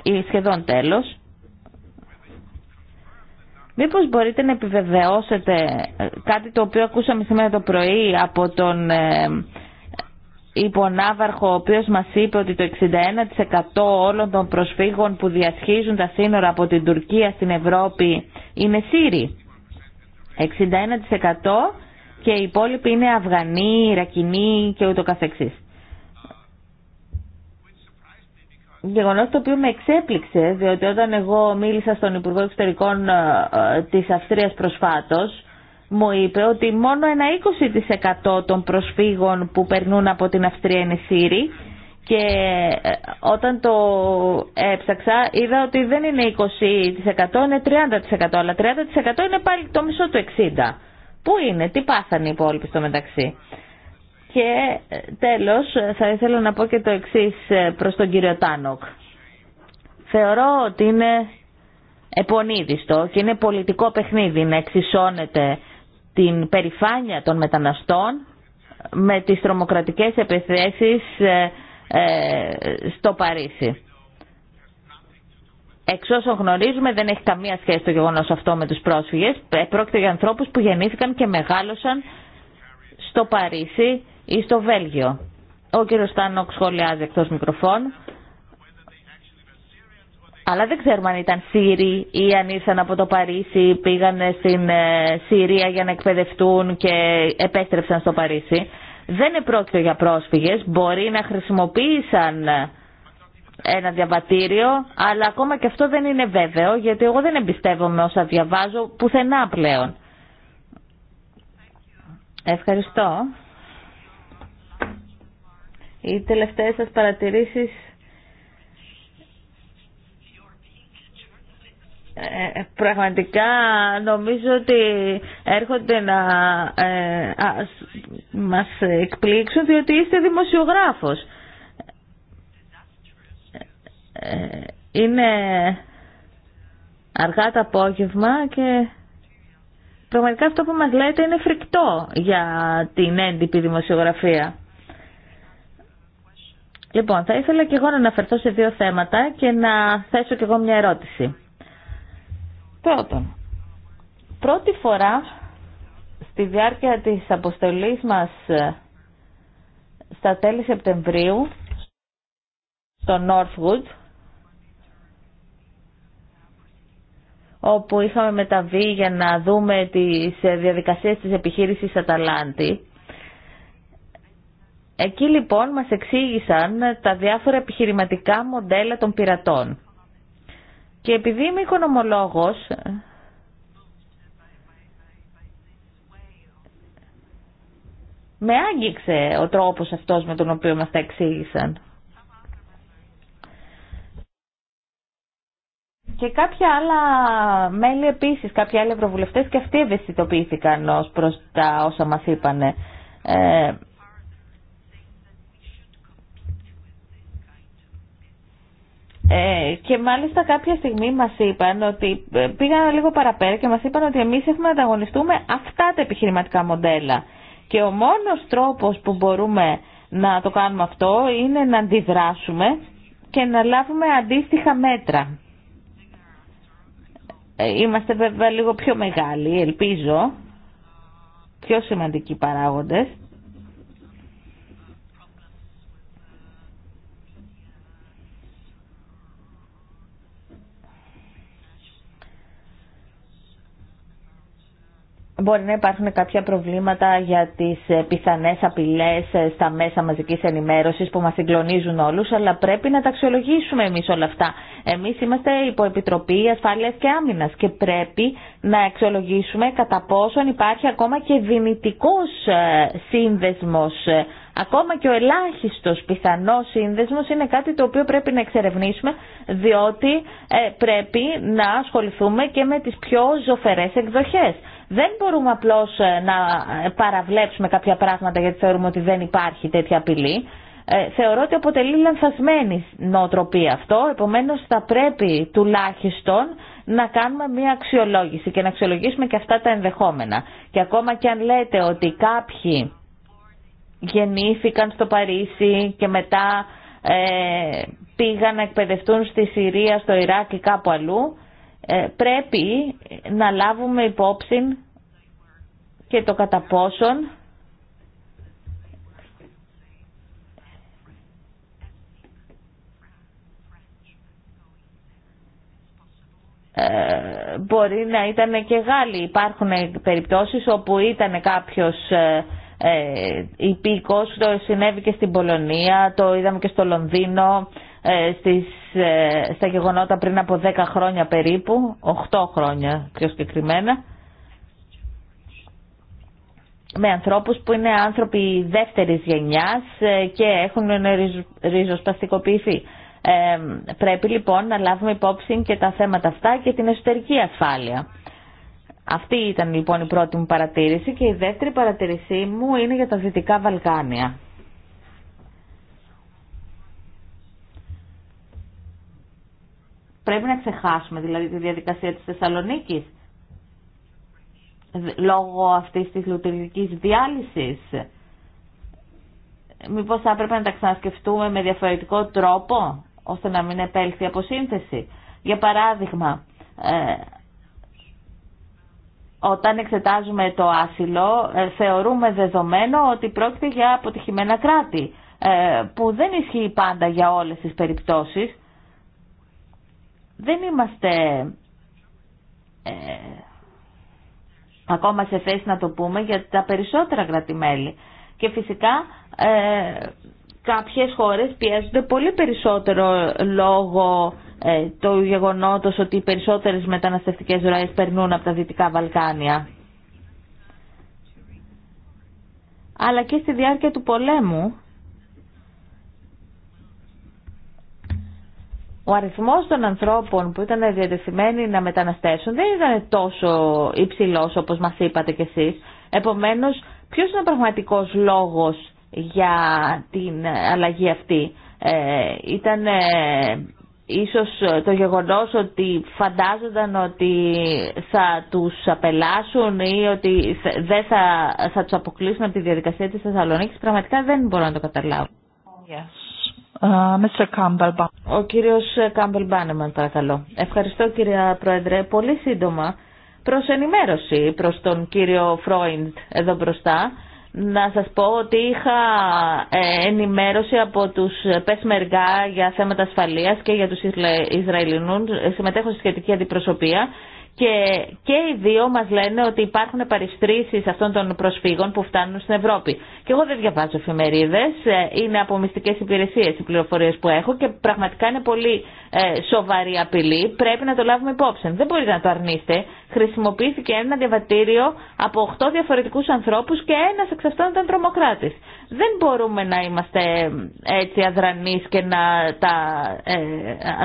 ή σχεδόν τέλος. Μήπως μπορείτε να επιβεβαιώσετε κάτι το οποίο ακούσαμε σήμερα το πρωί από τον ε, υπονάβαρχο ο οποίος μας είπε ότι το 61% όλων των προσφύγων που διασχίζουν τα σύνορα από την Τουρκία στην Ευρώπη είναι Σύριοι. 61% και οι υπόλοιποι είναι Αυγανοί, Ιρακινοί και ούτω καθεξής. γεγονός το οποίο με εξέπληξε, διότι όταν εγώ μίλησα στον Υπουργό Εξωτερικών ε, ε, της Αυστρίας προσφάτως, μου είπε ότι μόνο ένα 20% των προσφύγων που περνούν από την Αυστρία είναι Σύριοι και ε, όταν το έψαξα είδα ότι δεν είναι 20% είναι 30% αλλά 30% είναι πάλι το μισό του 60%. Πού είναι, τι πάθανε οι υπόλοιποι στο μεταξύ. Και ε, τέλος θα ήθελα να πω και το εξής ε, προς τον κύριο Τάνοκ. Θεωρώ ότι είναι επονίδιστο και είναι πολιτικό παιχνίδι να εξισώνεται την περηφάνεια των μεταναστών με τις τρομοκρατικές επιθέσεις ε, στο Παρίσι. Εξ όσων γνωρίζουμε δεν έχει καμία σχέση το γεγονός αυτό με τους πρόσφυγες. Πρόκειται για ανθρώπους που γεννήθηκαν και μεγάλωσαν στο Παρίσι ή στο Βέλγιο. Ο κύριος Στάνοξ σχολιάζει εκτός μικροφών. Αλλά δεν ξέρουμε αν ήταν Σύριοι ή αν ήρθαν από το Παρίσι, πήγαν στην ε, Συρία για να εκπαιδευτούν και επέστρεψαν στο Παρίσι. Δεν επρόκειτο για πρόσφυγες, μπορεί να χρησιμοποίησαν ε, ένα διαβατήριο, αλλά ακόμα και αυτό δεν είναι βέβαιο, γιατί εγώ δεν εμπιστεύομαι όσα διαβάζω πουθενά πλέον. Ευχαριστώ. Οι τελευταίες σας παρατηρήσεις ε, ε, πραγματικά νομίζω ότι έρχονται να ε, μας εκπλήξουν διότι είστε δημοσιογράφος. Ε, είναι αργά το απόγευμα και πραγματικά αυτό που μας λέτε είναι φρικτό για την έντυπη δημοσιογραφία. Λοιπόν, θα ήθελα και εγώ να αναφερθώ σε δύο θέματα και να θέσω και εγώ μια ερώτηση. Πρώτον, πρώτη φορά στη διάρκεια της αποστολής μας ε, στα τέλη Σεπτεμβρίου στο Northwood όπου είχαμε μεταβεί για να δούμε τις ε, διαδικασίες της επιχείρησης Αταλάντη Εκεί λοιπόν μας εξήγησαν τα διάφορα επιχειρηματικά μοντέλα των πειρατών. Και επειδή είμαι οικονομολόγος, με άγγιξε ο τρόπος αυτός με τον οποίο μας τα εξήγησαν. Και κάποια άλλα μέλη επίσης, κάποια άλλοι ευρωβουλευτές και αυτοί ευαισθητοποιήθηκαν ως προς τα όσα μας είπαν. Ε, Ε, και μάλιστα κάποια στιγμή μα είπαν ότι ε, πήγαν λίγο παραπέρα και μα είπαν ότι εμεί έχουμε να ανταγωνιστούμε αυτά τα επιχειρηματικά μοντέλα. Και ο μόνο τρόπο που μπορούμε να το κάνουμε αυτό είναι να αντιδράσουμε και να λάβουμε αντίστοιχα μέτρα. Ε, είμαστε βέβαια λίγο πιο μεγάλοι, ελπίζω, πιο σημαντικοί παράγοντες Μπορεί να υπάρχουν κάποια προβλήματα για τις ε, πιθανές απειλές ε, στα μέσα μαζικής ενημέρωσης που μας συγκλονίζουν όλους, αλλά πρέπει να τα αξιολογήσουμε εμείς όλα αυτά. Εμείς είμαστε υπό Επιτροπή Ασφάλειας και Άμυνας και πρέπει να αξιολογήσουμε κατά πόσον υπάρχει ακόμα και δυνητικός ε, σύνδεσμος Ακόμα και ο ελάχιστος πιθανός σύνδεσμος είναι κάτι το οποίο πρέπει να εξερευνήσουμε διότι πρέπει να ασχοληθούμε και με τις πιο ζωφερές εκδοχέ. Δεν μπορούμε απλώς ε, να παραβλέψουμε κάποια πράγματα γιατί θεωρούμε ότι δεν υπάρχει τέτοια απειλή. Ε, θεωρώ ότι αποτελεί λανθασμένη νοοτροπία αυτό, επομένως θα πρέπει τουλάχιστον να κάνουμε μια αξιολόγηση και να αξιολογήσουμε και αυτά τα ενδεχόμενα. Και ακόμα και αν λέτε ότι κάποιοι γεννήθηκαν στο Παρίσι και μετά ε, πήγαν να εκπαιδευτούν στη Συρία, στο Ιράκ ή κάπου αλλού, ε, πρέπει να λάβουμε υπόψη και το κατά πόσον ε, μπορεί να ήταν και Γάλλοι. Υπάρχουν περιπτώσεις όπου ήταν κάποιος ε, ε, υπήκος, το συνέβη και στην Πολωνία, το είδαμε και στο Λονδίνο. Ε, στις, ε, στα γεγονότα πριν από 10 χρόνια περίπου, 8 χρόνια πιο συγκεκριμένα, με ανθρώπους που είναι άνθρωποι δεύτερης γενιάς ε, και έχουν ριζοσπαστικοποιηθεί. Ε, πρέπει λοιπόν να λάβουμε υπόψη και τα θέματα αυτά και την εσωτερική ασφάλεια. Αυτή ήταν λοιπόν η πρώτη μου παρατήρηση και η δεύτερη παρατήρησή μου είναι για τα Δυτικά Βαλκάνια. Πρέπει να ξεχάσουμε δηλαδή τη διαδικασία της Θεσσαλονίκης λόγω αυτής της λειτουργικής διάλυσης. Μήπως θα έπρεπε να τα ξανασκεφτούμε με διαφορετικό τρόπο ώστε να μην επέλθει από σύνθεση. Για παράδειγμα, ε, όταν εξετάζουμε το άσυλο ε, θεωρούμε δεδομένο ότι πρόκειται για αποτυχημένα κράτη ε, που δεν ισχύει πάντα για όλες τις περιπτώσεις δεν είμαστε ε, ακόμα σε θέση να το πούμε για τα περισσότερα κρατημέλη. Και φυσικά ε, κάποιες χώρες πιέζονται πολύ περισσότερο λόγω ε, του γεγονότος ότι οι περισσότερες μεταναστευτικές ροές περνούν από τα Δυτικά Βαλκάνια. Αλλά και στη διάρκεια του πολέμου ο αριθμός των ανθρώπων που ήταν διατεθειμένοι να μεταναστεύσουν δεν ήταν τόσο υψηλός όπως μας είπατε κι εσείς. Επομένως, ποιος είναι ο πραγματικός λόγος για την αλλαγή αυτή. Ε, ήταν ε, ίσως το γεγονός ότι φαντάζονταν ότι θα τους απελάσουν ή ότι δεν θα, θα τους αποκλείσουν από τη διαδικασία της Θεσσαλονίκης. Πραγματικά δεν μπορώ να το καταλάβω. Ε, Ο κύριος Κάμπελ Μπάνεμαν παρακαλώ. Ευχαριστώ κύριε Πρόεδρε. Πολύ σύντομα προς ενημέρωση προς τον κύριο Φρόιντ εδώ μπροστά. Να σας πω ότι είχα ε, ενημέρωση από τους πεσμεργά για θέματα ασφαλείας και για τους Ισραηλινούς συμμετέχω στη σχετική αντιπροσωπεία και, και οι δύο μα λένε ότι υπάρχουν παριστρήσει αυτών των προσφύγων που φτάνουν στην Ευρώπη. Και εγώ δεν διαβάζω εφημερίδε, ε, είναι από μυστικέ υπηρεσίε οι πληροφορίε που έχω και πραγματικά είναι πολύ ε, σοβαρή απειλή, πρέπει να το λάβουμε υπόψη. Δεν μπορείτε να το αρνείστε. Χρησιμοποιήθηκε ένα διαβατήριο από 8 διαφορετικού ανθρώπου και ένα εξ αυτών ήταν τρομοκράτη. Δεν μπορούμε να είμαστε ε, έτσι αδρανεί και να τα ε, ε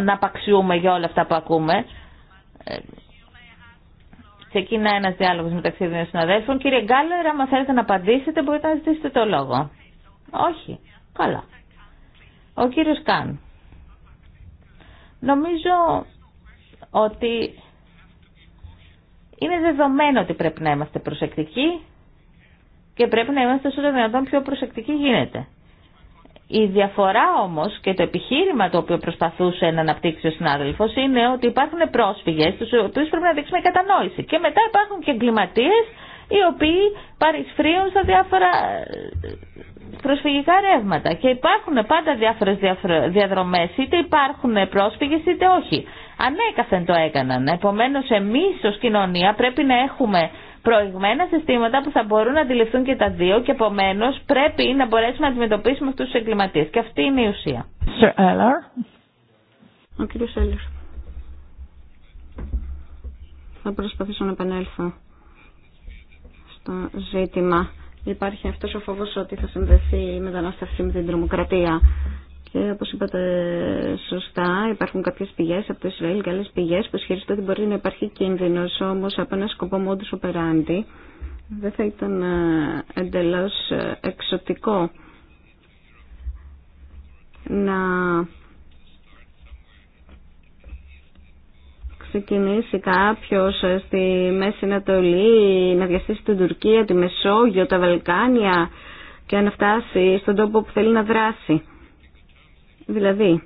να απαξιούμε για όλα αυτά που ακούμε. Ξεκινά ένα διάλογο μεταξύ δύο συναδέλφων. Κύριε Γκάλερ, άμα θέλετε να απαντήσετε, μπορείτε να ζητήσετε το λόγο. Όχι. Καλά. Ο κύριο Καν. Νομίζω ότι είναι δεδομένο ότι πρέπει να είμαστε προσεκτικοί και πρέπει να είμαστε όσο το δυνατόν πιο προσεκτικοί γίνεται. Η διαφορά όμως και το επιχείρημα το οποίο προσπαθούσε να αναπτύξει ο συνάδελφος είναι ότι υπάρχουν πρόσφυγες τους οποίους πρέπει να δείξουμε κατανόηση και μετά υπάρχουν και εγκληματίες οι οποίοι παρισφρίουν στα διάφορα ε, προσφυγικά ρεύματα και υπάρχουν πάντα διάφορες διαδρομές είτε υπάρχουν πρόσφυγες είτε όχι. Ανέκαθεν το έκαναν. Επομένως εμείς ως κοινωνία πρέπει να έχουμε προηγμένα συστήματα που θα μπορούν να αντιληφθούν και τα δύο και επομένω πρέπει να μπορέσουμε να αντιμετωπίσουμε αυτού του εγκληματίε. Και αυτή είναι η ουσία. Ο κύριος Έλλης. Θα προσπαθήσω να επανέλθω στο ζήτημα. Υπάρχει αυτός ο φόβος ότι θα συνδεθεί η μετανάστευση με την τρομοκρατία. Όπω είπατε σωστά, υπάρχουν κάποιες πηγές από το Ισραήλ και πηγές που ισχυρίζονται ότι μπορεί να υπάρχει κίνδυνο όμως από ένα σκοπό μόντου οπεράντη δεν θα ήταν ε, εντελώ ε, εξωτικό να ξεκινήσει κάποιος ε, στη Μέση Ανατολή να διαστήσει την Τουρκία, τη Μεσόγειο, τα Βαλκάνια και να φτάσει στον τόπο που θέλει να δράσει. Δηλαδή,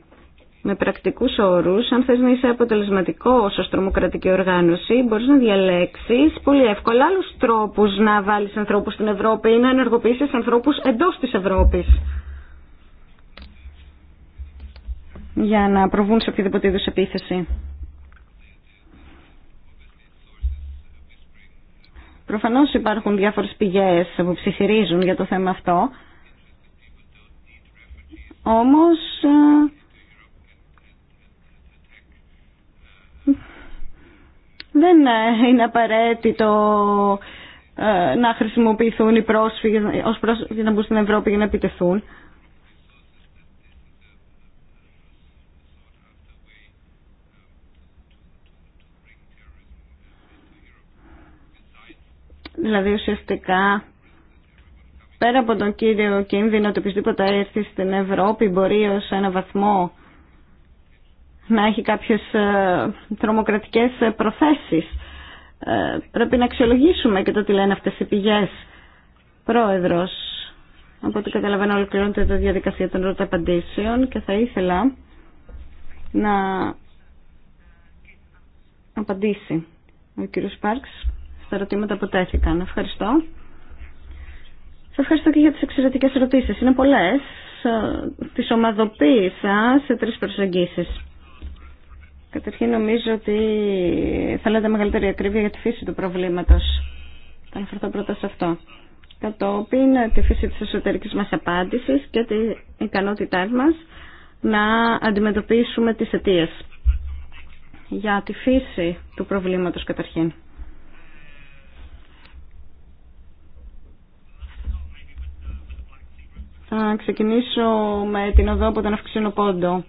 με πρακτικούς όρους, αν θε να είσαι αποτελεσματικό ω τρομοκρατική οργάνωση, μπορείς να διαλέξεις πολύ εύκολα άλλου τρόπους να βάλεις ανθρώπους στην Ευρώπη ή να ενεργοποιήσει ανθρώπους εντό τη Ευρώπη, Για να προβούν σε οποιαδήποτε είδου επίθεση. Προφανώς υπάρχουν διάφορες πηγές που ψιθυρίζουν για το θέμα αυτό. Όμως ε, δεν ε, είναι απαραίτητο ε, να χρησιμοποιηθούν οι πρόσφυγες ως πρόσφυγες να μπουν στην Ευρώπη για να επιτεθούν. Δηλαδή ουσιαστικά πέρα από τον κύριο κίνδυνο ότι οποιοδήποτε έρθει στην Ευρώπη μπορεί ως ένα βαθμό να έχει κάποιες ε, τρομοκρατικές ε, προθέσεις. Ε, πρέπει να αξιολογήσουμε και το τι λένε αυτές οι πηγές. Πρόεδρος, από ό,τι καταλαβαίνω ολοκληρώνεται η διαδικασία των ρωταπαντήσεων απαντήσεων και θα ήθελα να απαντήσει ο κύριος Πάρξ στα ερωτήματα που τέθηκαν. Ευχαριστώ. Σας ευχαριστώ και για τις εξαιρετικές ερωτήσεις. Είναι πολλές. Ε, τις ομαδοποίησα σε τρεις προσεγγίσεις. Καταρχήν νομίζω ότι θα λέτε μεγαλύτερη ακρίβεια για τη φύση του προβλήματος. Θα αναφερθώ πρώτα σε αυτό. Κατόπιν τη φύση της εσωτερικής μας απάντησης και την ικανότητά μας να αντιμετωπίσουμε τις αιτίες. Για τη φύση του προβλήματος καταρχήν. Θα ξεκινήσω με την οδό από τον Αυξήνο Πόντο,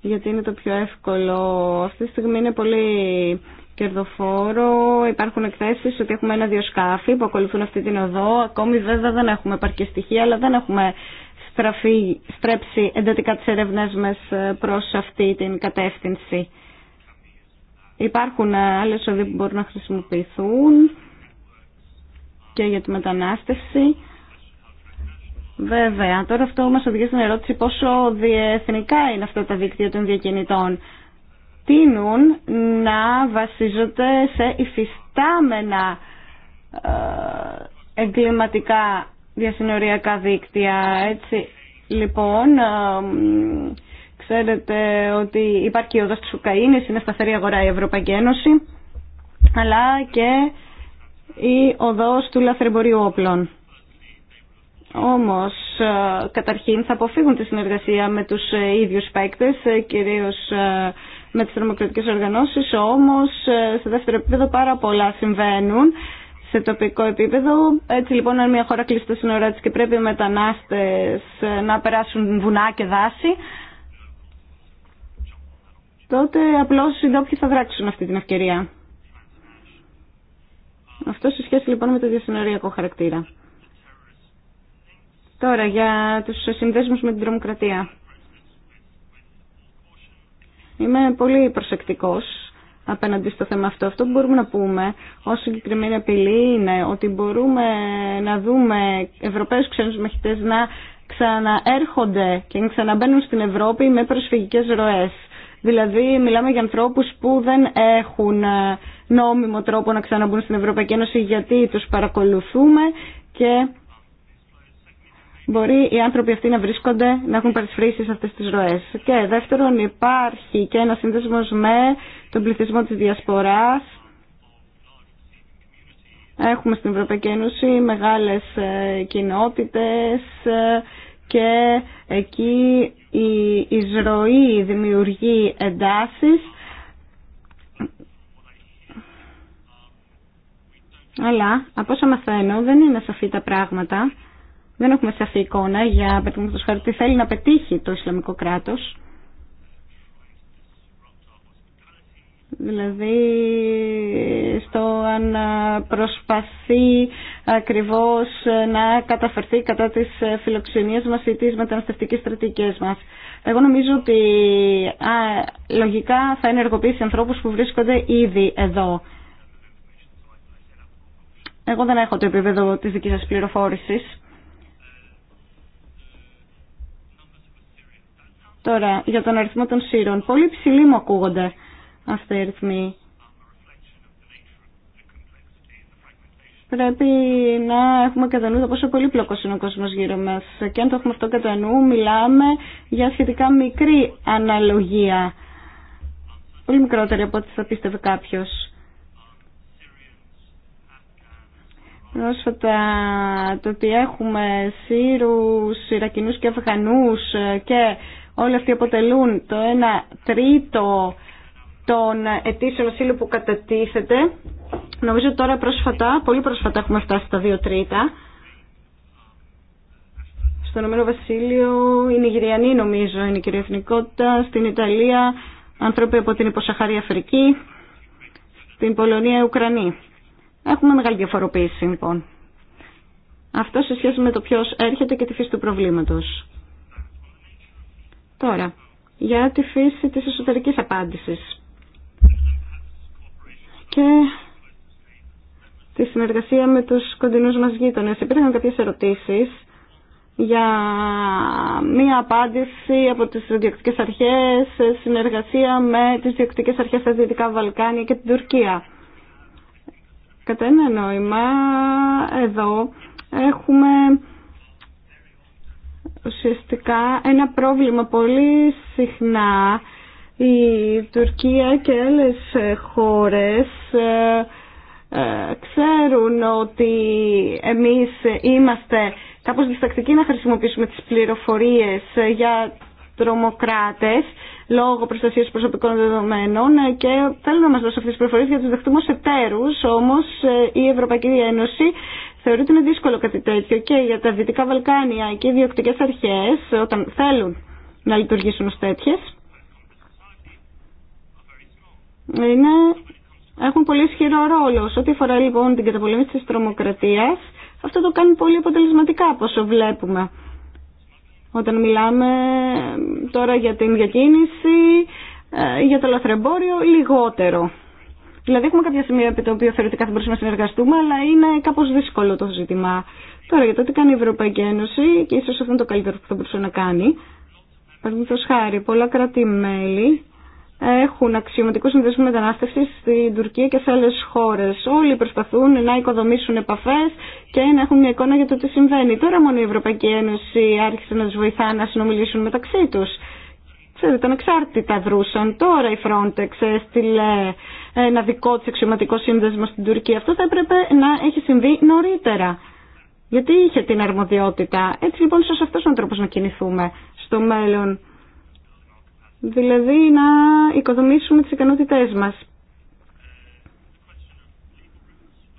γιατί είναι το πιο εύκολο. Αυτή τη στιγμή είναι πολύ κερδοφόρο. Υπάρχουν εκθέσει ότι έχουμε ένα-δύο σκάφη που ακολουθούν αυτή την οδό. Ακόμη βέβαια δεν έχουμε επαρκή στοιχεία, αλλά δεν έχουμε στραφεί, στρέψει εντατικά τι έρευνε μα προ αυτή την κατεύθυνση. Υπάρχουν άλλε οδοί που μπορούν να χρησιμοποιηθούν και για τη μετανάστευση. Βέβαια, τώρα αυτό μα οδηγεί στην ερώτηση πόσο διεθνικά είναι αυτά τα δίκτυα των διακινητών. Τίνουν να βασίζονται σε υφιστάμενα ε, εγκληματικά διασυνοριακά δίκτυα. Έτσι, λοιπόν, ε, ξέρετε ότι υπάρχει η οδός της Ουκαΐνης, είναι σταθερή αγορά η Ευρωπαϊκή Ένωση, αλλά και η οδός του λαθρεμπορίου όπλων. Όμως, ε, καταρχήν θα αποφύγουν τη συνεργασία με τους ε, ίδιους παίκτες, ε, κυρίως με τις τρομοκρατικές οργανώσεις, όμως σε δεύτερο επίπεδο πάρα πολλά συμβαίνουν σε τοπικό επίπεδο. Έτσι λοιπόν, αν μια χώρα κλείσει τα σύνορά της και πρέπει οι μετανάστες να περάσουν βουνά και δάση, τότε απλώς οι ντόπιοι θα δράξουν αυτή την ευκαιρία. Αυτό σε σχέση λοιπόν με το διασυνοριακό χαρακτήρα. Τώρα για τους συνδέσμους με την τρομοκρατία. Είμαι πολύ προσεκτικός απέναντι στο θέμα αυτό. Αυτό που μπορούμε να πούμε ως συγκεκριμένη απειλή είναι ότι μπορούμε να δούμε Ευρωπαίους ξένους μαχητές να ξαναέρχονται και να ξαναμπαίνουν στην Ευρώπη με προσφυγικές ροές. Δηλαδή μιλάμε για ανθρώπους που δεν έχουν νόμιμο τρόπο να ξαναμπούν στην Ευρωπαϊκή Ένωση γιατί τους παρακολουθούμε και μπορεί οι άνθρωποι αυτοί να βρίσκονται, να έχουν παρισφρήσει σε αυτές τις ροές. Και δεύτερον υπάρχει και ένα σύνδεσμος με τον πληθυσμό της διασποράς. Έχουμε στην Ευρωπαϊκή Ένωση μεγάλες ε, κοινότητες ε, και εκεί η εισρωή δημιουργεί εντάσεις αλλά από όσα μαθαίνω δεν είναι σαφή τα πράγματα δεν έχουμε σαφή εικόνα για παραδείγματο χάρη τι θέλει να πετύχει το Ισλαμικό κράτος. Δηλαδή στο αν προσπαθεί ακριβώς να καταφερθεί κατά της φιλοξενίας μας ή της μεταναστευτικής στρατηγικής μας. Εγώ νομίζω ότι λογικά θα ενεργοποιήσει ανθρώπους που βρίσκονται ήδη εδώ. Εγώ δεν έχω το επίπεδο της δικής σας πληροφόρησης. Τώρα, για τον αριθμό των σύρων. Πολύ ψηλοί μου ακούγονται αυτοί οι αριθμοί. Πρέπει να έχουμε κατά νου το πόσο πολύπλοκος είναι ο κόσμος γύρω μας. Και αν το έχουμε αυτό κατά νου, μιλάμε για σχετικά μικρή αναλογία. Πολύ μικρότερη από ό,τι θα πίστευε κάποιος. πρόσφατα το ότι έχουμε Σύρους, Ιρακινούς και Αφγανούς ε, και Όλοι αυτοί αποτελούν το 1 τρίτο των αιτήσεων ασύλου που κατατίθεται. Νομίζω τώρα πρόσφατα, πολύ πρόσφατα έχουμε φτάσει στα 2 τρίτα. Στο Ηνωμένο Βασίλειο η Νιγηριανή νομίζω είναι η εθνικότητα. Στην Ιταλία άνθρωποι από την υποσαχαρή Αφρική. Στην Πολωνία Ουκρανοί. Έχουμε μεγάλη διαφοροποίηση λοιπόν. Αυτό σε σχέση με το ποιο έρχεται και τη φύση του προβλήματος. Τώρα, για τη φύση της εσωτερικής απάντησης και τη συνεργασία με τους κοντινούς μας γείτονες. Υπήρχαν κάποιες ερωτήσεις για μία απάντηση από τις διοκτικές αρχές, συνεργασία με τις διοκτικές αρχές στα Δυτικά Βαλκάνια και την Τουρκία. Κατά ένα νόημα, εδώ έχουμε ουσιαστικά ένα πρόβλημα πολύ συχνά η Τουρκία και άλλες χώρες ε, ε, ξέρουν ότι εμείς είμαστε κάπως διστακτικοί να χρησιμοποιήσουμε τις πληροφορίες για τρομοκράτες λόγω προστασίας προσωπικών δεδομένων και θέλουν να μας δώσουν αυτές τις πληροφορίες για τους δεχτούμενους εταίρους, όμως ε, η Ευρωπαϊκή Ένωση Θεωρείται ότι είναι δύσκολο κάτι τέτοιο και για τα Δυτικά Βαλκάνια και οι διοκτικέ αρχές όταν θέλουν να λειτουργήσουν ω τέτοιε, είναι, έχουν πολύ ισχυρό ρόλο. Σε ό,τι αφορά λοιπόν την καταπολέμηση τη τρομοκρατίας αυτό το κάνουν πολύ αποτελεσματικά από όσο βλέπουμε. Όταν μιλάμε ε, τώρα για την διακίνηση, ε, για το λαθρεμπόριο, λιγότερο. Δηλαδή έχουμε κάποια σημεία επί το οποίο θεωρητικά θα μπορούσαμε να συνεργαστούμε, αλλά είναι κάπω δύσκολο το ζήτημα. Τώρα για το τι κάνει η Ευρωπαϊκή Ένωση και ίσω αυτό είναι το καλύτερο που θα μπορούσε να κάνει. Παραδείγματο χάρη, πολλά κράτη-μέλη έχουν αξιωματικού συνδέσμου μετανάστευση στην Τουρκία και σε άλλε χώρε. Όλοι προσπαθούν να οικοδομήσουν επαφέ και να έχουν μια εικόνα για το τι συμβαίνει. Τώρα μόνο η Ευρωπαϊκή Ένωση άρχισε να του βοηθά να συνομιλήσουν μεταξύ του. Ήταν εξάρτητα δρούσαν. Τώρα η Frontex έστειλε ένα δικό τη αξιωματικό σύνδεσμο στην Τουρκία. Αυτό θα έπρεπε να έχει συμβεί νωρίτερα. Γιατί είχε την αρμοδιότητα. Έτσι λοιπόν σας αυτός ο τρόπο να κινηθούμε στο μέλλον. Δηλαδή να οικοδομήσουμε τις ικανότητές μας.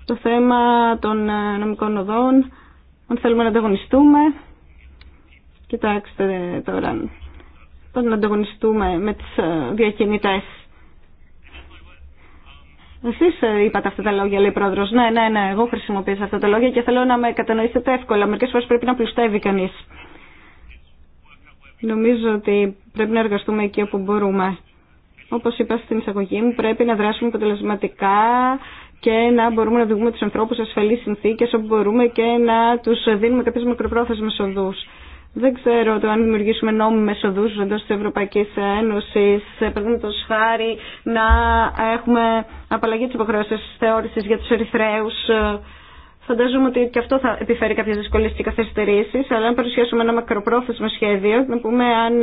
Το θέμα των ε, νομικών οδών, αν θέλουμε να ανταγωνιστούμε. Κοιτάξτε τώρα, πώς να ανταγωνιστούμε με τις ε, διακινητές. Εσεί ε, είπατε αυτά τα λόγια, λέει πρόεδρο. Ναι, ναι, ναι, εγώ χρησιμοποίησα αυτά τα λόγια και θέλω να με κατανοήσετε εύκολα. Μερικέ φορέ πρέπει να πλουστεύει κανεί. Νομίζω ότι πρέπει να εργαστούμε εκεί όπου μπορούμε. Όπω είπα στην εισαγωγή μου, πρέπει να δράσουμε αποτελεσματικά και να μπορούμε να οδηγούμε του ανθρώπου σε ασφαλεί συνθήκε όπου μπορούμε και να του δίνουμε κάποιε μακροπρόθεσμε οδού. Δεν ξέρω το αν δημιουργήσουμε νόμιμες οδούς εντός της Ευρωπαϊκής Ένωσης, το χάρη να έχουμε απαλλαγή της υποχρεώσης θεώρησης για τους Ερυθρέους. Φαντάζομαι ότι και αυτό θα επιφέρει κάποιε δυσκολίε και καθυστερήσει, αλλά αν παρουσιάσουμε ένα μακροπρόθεσμο σχέδιο, να πούμε αν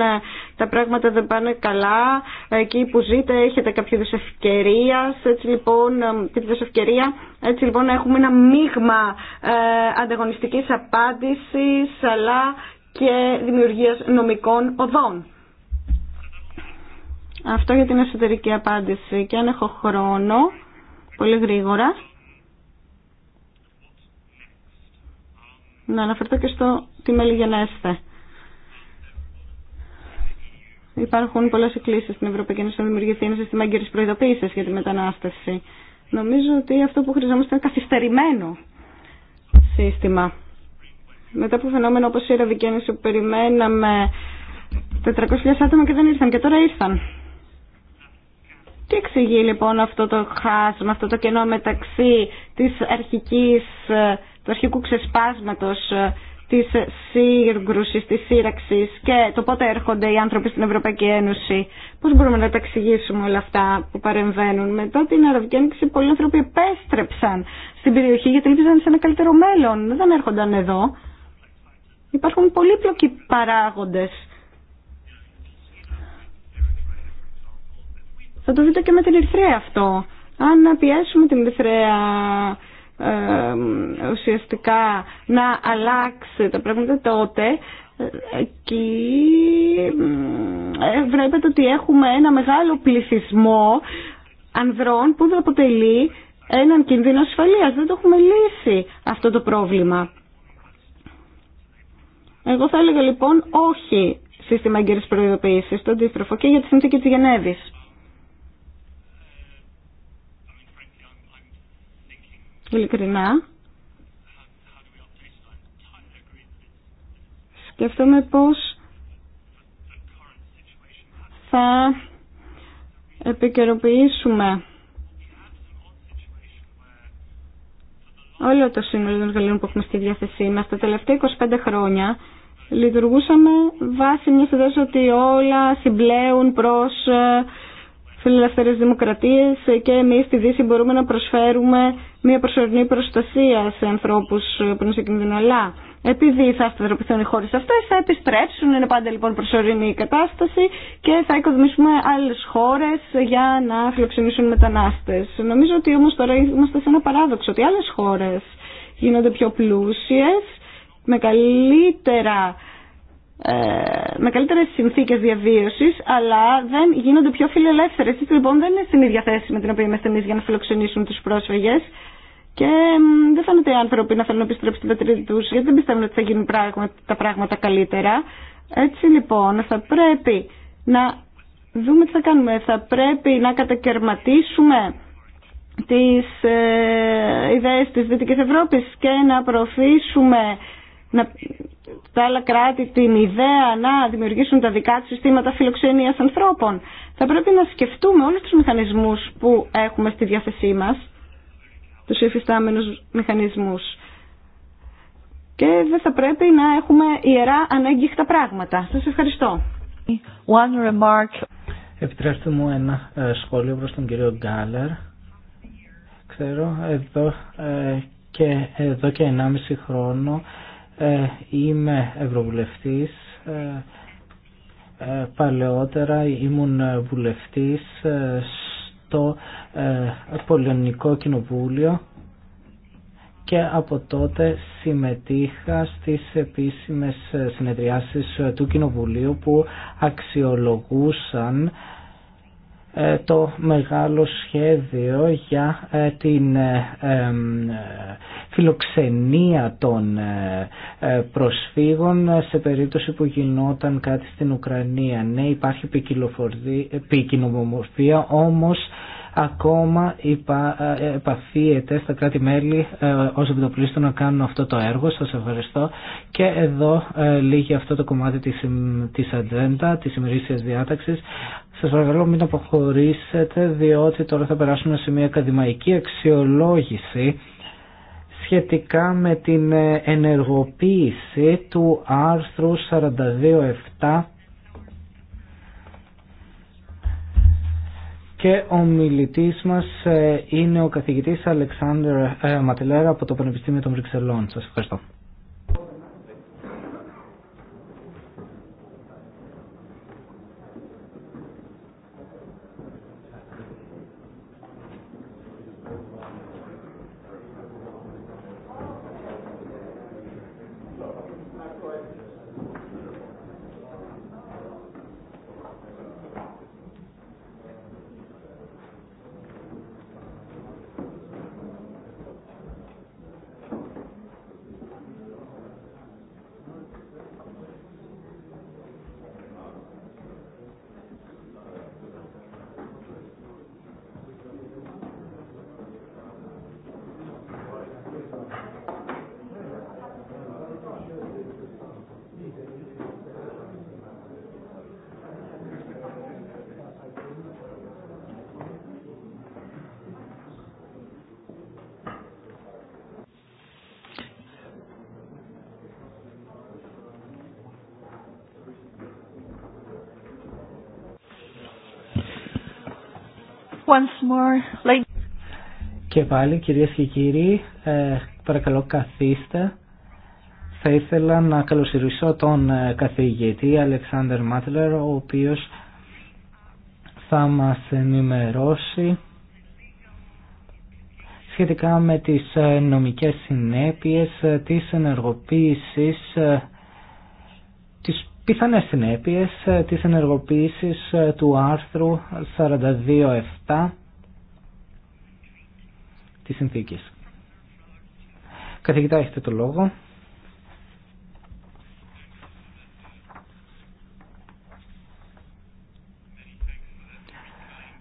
τα πράγματα δεν πάνε καλά, εκεί που ζείτε έχετε κάποια δυσευκαιρία, έτσι λοιπόν, ε, δυσευκαιρία, έτσι λοιπόν έχουμε ένα μείγμα ε, ανταγωνιστική απάντηση, αλλά και δημιουργίας νομικών οδών. Αυτό για την εσωτερική απάντηση. Και αν έχω χρόνο, πολύ γρήγορα, να αναφερθώ και στο τι μελιγενέστε. Υπάρχουν πολλέ εκκλήσει στην Ευρωπαϊκή Ένωση να δημιουργηθεί ένα σύστημα έγκαιρη προειδοποίηση για τη μετανάστευση. Νομίζω ότι αυτό που χρειαζόμαστε είναι καθυστερημένο σύστημα μετά από φαινόμενο όπως η Αραβική Ένωση που περιμέναμε 400.000 άτομα και δεν ήρθαν και τώρα ήρθαν. Τι εξηγεί λοιπόν αυτό το χάσμα, αυτό το κενό μεταξύ της αρχικής, του αρχικού ξεσπάσματος της σύγκρουσης, της σύραξης και το πότε έρχονται οι άνθρωποι στην Ευρωπαϊκή Ένωση. Πώς μπορούμε να τα εξηγήσουμε όλα αυτά που παρεμβαίνουν. Μετά την Αραβική Ένωση πολλοί άνθρωποι επέστρεψαν στην περιοχή γιατί ήλπιζαν σε ένα καλύτερο μέλλον. Δεν έρχονταν εδώ. Υπάρχουν πολύπλοκοι παράγοντες. Θα το δείτε και με την Ερυθρέα αυτό. Αν πιέσουμε την Ερυθρέα ε, ουσιαστικά να αλλάξει τα πράγματα τότε, ε, εκεί ε, βλέπετε ότι έχουμε ένα μεγάλο πληθυσμό ανδρών που δεν αποτελεί έναν κινδύνο ασφαλείας. Δεν το έχουμε λύσει αυτό το πρόβλημα. Εγώ θα έλεγα λοιπόν όχι σύστημα έγκαιρης προειδοποίησης, το αντίστροφο και για τη συνθήκη της Γενέβης. Ειλικρινά, σκέφτομαι πώς θα επικαιροποιήσουμε όλο το σύνολο των εργαλείων που έχουμε στη διάθεσή μα Τα τελευταία 25 χρόνια λειτουργούσαμε βάσει μιας ιδέα ότι όλα συμπλέουν προς ε, φιλελευθερέ δημοκρατίες και εμεί στη Δύση μπορούμε να προσφέρουμε μια προσωρινή προστασία σε ανθρώπους που είναι σε κίνδυνο. Επειδή θα αυτοδροπηθούν οι χώρε αυτέ, θα επιστρέψουν. Είναι πάντα λοιπόν προσωρινή η κατάσταση και θα οικοδομήσουμε άλλε χώρε για να φιλοξενήσουν μετανάστε. Νομίζω ότι όμω τώρα είμαστε σε ένα παράδοξο ότι άλλε χώρε γίνονται πιο πλούσιε, με καλύτερα ε, με καλύτερες συνθήκες διαβίωσης αλλά δεν γίνονται πιο φιλελεύθερες. Λοιπόν δεν είναι στην ίδια θέση με την οποία είμαστε εμείς για να φιλοξενήσουν τους πρόσφυγες και δεν φαίνεται οι άνθρωποι να θέλουν να επιστρέψουν στην πατρίδα του, γιατί δεν πιστεύουν ότι θα γίνουν τα πράγματα καλύτερα. Έτσι λοιπόν, θα πρέπει να δούμε τι θα κάνουμε. Θα πρέπει να κατακαιρματίσουμε τις ε, ιδέες της Δυτικής Ευρώπης και να προωθήσουμε να, τα άλλα κράτη την ιδέα να δημιουργήσουν τα δικά τους συστήματα φιλοξενίας ανθρώπων. Θα πρέπει να σκεφτούμε όλους τους μηχανισμούς που έχουμε στη διάθεσή μας τους υφιστάμενους μηχανισμούς. Και δεν θα πρέπει να έχουμε ιερά ανέγγιχτα πράγματα. Σας ευχαριστώ. One remark. Επιτρέψτε μου ένα ε, σχόλιο προς τον κύριο Γκάλερ. Ξέρω, εδώ ε, και, εδώ και 1,5 χρόνο ε, είμαι ευρωβουλευτής. παλαιότερα ήμουν βουλευτής το ε, Πολωνικό Κοινοβούλιο και από τότε συμμετείχα στις επίσημες συνεδριάσεις του Κοινοβουλίου που αξιολογούσαν ε, το μεγάλο σχέδιο για ε, την ε, φιλοξενία των προσφύγων σε περίπτωση που γινόταν κάτι στην Ουκρανία. Ναι, υπάρχει ποικινομορφία, όμως ακόμα υπα, επαφίεται στα κράτη-μέλη ως να κάνουν αυτό το έργο. Σας ευχαριστώ. Και εδώ λύγει αυτό το κομμάτι της, της ατζέντα, της ημερήσιας διάταξης. Σας παρακαλώ μην αποχωρήσετε διότι τώρα θα περάσουμε σε μια ακαδημαϊκή αξιολόγηση σχετικά με την ενεργοποίηση του άρθρου 42.7 και ο μιλητής μας ε, είναι ο καθηγητής Αλεξάνδρου ε, Ματιλέρα από το Πανεπιστήμιο των Βρυξελών. Σας ευχαριστώ. Και πάλι κυρίες και κύριοι, ε, παρακαλώ καθίστε. Θα ήθελα να καλωσορίσω τον ε, καθηγητή Αλεξάνδρ Μάτλερ, ο οποίος θα μας ενημερώσει σχετικά με τις ε, νομικές συνέπειες της ενεργοποίησης της πιθανές συνέπειες της ενεργοποίησης του άρθρου 42.7 της συνθήκης. Καθηγητά, έχετε το λόγο.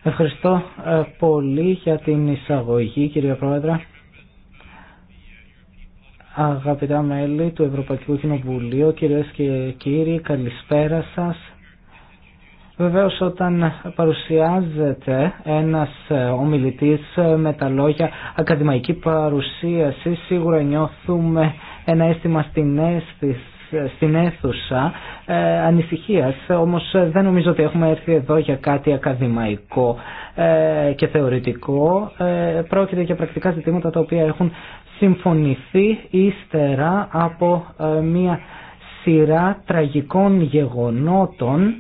Ευχαριστώ ε, πολύ για την εισαγωγή, κύριε Πρόεδρε. Αγαπητά μέλη του Ευρωπαϊκού Κοινοβουλίου, κυρίες και κύριοι, καλησπέρα σας. Βεβαίως όταν παρουσιάζεται ένας ομιλητής με τα λόγια ακαδημαϊκή παρουσίαση σίγουρα νιώθουμε ένα αίσθημα στην αίσθηση στην αίθουσα ε, ανησυχίας, όμως δεν νομίζω ότι έχουμε έρθει εδώ για κάτι ακαδημαϊκό ε, και θεωρητικό. Ε, πρόκειται για πρακτικά ζητήματα τα οποία έχουν συμφωνηθεί ύστερα από ε, μία σειρά τραγικών γεγονότων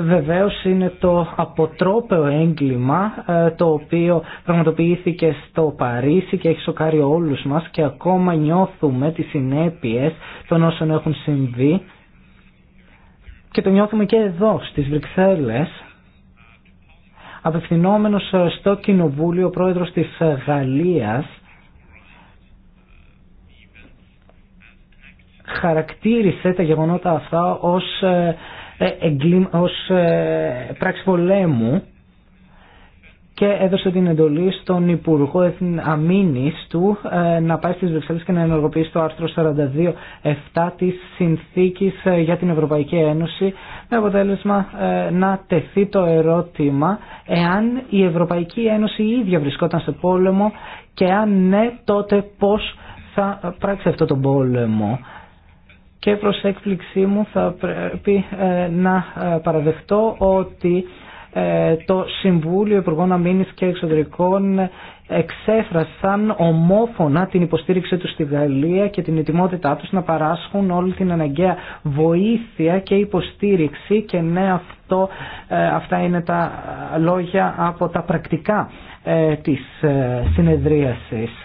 Βεβαίως είναι το αποτρόπαιο έγκλημα ε, το οποίο πραγματοποιήθηκε στο Παρίσι και έχει σοκάρει όλους μας και ακόμα νιώθουμε τις συνέπειες των όσων έχουν συμβεί και το νιώθουμε και εδώ στις Βρυξέλλες απευθυνόμενος ε, στο Κοινοβούλιο ο πρόεδρος της ε, Γαλλίας χαρακτήρισε τα γεγονότα αυτά ως ε, εγκλήμα, ως ε, πράξη πολέμου και έδωσε την εντολή στον Υπουργό Αμήνης του ε, να πάει στις Βρυξέλλες και να ενεργοποιήσει το άρθρο 42.7 της Συνθήκης για την Ευρωπαϊκή Ένωση με αποτέλεσμα να τεθεί το ερώτημα εάν η Ευρωπαϊκή Ένωση η ίδια βρισκόταν σε πόλεμο και αν ναι τότε πώς θα πράξει αυτό το πόλεμο και προς έκπληξή μου θα πρέπει ε, να ε, παραδεχτώ ότι ε, το Συμβούλιο Υπουργών Αμήνης και Εξωτερικών εξέφρασαν ομόφωνα την υποστήριξή τους στη Γαλλία και την ετοιμότητά τους να παράσχουν όλη την αναγκαία βοήθεια και υποστήριξη και ναι αυτό, αυτά είναι τα λόγια από τα πρακτικά της συνεδρίασης.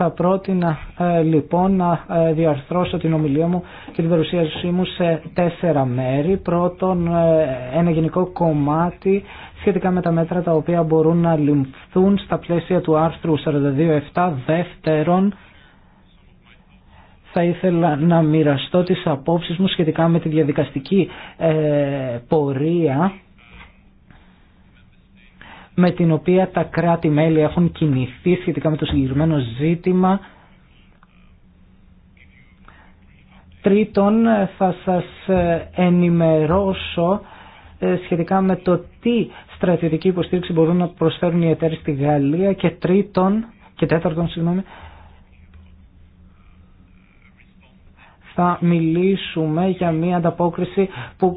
Θα πρότεινα ε, λοιπόν να ε, διαρθρώσω την ομιλία μου και την παρουσίασή μου σε τέσσερα μέρη. Πρώτον, ε, ένα γενικό κομμάτι σχετικά με τα μέτρα τα οποία μπορούν να λυμφθούν στα πλαίσια του άρθρου 42.7. Δεύτερον, θα ήθελα να μοιραστώ τις απόψεις μου σχετικά με τη διαδικαστική πορεία με την οποία τα κράτη-μέλη έχουν κινηθεί σχετικά με το συγκεκριμένο ζήτημα. Τρίτον, θα σας ε, ενημερώσω ε, σχετικά με το τι στρατιωτική υποστήριξη μπορούν να προσφέρουν οι εταίροι στη Γαλλία και τρίτον, και τέταρτον συγγνώμη, θα μιλήσουμε για μια ανταπόκριση που,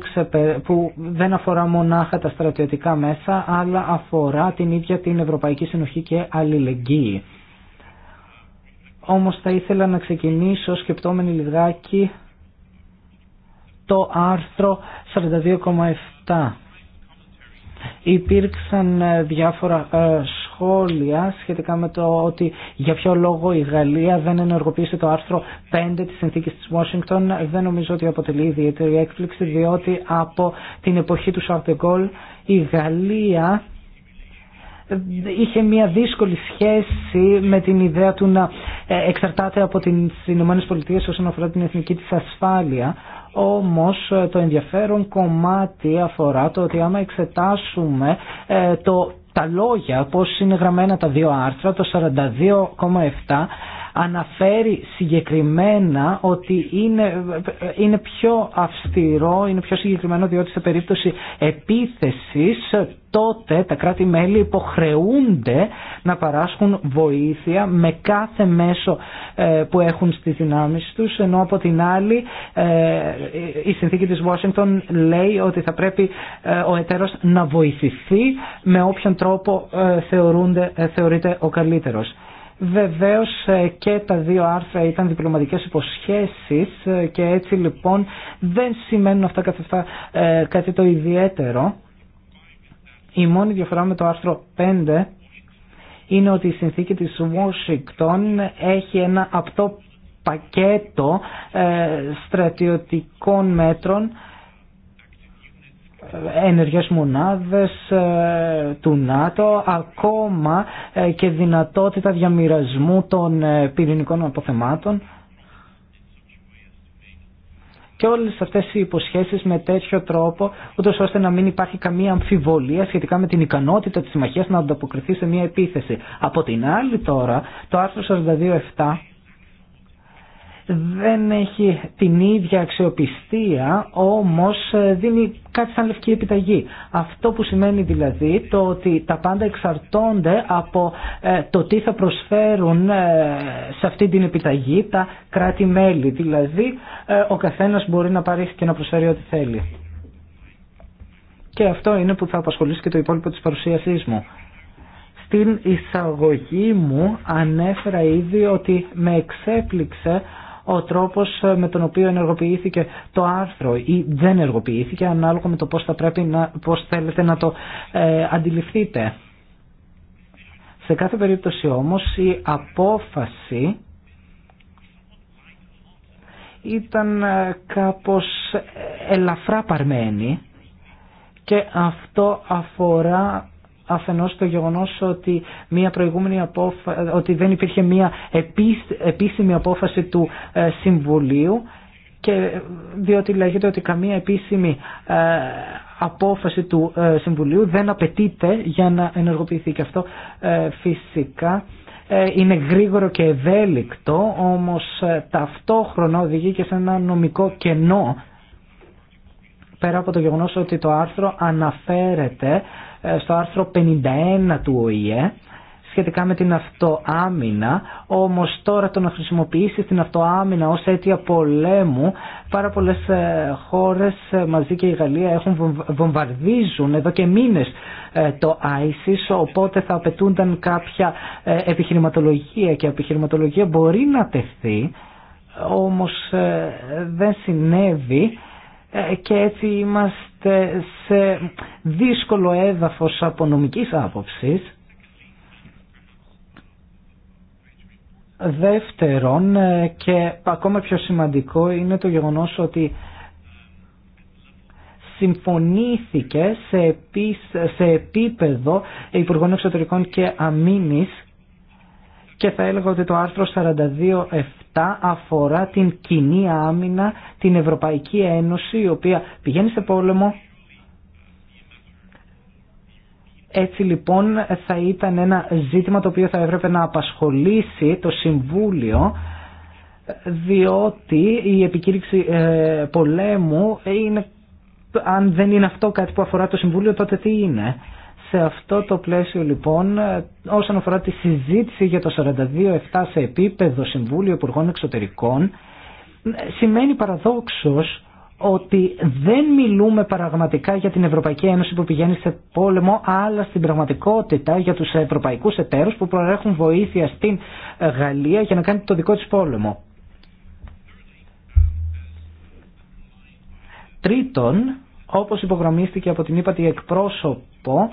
που δεν αφορά μονάχα τα στρατιωτικά μέσα αλλά αφορά την ίδια την Ευρωπαϊκή Συνοχή και αλληλεγγύη. Όμως θα ήθελα να ξεκινήσω σκεπτόμενοι λιγάκι το άρθρο 42,7. Υπήρξαν ε, διάφορα ε, σχόλια σχετικά με το ότι για ποιο λόγο η Γαλλία δεν ενεργοποίησε το άρθρο 5 της συνθήκης της Washington δεν νομίζω ότι αποτελεί ιδιαίτερη έκπληξη διότι από την εποχή του Σαρτεγκόλ η Γαλλία είχε μια δύσκολη σχέση με την ιδέα του να ε, εξαρτάται από τις Ηνωμένες Πολιτείες όσον αφορά την εθνική της ασφάλεια. Όμως ε, το ενδιαφέρον κομμάτι αφορά το ότι άμα εξετάσουμε ε, το τα λόγια πώς είναι γραμμένα τα δύο άρθρα, το 42,7 αναφέρει συγκεκριμένα ότι είναι, είναι πιο αυστηρό, είναι πιο συγκεκριμένο διότι σε περίπτωση επίθεσης τότε τα κράτη-μέλη υποχρεούνται να παράσχουν βοήθεια με κάθε μέσο ε, που έχουν στις δυνάμεις τους, ενώ από την άλλη ε, η συνθήκη της Washington λέει ότι θα πρέπει ε, ο εταίρος να βοηθηθεί με όποιον τρόπο θεωρείται ο καλύτερος. Βεβαίως ε, και τα δύο άρθρα ήταν διπλωματικές υποσχέσεις ε, και έτσι λοιπόν δεν σημαίνουν αυτά αυτά ε, κάτι το ιδιαίτερο. Η μόνη διαφορά με το άρθρο 5 είναι ότι η συνθήκη της Washington έχει ένα απτό πακέτο στρατιωτικών μέτρων ενεργές μονάδες ε, του ΝΑΤΟ, ακόμα ε, και δυνατότητα διαμοιρασμού των ε, πυρηνικών αποθεμάτων. Και όλες αυτές οι υποσχέσεις με τέτοιο τρόπο, ούτως ώστε να μην υπάρχει καμία αμφιβολία σχετικά με την ικανότητα της συμμαχίας να ανταποκριθεί σε μια επίθεση. Από την άλλη τώρα, το άρθρο 42.7 δεν έχει την ίδια αξιοπιστία, όμως δίνει κάτι σαν λευκή επιταγή. Αυτό που σημαίνει δηλαδή το ότι τα πάντα εξαρτώνται από ε, το τι θα προσφέρουν ε, σε αυτή την επιταγή τα κράτη-μέλη. Δηλαδή ε, ο καθένας μπορεί να πάρει και να προσφέρει ό,τι θέλει. Και αυτό είναι που θα απασχολήσει και το υπόλοιπο της παρουσίασής μου. Στην εισαγωγή μου ανέφερα ήδη ότι με εξέπληξε ο τρόπος ε, με τον οποίο ενεργοποιήθηκε το άρθρο ή δεν ενεργοποιήθηκε ανάλογα με το πώς, θα πρέπει να, πώς θέλετε να το ε, αντιληφθείτε. Σε κάθε περίπτωση όμως η απόφαση ήταν ε, κάπως ελαφρά παρμένη και αυτό αφορά αφενός το γεγονός ότι, μια προηγούμενη ότι δεν υπήρχε μια επίσημη απόφαση του ε, Συμβουλίου και ε, διότι λέγεται ότι καμία επίσημη ε, απόφαση του Συμβουλίου δεν απαιτείται για να ενεργοποιηθεί και αυτό φυσικά είναι γρήγορο και ευέλικτο, όμως ταυτόχρονα οδηγεί και σε ένα νομικό κενό πέρα από το γεγονός ότι το άρθρο αναφέρεται ε, στο άρθρο 51 του ΟΗΕ σχετικά με την αυτοάμυνα, όμως τώρα το να χρησιμοποιήσει την αυτοάμυνα ως αίτια πολέμου, πάρα πολλές ε, χώρες ε, μαζί και η Γαλλία έχουν βομβαρδίζουν εδώ και μήνες το ISIS, οπότε θα απαιτούνταν κάποια επιχειρηματολογία και η επιχειρηματολογία μπορεί να τεθεί, όμως δεν συνέβη ε, και έτσι είμαστε σε δύσκολο έδαφος από νομικής άποψης. Δεύτερον ε, και ακόμα πιο σημαντικό είναι το γεγονός ότι συμφωνήθηκε σε, επίπεδο Υπουργών Εξωτερικών και Αμήνης και θα έλεγα ότι το άρθρο 42.7 αφορά την κοινή άμυνα, την Ευρωπαϊκή Ένωση η οποία πηγαίνει σε πόλεμο. Έτσι λοιπόν θα ήταν ένα ζήτημα το οποίο θα έπρεπε να απασχολήσει το Συμβούλιο διότι η επικήρυξη ε, πολέμου είναι, αν δεν είναι αυτό κάτι που αφορά το Συμβούλιο τότε τι είναι. Σε αυτό το πλαίσιο λοιπόν, όσον αφορά τη συζήτηση για το 42-7 σε επίπεδο Συμβούλιο Υπουργών Εξωτερικών, σημαίνει παραδόξως ότι δεν μιλούμε πραγματικά για την Ευρωπαϊκή Ένωση που πηγαίνει σε πόλεμο, αλλά στην πραγματικότητα για τους ευρωπαϊκούς εταίρους που προέρχουν βοήθεια στην Γαλλία για να κάνει το δικό της πόλεμο. Τρίτον, όπως υπογραμμίστηκε από την ύπατη εκπρόσωπο,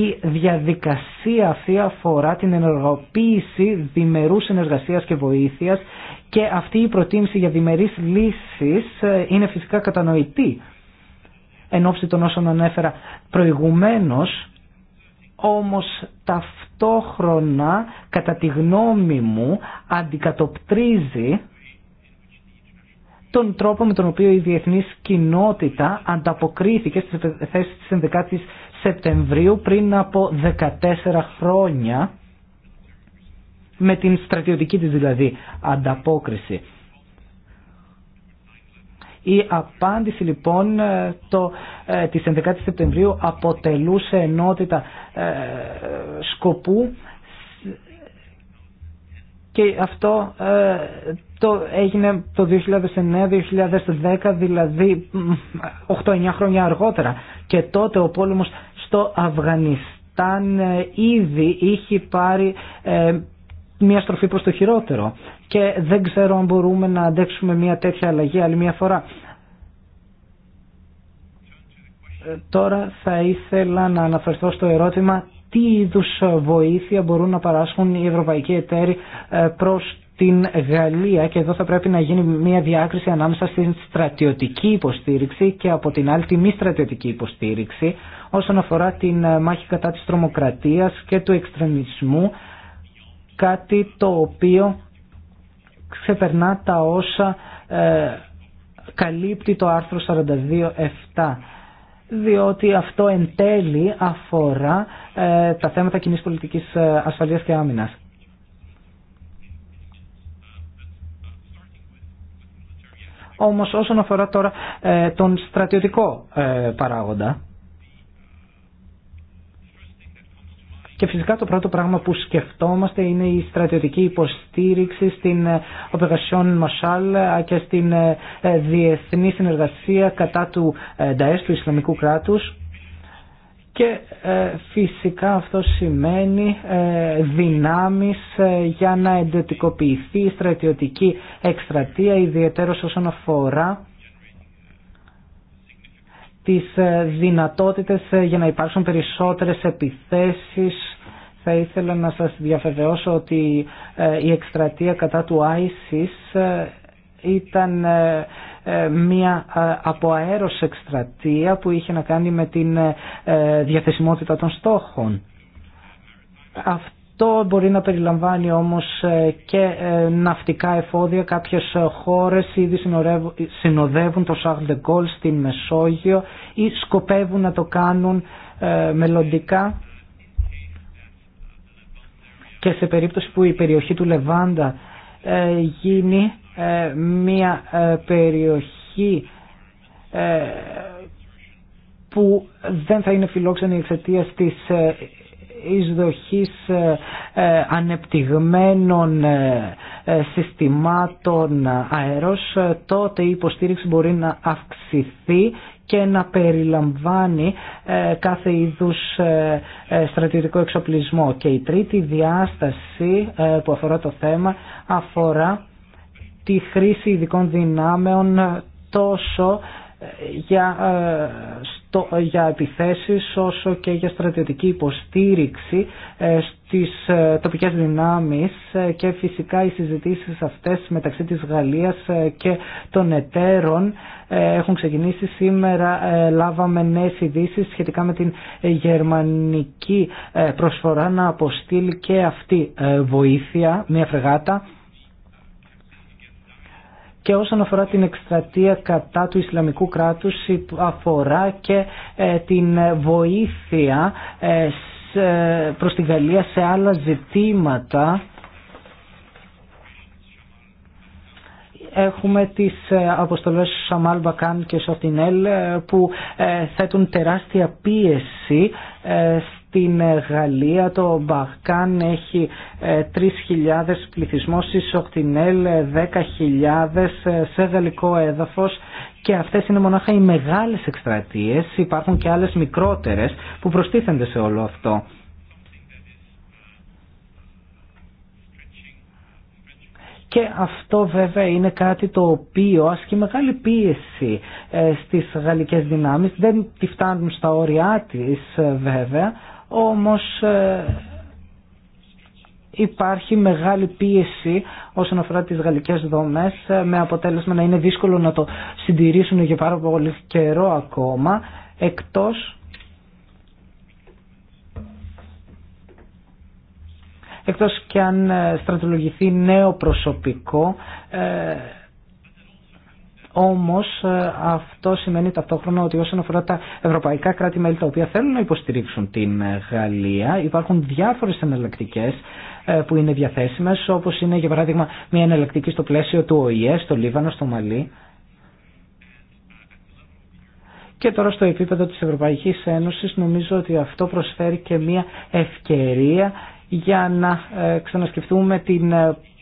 η διαδικασία αυτή αφορά την ενεργοποίηση διμερούς ενεργασίας και βοήθειας και αυτή η προτίμηση για διμερείς λύσεις ε, είναι φυσικά κατανοητή εν ώψη των όσων ανέφερα προηγουμένως όμως ταυτόχρονα κατά τη γνώμη μου αντικατοπτρίζει τον τρόπο με τον οποίο η διεθνής κοινότητα ανταποκρίθηκε στις θέσεις της 11ης Σεπτεμβρίου πριν από 14 χρόνια με την στρατιωτική της δηλαδή ανταπόκριση. Η απάντηση λοιπόν ε, το, ε, της 11 Σεπτεμβρίου αποτελούσε ενότητα ε, σκοπού και αυτό ε, το έγινε το 2009-2010 δηλαδή 8-9 χρόνια αργότερα και τότε ο πόλεμος στο Αφγανιστάν ε, ήδη είχε πάρει ε, μια στροφή προς το χειρότερο και δεν ξέρω αν μπορούμε να αντέξουμε μια τέτοια αλλαγή άλλη μια φορά. Ε, τώρα θα ήθελα να αναφερθώ στο ερώτημα τι είδους βοήθεια μπορούν να παράσχουν οι ευρωπαϊκοί εταίροι προς την Γαλλία και εδώ θα πρέπει να γίνει μια διάκριση ανάμεσα στην στρατιωτική υποστήριξη και από την άλλη τη μη στρατιωτική υποστήριξη όσον αφορά την ε, μάχη κατά της τρομοκρατίας και του εξτρεμισμού, κάτι το οποίο ξεπερνά τα όσα ε, καλύπτει το άρθρο 42.7 διότι αυτό εν τέλει αφορά ε, τα θέματα κοινής πολιτικής ασφαλείας και άμυνας. Όμως όσον αφορά τώρα τον στρατιωτικό παράγοντα Και φυσικά το πρώτο πράγμα που σκεφτόμαστε είναι η στρατιωτική υποστήριξη στην ε, Operation Μασάλ ε, και στην ε, διεθνή συνεργασία κατά του ΝΤΑΕΣ, του Ισλαμικού κράτους. Και φυσικά αυτό σημαίνει δυνάμεις για να εντετικοποιηθεί η στρατιωτική εκστρατεία, ιδιαίτερως όσον αφορά τις ε, δυνατότητες ε, για να υπάρξουν περισσότερες επιθέσεις. Θα ήθελα να σας διαβεβαιώσω ότι ε, η εκστρατεία κατά του ISIS ήταν μία αποαέρος εκστρατεία που είχε να κάνει με την διαθεσιμότητα των στόχων. Το μπορεί να περιλαμβάνει όμως ε, και ε, ναυτικά εφόδια. Κάποιες ε, χώρες ήδη συνοδεύουν το Charles de Gaulle στην Μεσόγειο ή σκοπεύουν να το κάνουν μελλοντικά. Και σε περίπτωση που η περιοχή του Λεβάντα γίνει μια περιοχή που δεν θα είναι φιλόξενη εξαιτία της εισδοχής ε, ε, ανεπτυγμένων ε, συστημάτων αέρος, τότε η υποστήριξη μπορεί να αυξηθεί και να περιλαμβάνει κάθε είδους στρατιωτικό εξοπλισμό. Και η τρίτη διάσταση που αφορά το θέμα αφορά τη χρήση ειδικών δυνάμεων τόσο για, ε, στο, για επιθέσεις όσο και για στρατιωτική υποστήριξη ε, στις ε, τοπικές δυνάμεις και φυσικά οι συζητήσεις αυτές μεταξύ της Γαλλίας και των εταίρων έχουν ξεκινήσει σήμερα λάβαμε νέες ειδήσει σχετικά με την γερμανική προσφορά να αποστείλει και αυτή βοήθεια, μια φρεγάτα και όσον αφορά την εκστρατεία κατά του Ισλαμικού κράτους αφορά και ε, την βοήθεια ε, προς τη Γαλλία σε άλλα ζητήματα έχουμε τις ε, αποστολές Σαμάλ Μπακάν και Σοφτινέλ που θέτουν τεράστια πίεση στην ε, Γαλλία το Μπαχκάν έχει 3.000 πληθυσμό, η Σοκτινέλ 10.000 σε γαλλικό έδαφος και αυτές είναι μονάχα οι μεγάλες εκστρατείες, υπάρχουν και άλλες μικρότερες που προστίθενται σε όλο αυτό. Και αυτό βέβαια είναι κάτι το οποίο ασκεί μεγάλη πίεση ε, στις γαλλικές δυνάμεις. Δεν τη φτάνουν στα όρια της ε, βέβαια, όμως ε, υπάρχει μεγάλη πίεση όσον αφορά τις γαλλικές δομές ε, με αποτέλεσμα να είναι δύσκολο να το συντηρήσουν για πάρα πολύ καιρό ακόμα εκτός εκτός και αν ε, στρατολογηθεί νέο προσωπικό όμως ε, αυτό σημαίνει ταυτόχρονα ότι όσον αφορά τα ευρωπαϊκά κράτη-μέλη τα οποία θέλουν να υποστηρίξουν την ε, Γαλλία υπάρχουν διάφορες εναλλακτικέ ε, που είναι διαθέσιμες όπως είναι για παράδειγμα μια εναλλακτική στο πλαίσιο του ΟΗΕ, στο Λίβανο, στο Μαλί. Και τώρα στο επίπεδο της Ευρωπαϊκής Ένωσης νομίζω ότι αυτό προσφέρει και μια ευκαιρία για να ξανασκεφτούμε την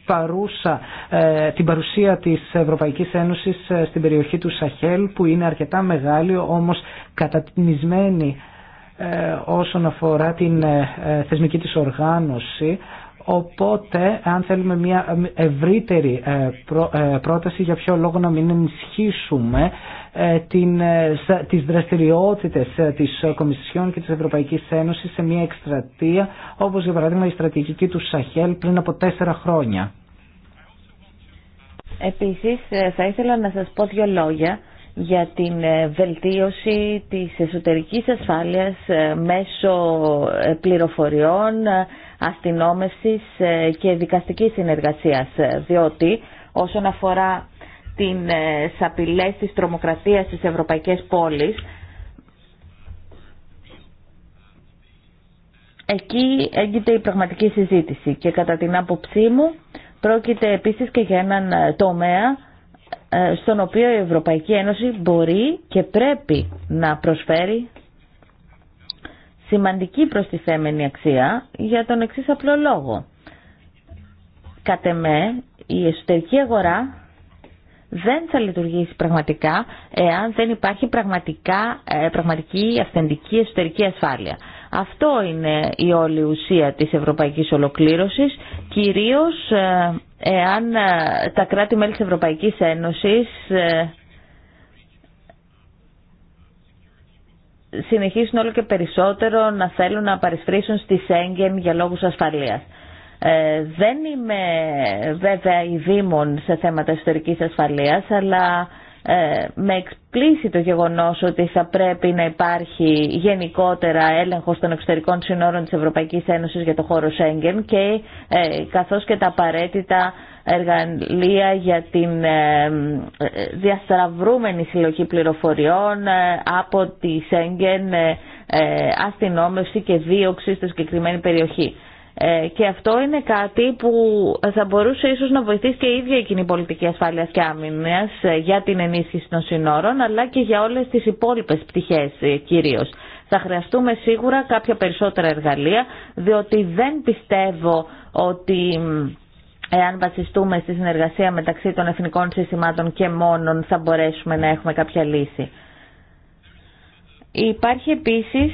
παρούσα, ε, την παρουσία της Ευρωπαϊκής Ένωσης ε, στην περιοχή του Σαχέλ που είναι αρκετά μεγάλη όμως κατατιμισμένη ε, όσον αφορά την θεσμική της οργάνωση Οπότε, αν θέλουμε μια ευρύτερη πρόταση για ποιο λόγο να μην ενισχύσουμε ε, την, ε, τις δραστηριότητες ε, της Κομισιόν και της Ευρωπαϊκής Ένωσης σε μια εκστρατεία όπως για παράδειγμα η στρατηγική του Σαχέλ πριν από τέσσερα χρόνια. Επίσης θα ήθελα να σας πω δύο λόγια για την βελτίωση της εσωτερικής ασφάλειας μέσω πληροφοριών, αστυνόμευσης και δικαστικής συνεργασίας, διότι όσον αφορά την ε, απειλές της τρομοκρατίας στις ευρωπαϊκές πόλεις, εκεί έγινε η πραγματική συζήτηση και κατά την άποψή μου πρόκειται επίσης και για έναν ε, τομέα ε, στον οποίο η Ευρωπαϊκή Ένωση μπορεί και πρέπει να προσφέρει σημαντική προστιθέμενη αξία για τον εξής απλό λόγο. Κατ' εμέ, η εσωτερική αγορά δεν θα λειτουργήσει πραγματικά εάν δεν υπάρχει πραγματικά, ε, πραγματική αυθεντική εσωτερική ασφάλεια. Αυτό είναι η όλη ουσία της ευρωπαϊκής ολοκλήρωσης, κυρίως ε, εάν ε, τα κράτη-μέλη της Ευρωπαϊκής Ένωσης συνεχίσουν όλο και περισσότερο να θέλουν να παρισφρήσουν στη Σέγγεν για λόγους ασφαλείας. Ε, δεν είμαι βέβαια η Δήμων σε θέματα ιστορικής ασφαλείας, αλλά ε, με εκπλήσει το γεγονός ότι θα πρέπει να υπάρχει γενικότερα έλεγχος των εξωτερικών συνόρων της Ευρωπαϊκής Ένωσης για το χώρο Σέγγεν και ε, καθώς και τα απαραίτητα εργαλεία για την ε, διαστραβρούμενη συλλογή πληροφοριών από τη Σέγγεν αστυνόμευση και δίωξη στη συγκεκριμένη περιοχή. Ε, και αυτό είναι κάτι που θα μπορούσε ίσως να βοηθήσει και η ίδια η Κοινή πολιτική ασφάλειας και άμυνας ε, για την ενίσχυση των συνόρων αλλά και για όλες τις υπόλοιπες πτυχές ε, κυρίως. Θα χρειαστούμε σίγουρα κάποια περισσότερα εργαλεία διότι δεν πιστεύω ότι εάν βασιστούμε στη συνεργασία μεταξύ των εθνικών συστημάτων και μόνον θα μπορέσουμε να έχουμε κάποια λύση. Υπάρχει επίσης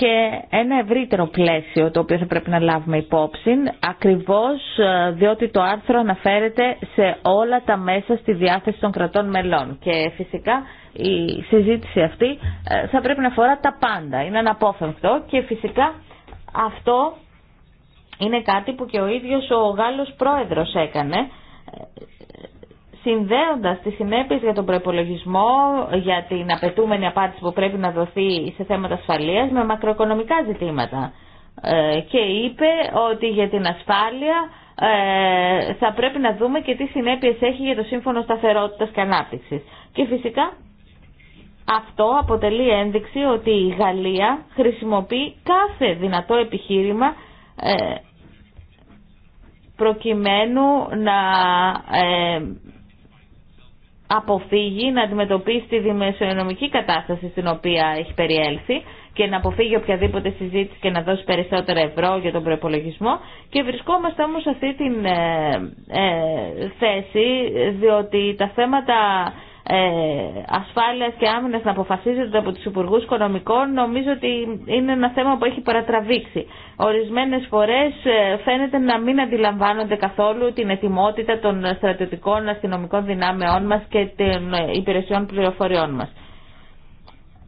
και ένα ευρύτερο πλαίσιο το οποίο θα πρέπει να λάβουμε υπόψη ακριβώς ε, διότι το άρθρο αναφέρεται σε όλα τα μέσα στη διάθεση των κρατών μελών και φυσικά η συζήτηση αυτή ε, θα πρέπει να αφορά τα πάντα, είναι αναπόφευκτο και φυσικά αυτό είναι κάτι που και ο ίδιος ο Γάλλος πρόεδρος έκανε ε, συνδέοντας τις συνέπειες για τον προπολογισμό, για την απαιτούμενη απάντηση που πρέπει να δοθεί σε θέματα ασφαλείας με μακροοικονομικά ζητήματα. Ε, και είπε ότι για την ασφάλεια ε, θα πρέπει να δούμε και τι συνέπειες έχει για το Σύμφωνο Σταθερότητας και Ανάπτυξης. Και φυσικά αυτό αποτελεί ένδειξη ότι η Γαλλία χρησιμοποιεί κάθε δυνατό επιχείρημα ε, προκειμένου να αποφύγει να αντιμετωπίσει τη δημοσιονομική κατάσταση στην οποία έχει περιέλθει και να αποφύγει οποιαδήποτε συζήτηση και να δώσει περισσότερα ευρώ για τον προπολογισμό και βρισκόμαστε όμως σε αυτή τη ε, ε, θέση διότι τα θέματα ε, ασφάλειας και άμυνας να αποφασίζονται από τους Υπουργούς Οικονομικών νομίζω ότι είναι ένα θέμα που έχει παρατραβήξει. Ορισμένες φορές ε, φαίνεται να μην αντιλαμβάνονται καθόλου την ετοιμότητα των στρατιωτικών αστυνομικών δυνάμεών μας και των ε, υπηρεσιών πληροφοριών μας.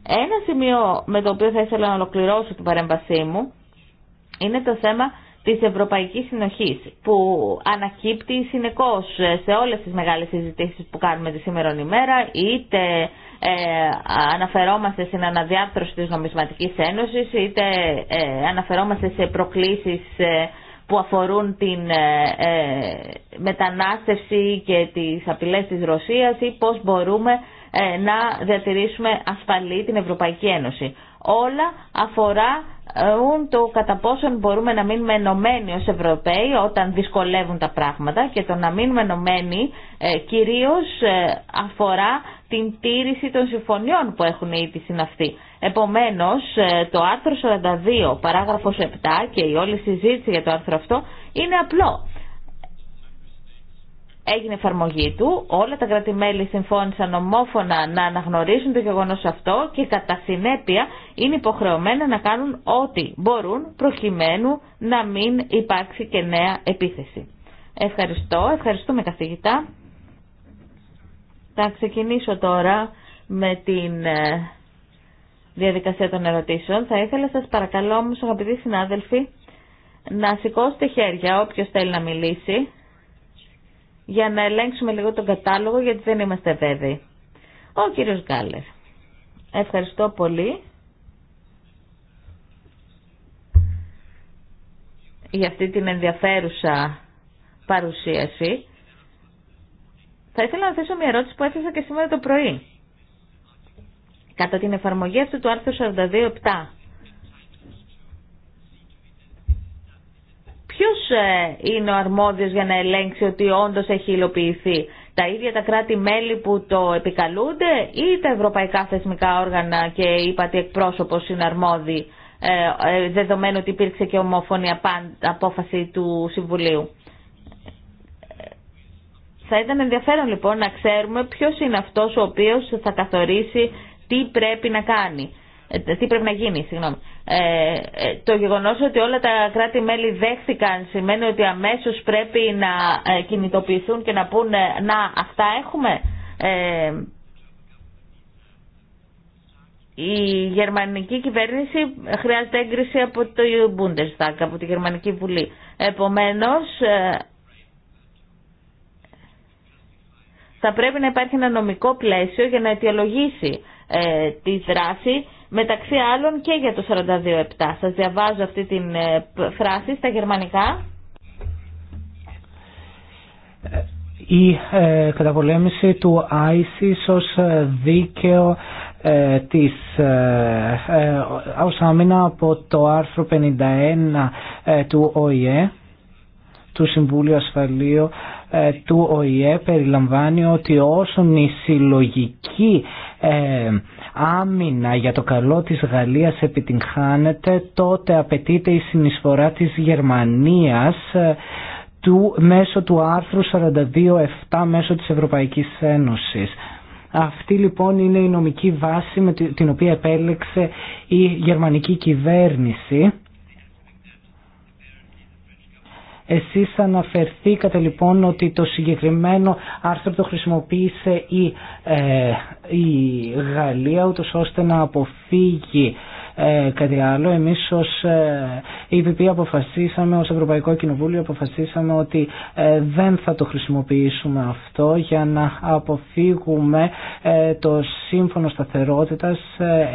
Ένα σημείο με το οποίο θα ήθελα να ολοκληρώσω την παρέμβασή μου είναι το θέμα της Ευρωπαϊκής Συνοχής που ανακύπτει συνεχώς σε όλες τις μεγάλες συζητήσεις που κάνουμε τη σήμερα ημέρα είτε ε, αναφερόμαστε στην αναδιάρθρωση της νομισματικής ένωσης είτε ε, αναφερόμαστε σε προκλήσεις ε, που αφορούν την ε, μετανάστευση και τις απειλές της Ρωσίας ή πώς μπορούμε να διατηρήσουμε ασφαλή την Ευρωπαϊκή Ένωση. Όλα αφορά το κατά πόσον μπορούμε να μείνουμε ενωμένοι ως Ευρωπαίοι όταν δυσκολεύουν τα πράγματα και το να μείνουμε ενωμένοι ε, κυρίως ε, αφορά την τήρηση των συμφωνιών που έχουν ήδη συναυτεί. Επομένως, ε, το άρθρο 42, παράγραφος 7 και η όλη συζήτηση για το άρθρο αυτό είναι απλό έγινε εφαρμογή του. Όλα τα κρατημέλη συμφώνησαν ομόφωνα να αναγνωρίσουν το γεγονός αυτό και κατά συνέπεια είναι υποχρεωμένα να κάνουν ό,τι μπορούν προκειμένου να μην υπάρξει και νέα επίθεση. Ευχαριστώ. Ευχαριστούμε καθηγητά. Θα ξεκινήσω τώρα με την ε, διαδικασία των ερωτήσεων. Θα ήθελα σας παρακαλώ όμως αγαπητοί συνάδελφοι να σηκώσετε χέρια όποιος θέλει να μιλήσει για να ελέγξουμε λίγο τον κατάλογο γιατί δεν είμαστε βέβαιοι. Ο κύριος Γκάλερ. Ευχαριστώ πολύ. για αυτή την ενδιαφέρουσα παρουσίαση. Θα ήθελα να θέσω μια ερώτηση που έθεσα και σήμερα το πρωί. Κατά την εφαρμογή αυτού του άρθρου 42.7 ποιος ε, είναι ο αρμόδιος για να ελέγξει ότι όντω έχει υλοποιηθεί. Τα ίδια τα κράτη-μέλη που το επικαλούνται ή τα ευρωπαϊκά θεσμικά όργανα και ότι εκπρόσωπο είναι αρμόδιοι ε, ε, δεδομένου ότι υπήρξε και ομόφωνη απόφαση του Συμβουλίου. Θα ήταν ενδιαφέρον λοιπόν να ξέρουμε ποιος είναι αυτός ο οποίος θα καθορίσει τι πρέπει να κάνει. Ε, τι πρέπει να γίνει, συγγνώμη. Ε, ε, το γεγονός ότι όλα τα κράτη-μέλη δέχθηκαν σημαίνει ότι αμέσως πρέπει να κινητοποιηθούν και να πούνε «Να, αυτά έχουμε». η γερμανική κυβέρνηση χρειάζεται έγκριση από το Bundestag, από τη Γερμανική Βουλή. Επομένως, θα πρέπει να υπάρχει ένα νομικό πλαίσιο για να αιτιολογήσει τη δράση μεταξύ άλλων και για το 42-7. Σας διαβάζω αυτή τη ε, φράση στα γερμανικά. Η ε, καταπολέμηση του ISIS ως ε, δίκαιο ε, της ε, ε από το άρθρο 51 του ΟΗΕ του Συμβούλιο Ασφαλείου του ΟΗΕ περιλαμβάνει ότι όσον η συλλογική άμυνα για το καλό της Γαλλίας επιτυγχάνεται, τότε απαιτείται η συνεισφορά της Γερμανίας ε, του, μέσω του άρθρου 42.7 μέσω της Ευρωπαϊκής Ένωσης. Αυτή λοιπόν είναι η νομική βάση με την οποία επέλεξε η γερμανική κυβέρνηση εσείς αναφερθήκατε λοιπόν ότι το συγκεκριμένο άρθρο το χρησιμοποίησε η, ε, η Γαλλία ούτως ώστε να αποφύγει ε, κάτι άλλο. Εμείς ως ε, αποφασίσαμε, ως Ευρωπαϊκό Κοινοβούλιο αποφασίσαμε ότι δεν θα το χρησιμοποιήσουμε αυτό για να αποφύγουμε το σύμφωνο σταθερότητας.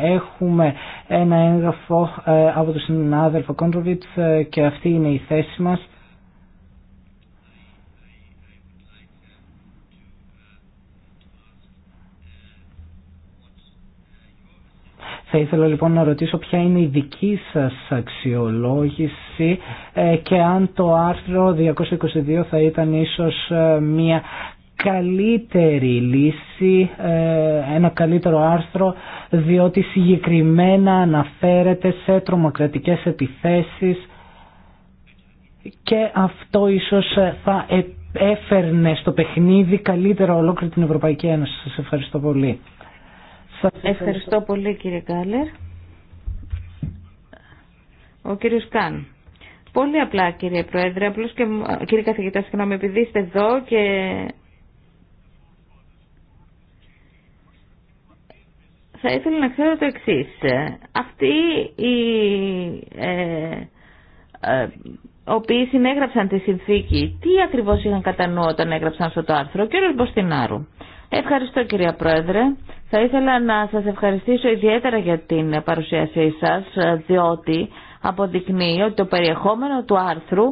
Έχουμε ένα έγγραφο από τον συνάδελφο Κόντροβιτς και αυτή είναι η θέση μας Θα ήθελα λοιπόν να ρωτήσω ποια είναι η δική σας αξιολόγηση ε, και αν το άρθρο 222 θα ήταν ίσως ε, μια καλύτερη λύση, ε, ένα καλύτερο άρθρο, διότι συγκεκριμένα αναφέρεται σε τρομοκρατικές επιθέσεις και αυτό ίσως θα έφερνε στο παιχνίδι καλύτερα ολόκληρη την Ευρωπαϊκή Ένωση. Σας ευχαριστώ πολύ. Ευχαριστώ, ευχαριστώ πολύ κύριε Κάλερ. Ο κύριος Καν. Πολύ απλά κύριε Πρόεδρε, απλώς και κύριε καθηγητά, συγγνώμη, επειδή είστε εδώ και θα ήθελα να ξέρω το εξή. Αυτοί οι ε, ε οποίοι συνέγραψαν τη συνθήκη, τι ακριβώς είχαν κατά νου όταν έγραψαν αυτό το άρθρο, κύριο Μποστινάρου. Ευχαριστώ κυρία Πρόεδρε. Θα ήθελα να σας ευχαριστήσω ιδιαίτερα για την παρουσίασή σας, διότι αποδεικνύει ότι το περιεχόμενο του άρθρου,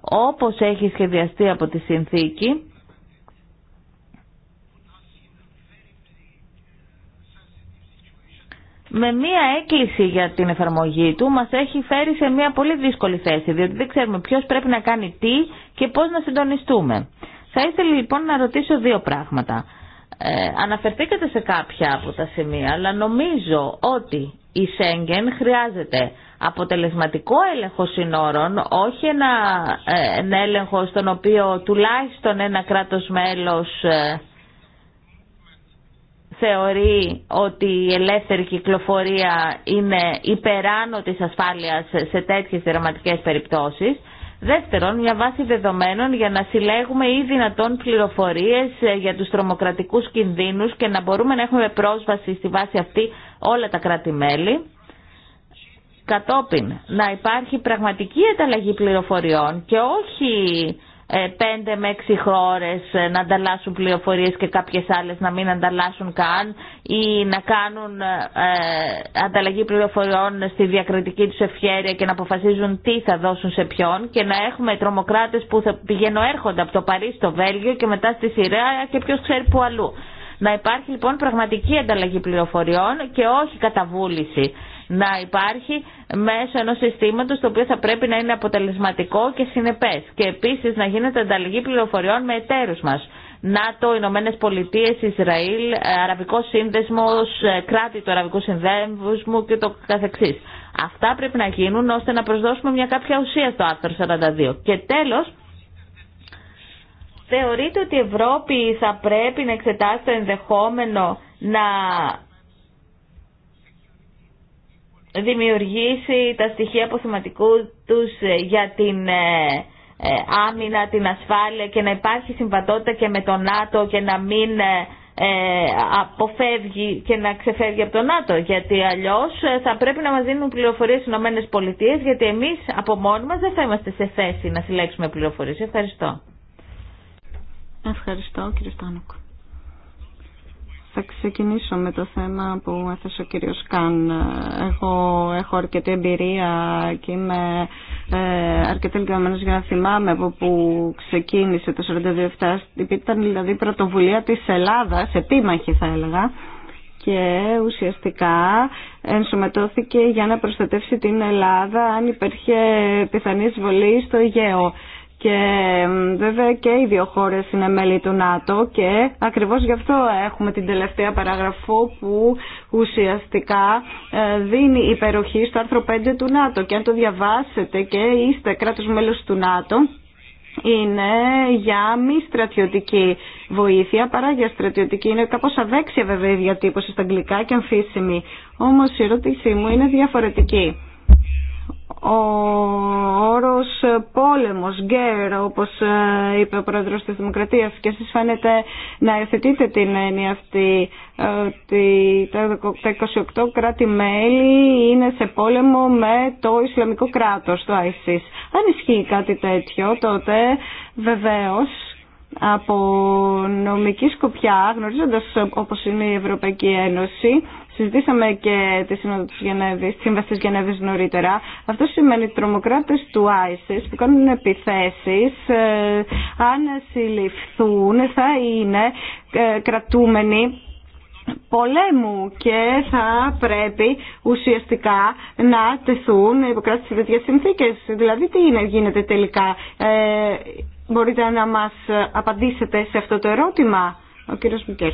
όπως έχει σχεδιαστεί από τη συνθήκη, με μία έκκληση για την εφαρμογή του μας έχει φέρει σε μία πολύ δύσκολη θέση, διότι δεν ξέρουμε ποιος πρέπει να κάνει τι και πώς να συντονιστούμε. Θα ήθελα λοιπόν να ρωτήσω δύο πράγματα. Ε, αναφερθήκατε σε κάποια από τα σημεία, αλλά νομίζω ότι η Σέγγεν χρειάζεται αποτελεσματικό έλεγχο συνόρων, όχι ένα, ε, έλεγχο στον οποίο τουλάχιστον ένα κράτος μέλος ε, θεωρεί ότι η ελεύθερη κυκλοφορία είναι υπεράνω της ασφάλειας σε τέτοιες δραματικές περιπτώσεις Δεύτερον, μια βάση δεδομένων για να συλλέγουμε ή δυνατόν πληροφορίες ε, για τους τρομοκρατικούς κινδύνους και να μπορούμε να έχουμε πρόσβαση στη βάση αυτή όλα τα κράτη-μέλη. Κατόπιν, να υπάρχει πραγματική ανταλλαγή πληροφοριών και όχι ε, πέντε με έξι χώρες ε, να ανταλλάσσουν πληροφορίες και κάποιες άλλες να μην ανταλλάσσουν καν ή να κάνουν ε, ανταλλαγή πληροφοριών στη διακριτική τους ευχέρεια και να αποφασίζουν τι θα δώσουν σε ποιον και να έχουμε τρομοκράτες που θα πηγαίνουν έρχονται από το Παρίσι στο Βέλγιο και μετά στη Συρία και ποιος ξέρει που αλλού. Να υπάρχει λοιπόν πραγματική ανταλλαγή πληροφοριών και όχι καταβούληση να υπάρχει μέσω ενός συστήματος το οποίο θα πρέπει να είναι αποτελεσματικό και συνεπές και επίσης να γίνεται ανταλλαγή πληροφοριών με εταίρους μας. ΝΑΤΟ, Ηνωμένε Πολιτείε, Ισραήλ, Αραβικό Σύνδεσμο, ε, κράτη του Αραβικού Συνδέσμου και το καθεξής. Αυτά πρέπει να γίνουν ώστε να προσδώσουμε μια κάποια ουσία στο άρθρο 42. Και τέλος, θεωρείτε ότι η Ευρώπη θα πρέπει να εξετάσει το ενδεχόμενο να δημιουργήσει τα στοιχεία αποθεματικού τους ε, για την ε, ε, άμυνα, την ασφάλεια και να υπάρχει συμβατότητα και με το ΝΑΤΟ και να μην αποφεύγει και να ξεφεύγει από το ΝΑΤΟ γιατί αλλιώς θα πρέπει να μας δίνουν πληροφορίες οι ΗΠΑ γιατί εμείς από μόνοι μας δεν θα είμαστε σε θέση να συλλέξουμε πληροφορίες. Ευχαριστώ. Ευχαριστώ κύριε Στάνοκ. Θα ξεκινήσω με το θέμα που έθεσε ο κύριος Καν. Εγώ έχω αρκετή εμπειρία και είμαι ε, αρκετά ηλικιωμένος για να θυμάμαι από που ξεκίνησε το 1947. Ήταν δηλαδή πρωτοβουλία της Ελλάδας, επίμαχη θα έλεγα, και ουσιαστικά ενσωματώθηκε για να προστατεύσει την Ελλάδα αν υπήρχε πιθανή εισβολή στο Αιγαίο. Και βέβαια και οι δύο χώρες είναι μέλη του ΝΑΤΟ και ακριβώς γι' αυτό έχουμε την τελευταία παράγραφο που ουσιαστικά ε, δίνει υπεροχή στο άρθρο 5 του ΝΑΤΟ. Και αν το διαβάσετε και είστε κράτος μέλος του ΝΑΤΟ, είναι για μη στρατιωτική βοήθεια παρά για στρατιωτική. Είναι κάπως αδέξια βέβαια η διατύπωση στα αγγλικά και αμφίσιμη. Όμως η ερώτησή μου είναι διαφορετική ο όρος πόλεμος, γκέρ, όπως ε, είπε ο πρόεδρος της Δημοκρατίας και εσείς φαίνεται να εθετείτε την έννοια αυτή ότι τα 28 κράτη-μέλη είναι σε πόλεμο με το Ισλαμικό κράτος, το ISIS. Αν ισχύει κάτι τέτοιο, τότε βεβαίως από νομική σκοπιά, γνωρίζοντας όπως είναι η Ευρωπαϊκή Ένωση, Συζητήσαμε και τη Σύνοδο της Γενέβης, τη Σύμβαση της Γενέβης νωρίτερα. Αυτό σημαίνει ότι τρομοκράτες του ISIS που κάνουν επιθέσεις, ε, αν συλληφθούν, θα είναι ε, κρατούμενοι πολέμου και θα πρέπει ουσιαστικά να τεθούν υποκράτηση σε τέτοιες συνθήκες. Δηλαδή τι είναι, γίνεται τελικά. Ε, μπορείτε να μας απαντήσετε σε αυτό το ερώτημα, ο κύριος Μικέρ.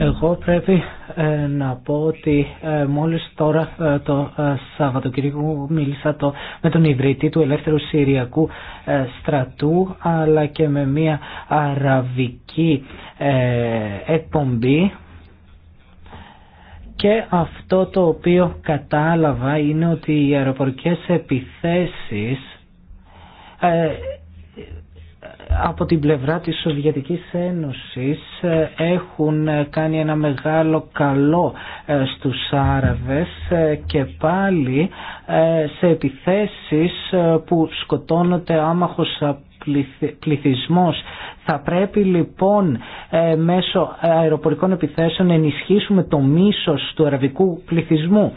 Εγώ πρέπει ε, να πω ότι ε, μόλις τώρα ε, το Σαββατοκύριακο μίλησα το, με τον ιδρυτή του Ελεύθερου Συριακού Στρατού αλλά και με μια αραβική εκπομπή και αυτό το οποίο κατάλαβα είναι ότι οι αεροπορικές επιθέσεις από την πλευρά της Σοβιετικής Ένωσης ε, έχουν ε, κάνει ένα μεγάλο καλό ε, στους Άραβες και πάλι σε επιθέσεις που σκοτώνονται άμαχος πληθυσμός θα πρέπει λοιπόν ε, μέσω αεροπορικών επιθέσεων να ενισχύσουμε το μίσος του αραβικού πληθυσμού.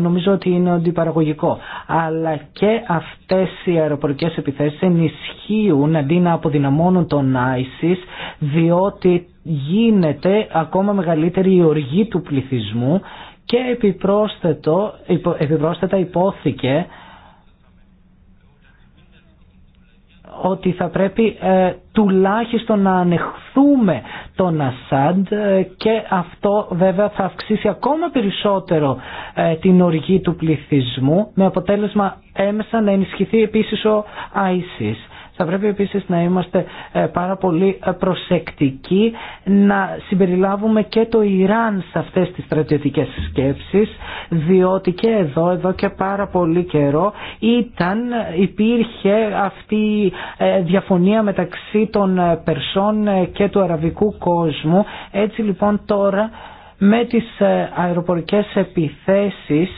Νομίζω ότι είναι αντιπαραγωγικό. Αλλά και αυτές οι αεροπορικές επιθέσεις ενισχύουν αντί να αποδυναμώνουν τον ISIS διότι γίνεται ακόμα μεγαλύτερη η οργή του πληθυσμού και επιπρόσθετο, επιπρόσθετα υπόθηκε ότι θα πρέπει ε, τουλάχιστον να ανεχθούμε τον Ασάντ ε, και αυτό βέβαια θα αυξήσει ακόμα περισσότερο ε, την οργή του πληθυσμού με αποτέλεσμα έμεσα να ενισχυθεί επίσης ο ISIS. Θα πρέπει επίσης να είμαστε ε, πάρα πολύ ε, προσεκτικοί να συμπεριλάβουμε και το Ιράν σε αυτές τις στρατιωτικές σκέψεις διότι και εδώ, εδώ και πάρα πολύ καιρό ήταν, ε, υπήρχε αυτή η διαφωνία μεταξύ των Περσών και του αραβικού κόσμου. Έτσι λοιπόν τώρα με τις αεροπορικές επιθέσεις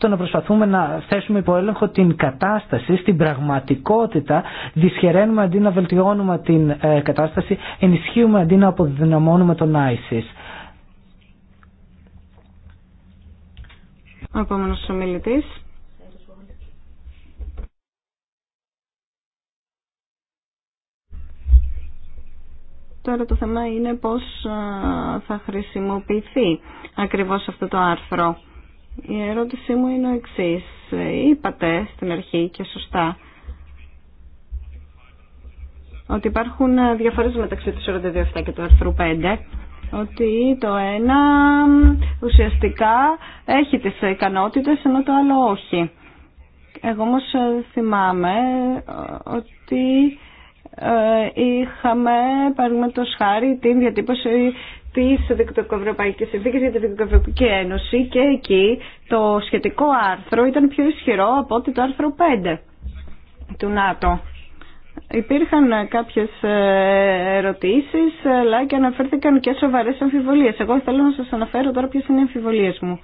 το να προσπαθούμε να θέσουμε υπό έλεγχο την κατάσταση στην πραγματικότητα, δυσχεραίνουμε αντί να βελτιώνουμε την ε, κατάσταση, ενισχύουμε αντί να αποδυναμώνουμε τον ISIS. Ο επόμενος Τώρα το θέμα είναι πώς ε, θα χρησιμοποιηθεί ακριβώς αυτό το άρθρο. Η ερώτησή μου είναι ο εξή. Είπατε στην αρχή και σωστά ότι υπάρχουν διαφορές μεταξύ του 42.7 και του άρθρου 5 ότι το ένα ουσιαστικά έχει τις ικανότητες ενώ το άλλο όχι. Εγώ όμως θυμάμαι ότι ε, είχαμε το χάρη την διατύπωση τη Δικοευρωπαϊκής Συνθήκη για τη Δικοευρωπαϊκή Ένωση και εκεί το σχετικό άρθρο ήταν πιο ισχυρό από ότι το άρθρο 5 του ΝΑΤΟ. Υπήρχαν κάποιες ε, ερωτήσεις ε, αλλά και αναφέρθηκαν και σοβαρές αμφιβολίες. Εγώ θέλω να σας αναφέρω τώρα ποιες είναι οι αμφιβολίες μου.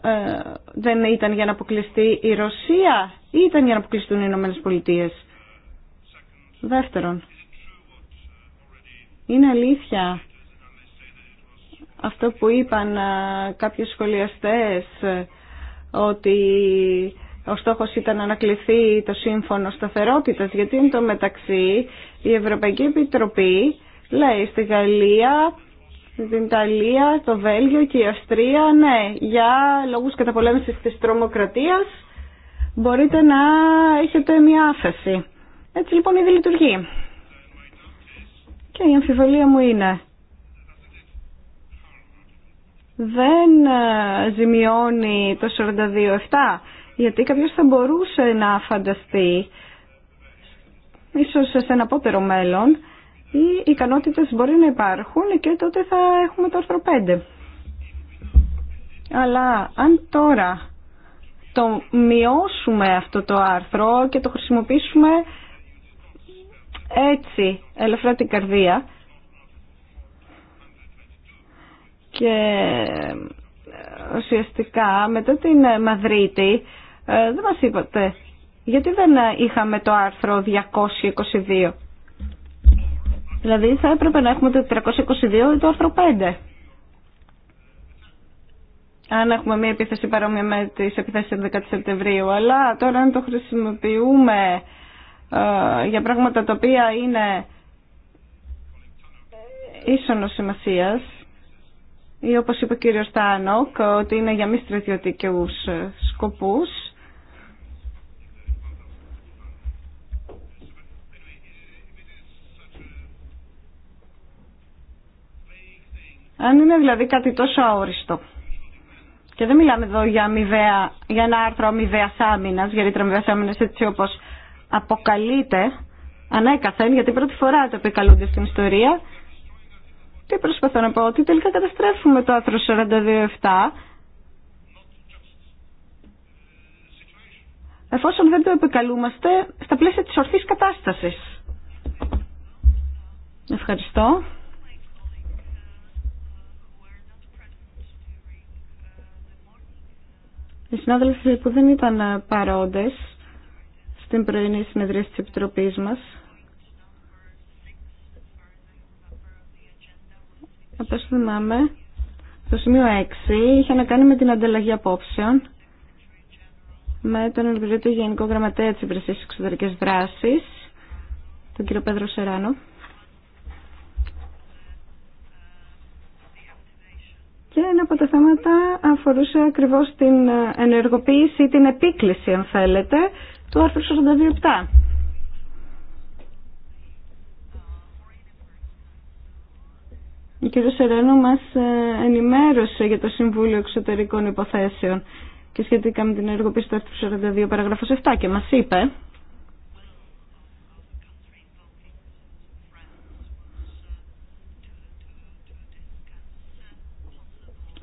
Ε, δεν ήταν για να αποκλειστεί η Ρωσία ή ήταν για να αποκλειστούν οι Ηνωμένε Πολιτείε. Δεύτερον, είναι αλήθεια αυτό που είπαν κάποιοι σχολιαστές ότι ο στόχος ήταν να ανακληθεί το σύμφωνο σταθερότητας γιατί εν τω μεταξύ η Ευρωπαϊκή Επιτροπή λέει στη Γαλλία την Ιταλία, το Βέλγιο και η Αυστρία, ναι, για λόγους καταπολέμησης της τρομοκρατίας μπορείτε να έχετε μια άφεση. Έτσι λοιπόν ήδη λειτουργεί. Και η αμφιβολία μου είναι δεν ε, ζημιώνει το 42-7 γιατί κάποιος θα μπορούσε να φανταστεί ίσως σε ένα απότερο μέλλον οι ικανότητες μπορεί να υπάρχουν και τότε θα έχουμε το άρθρο 5. Αλλά αν τώρα το μειώσουμε αυτό το άρθρο και το χρησιμοποιήσουμε έτσι ελαφρά την καρδία και ε, ουσιαστικά μετά την ε, Μαδρίτη ε, δεν μας είπατε γιατί δεν είχαμε το άρθρο 222 δηλαδή θα έπρεπε να έχουμε το 322 ή το άρθρο 5 αν έχουμε μια επίθεση παρόμοια με τις επιθέσεις 11 Σεπτεμβρίου αλλά τώρα αν το χρησιμοποιούμε για πράγματα τα οποία είναι ίσονος σημασίας ή όπως είπε ο κύριος Τάνοκ ότι είναι για μη στρατιωτικούς ε, σκοπούς Αν είναι δηλαδή κάτι τόσο αόριστο και δεν μιλάμε εδώ για, αμοιβαία, για ένα άρθρο αμοιβαία άμυνας για ρήτρα αμοιβαία έτσι όπως αποκαλείται ανέκαθεν, γιατί πρώτη φορά το επικαλούνται στην ιστορία, τι προσπαθώ να πω, ότι τελικά καταστρέφουμε το άθρος 42-7 εφόσον δεν το επικαλούμαστε στα πλαίσια της ορθής κατάστασης. Ευχαριστώ. Οι συνάδελφοι που δεν ήταν παρόντες στην πρωινή συνεδρία τη Επιτροπής μας. Όπως θυμάμαι, το σημείο 6 είχε να κάνει με την ανταλλαγή απόψεων με τον του Γενικό Γραμματέα της Υπηρεσίας Εξωτερικές Δράσεις, τον κύριο Πέδρο Σεράνο. Και ένα από τα θέματα αφορούσε ακριβώς την ενεργοποίηση, την επίκληση αν θέλετε, του άρθρου 42.7. Ο κ. Σερένο μας ε, ενημέρωσε για το Συμβούλιο Εξωτερικών Υποθέσεων και σχετικά με την ενεργοποίηση του άρθρου 42 παραγράφος 7 και μας είπε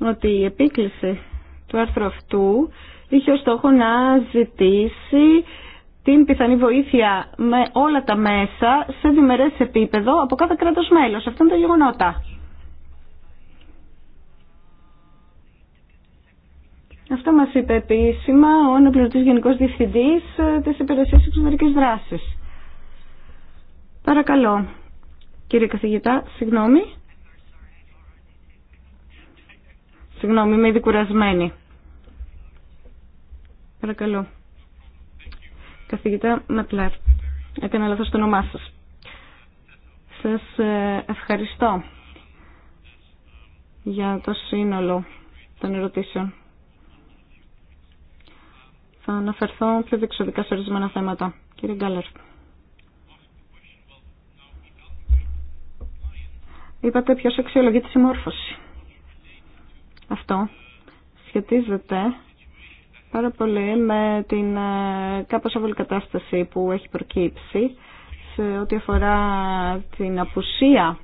ότι η επίκληση του άρθρου αυτού είχε ως στόχο να ζητήσει την πιθανή βοήθεια με όλα τα μέσα σε διμερές επίπεδο από κάθε κράτος μέλος. Αυτά είναι τα γεγονότα. Αυτό μας είπε επίσημα ο αναπληρωτής Γενικός Διευθυντής ε, της Υπηρεσίας Εξωτερικής Δράσης. Παρακαλώ. Κύριε καθηγητά, συγγνώμη. Συγγνώμη, είμαι ήδη κουρασμένη. Παρακαλώ. Καθηγητά Μεπλερ, έκανα λάθος το όνομά σας. Σας ε, ευχαριστώ για το σύνολο των ερωτήσεων. Θα αναφερθώ πιο διεξοδικά σε ορισμένα θέματα. Κύριε Γκάλερ. Είπατε ποιος αξιολογεί τη συμμόρφωση. Αυτό σχετίζεται πάρα πολύ με την ε, κάπως αβολή κατάσταση που έχει προκύψει σε ό,τι αφορά την απουσία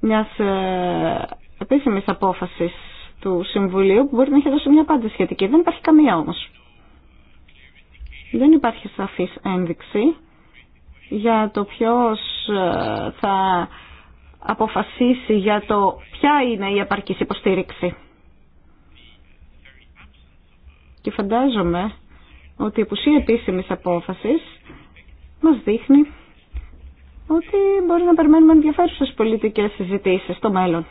μιας ε, επίσημης απόφασης του Συμβουλίου που μπορεί να έχει δώσει μια απάντηση σχετική. Δεν υπάρχει καμία όμως. Δεν υπάρχει σαφής ένδειξη για το ποιος ε, θα αποφασίσει για το ποια είναι η επαρκής υποστήριξη. Και φαντάζομαι ότι η απουσία επίσημη απόφαση μα δείχνει ότι μπορεί να περιμένουμε ενδιαφέρουσε πολιτικέ συζητήσει στο μέλλον.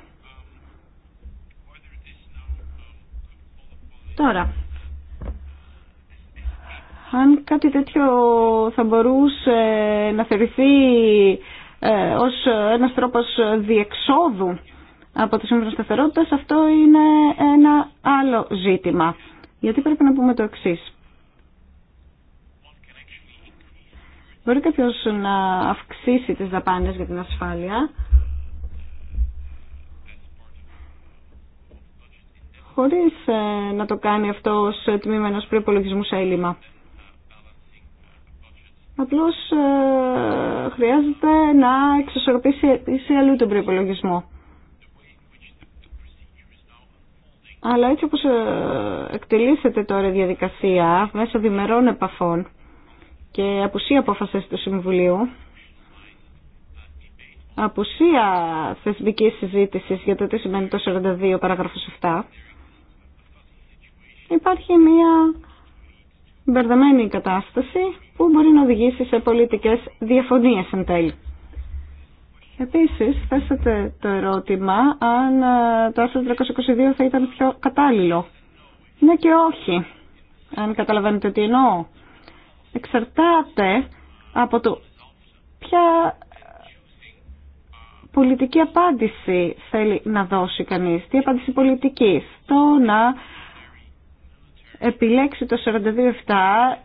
Τώρα, αν κάτι τέτοιο θα μπορούσε να θεωρηθεί ε, ως ένας τρόπος διεξόδου από το Σύμφωνο σταθερότητα, αυτό είναι ένα άλλο ζήτημα. Γιατί πρέπει να πούμε το εξή. Μπορεί κάποιο να αυξήσει τις δαπάνες για την ασφάλεια χωρίς ε, να το κάνει αυτό ως τμήμα ενός προϋπολογισμού σε έλλειμμα. Απλώς ε, χρειάζεται να εξισορροπήσει σε αλλού τον προϋπολογισμό. Αλλά έτσι όπως ε, εκτελήσεται τώρα η διαδικασία μέσω διμερών επαφών και απουσία απόφασης του Συμβουλίου, απουσία θεσμικής συζήτησης για το τι σημαίνει το 42 παράγραφος 7, υπάρχει μια μπερδεμένη κατάσταση που μπορεί να οδηγήσει σε πολιτικές διαφωνίες εν τέλει. Επίσης, θέσατε το ερώτημα αν ε, το άρθρο 322 θα ήταν πιο κατάλληλο. Ναι και όχι, αν καταλαβαίνετε τι εννοώ. Εξαρτάται από το ποια πολιτική απάντηση θέλει να δώσει κανείς, τι απάντηση πολιτικής, το να επιλέξει το 427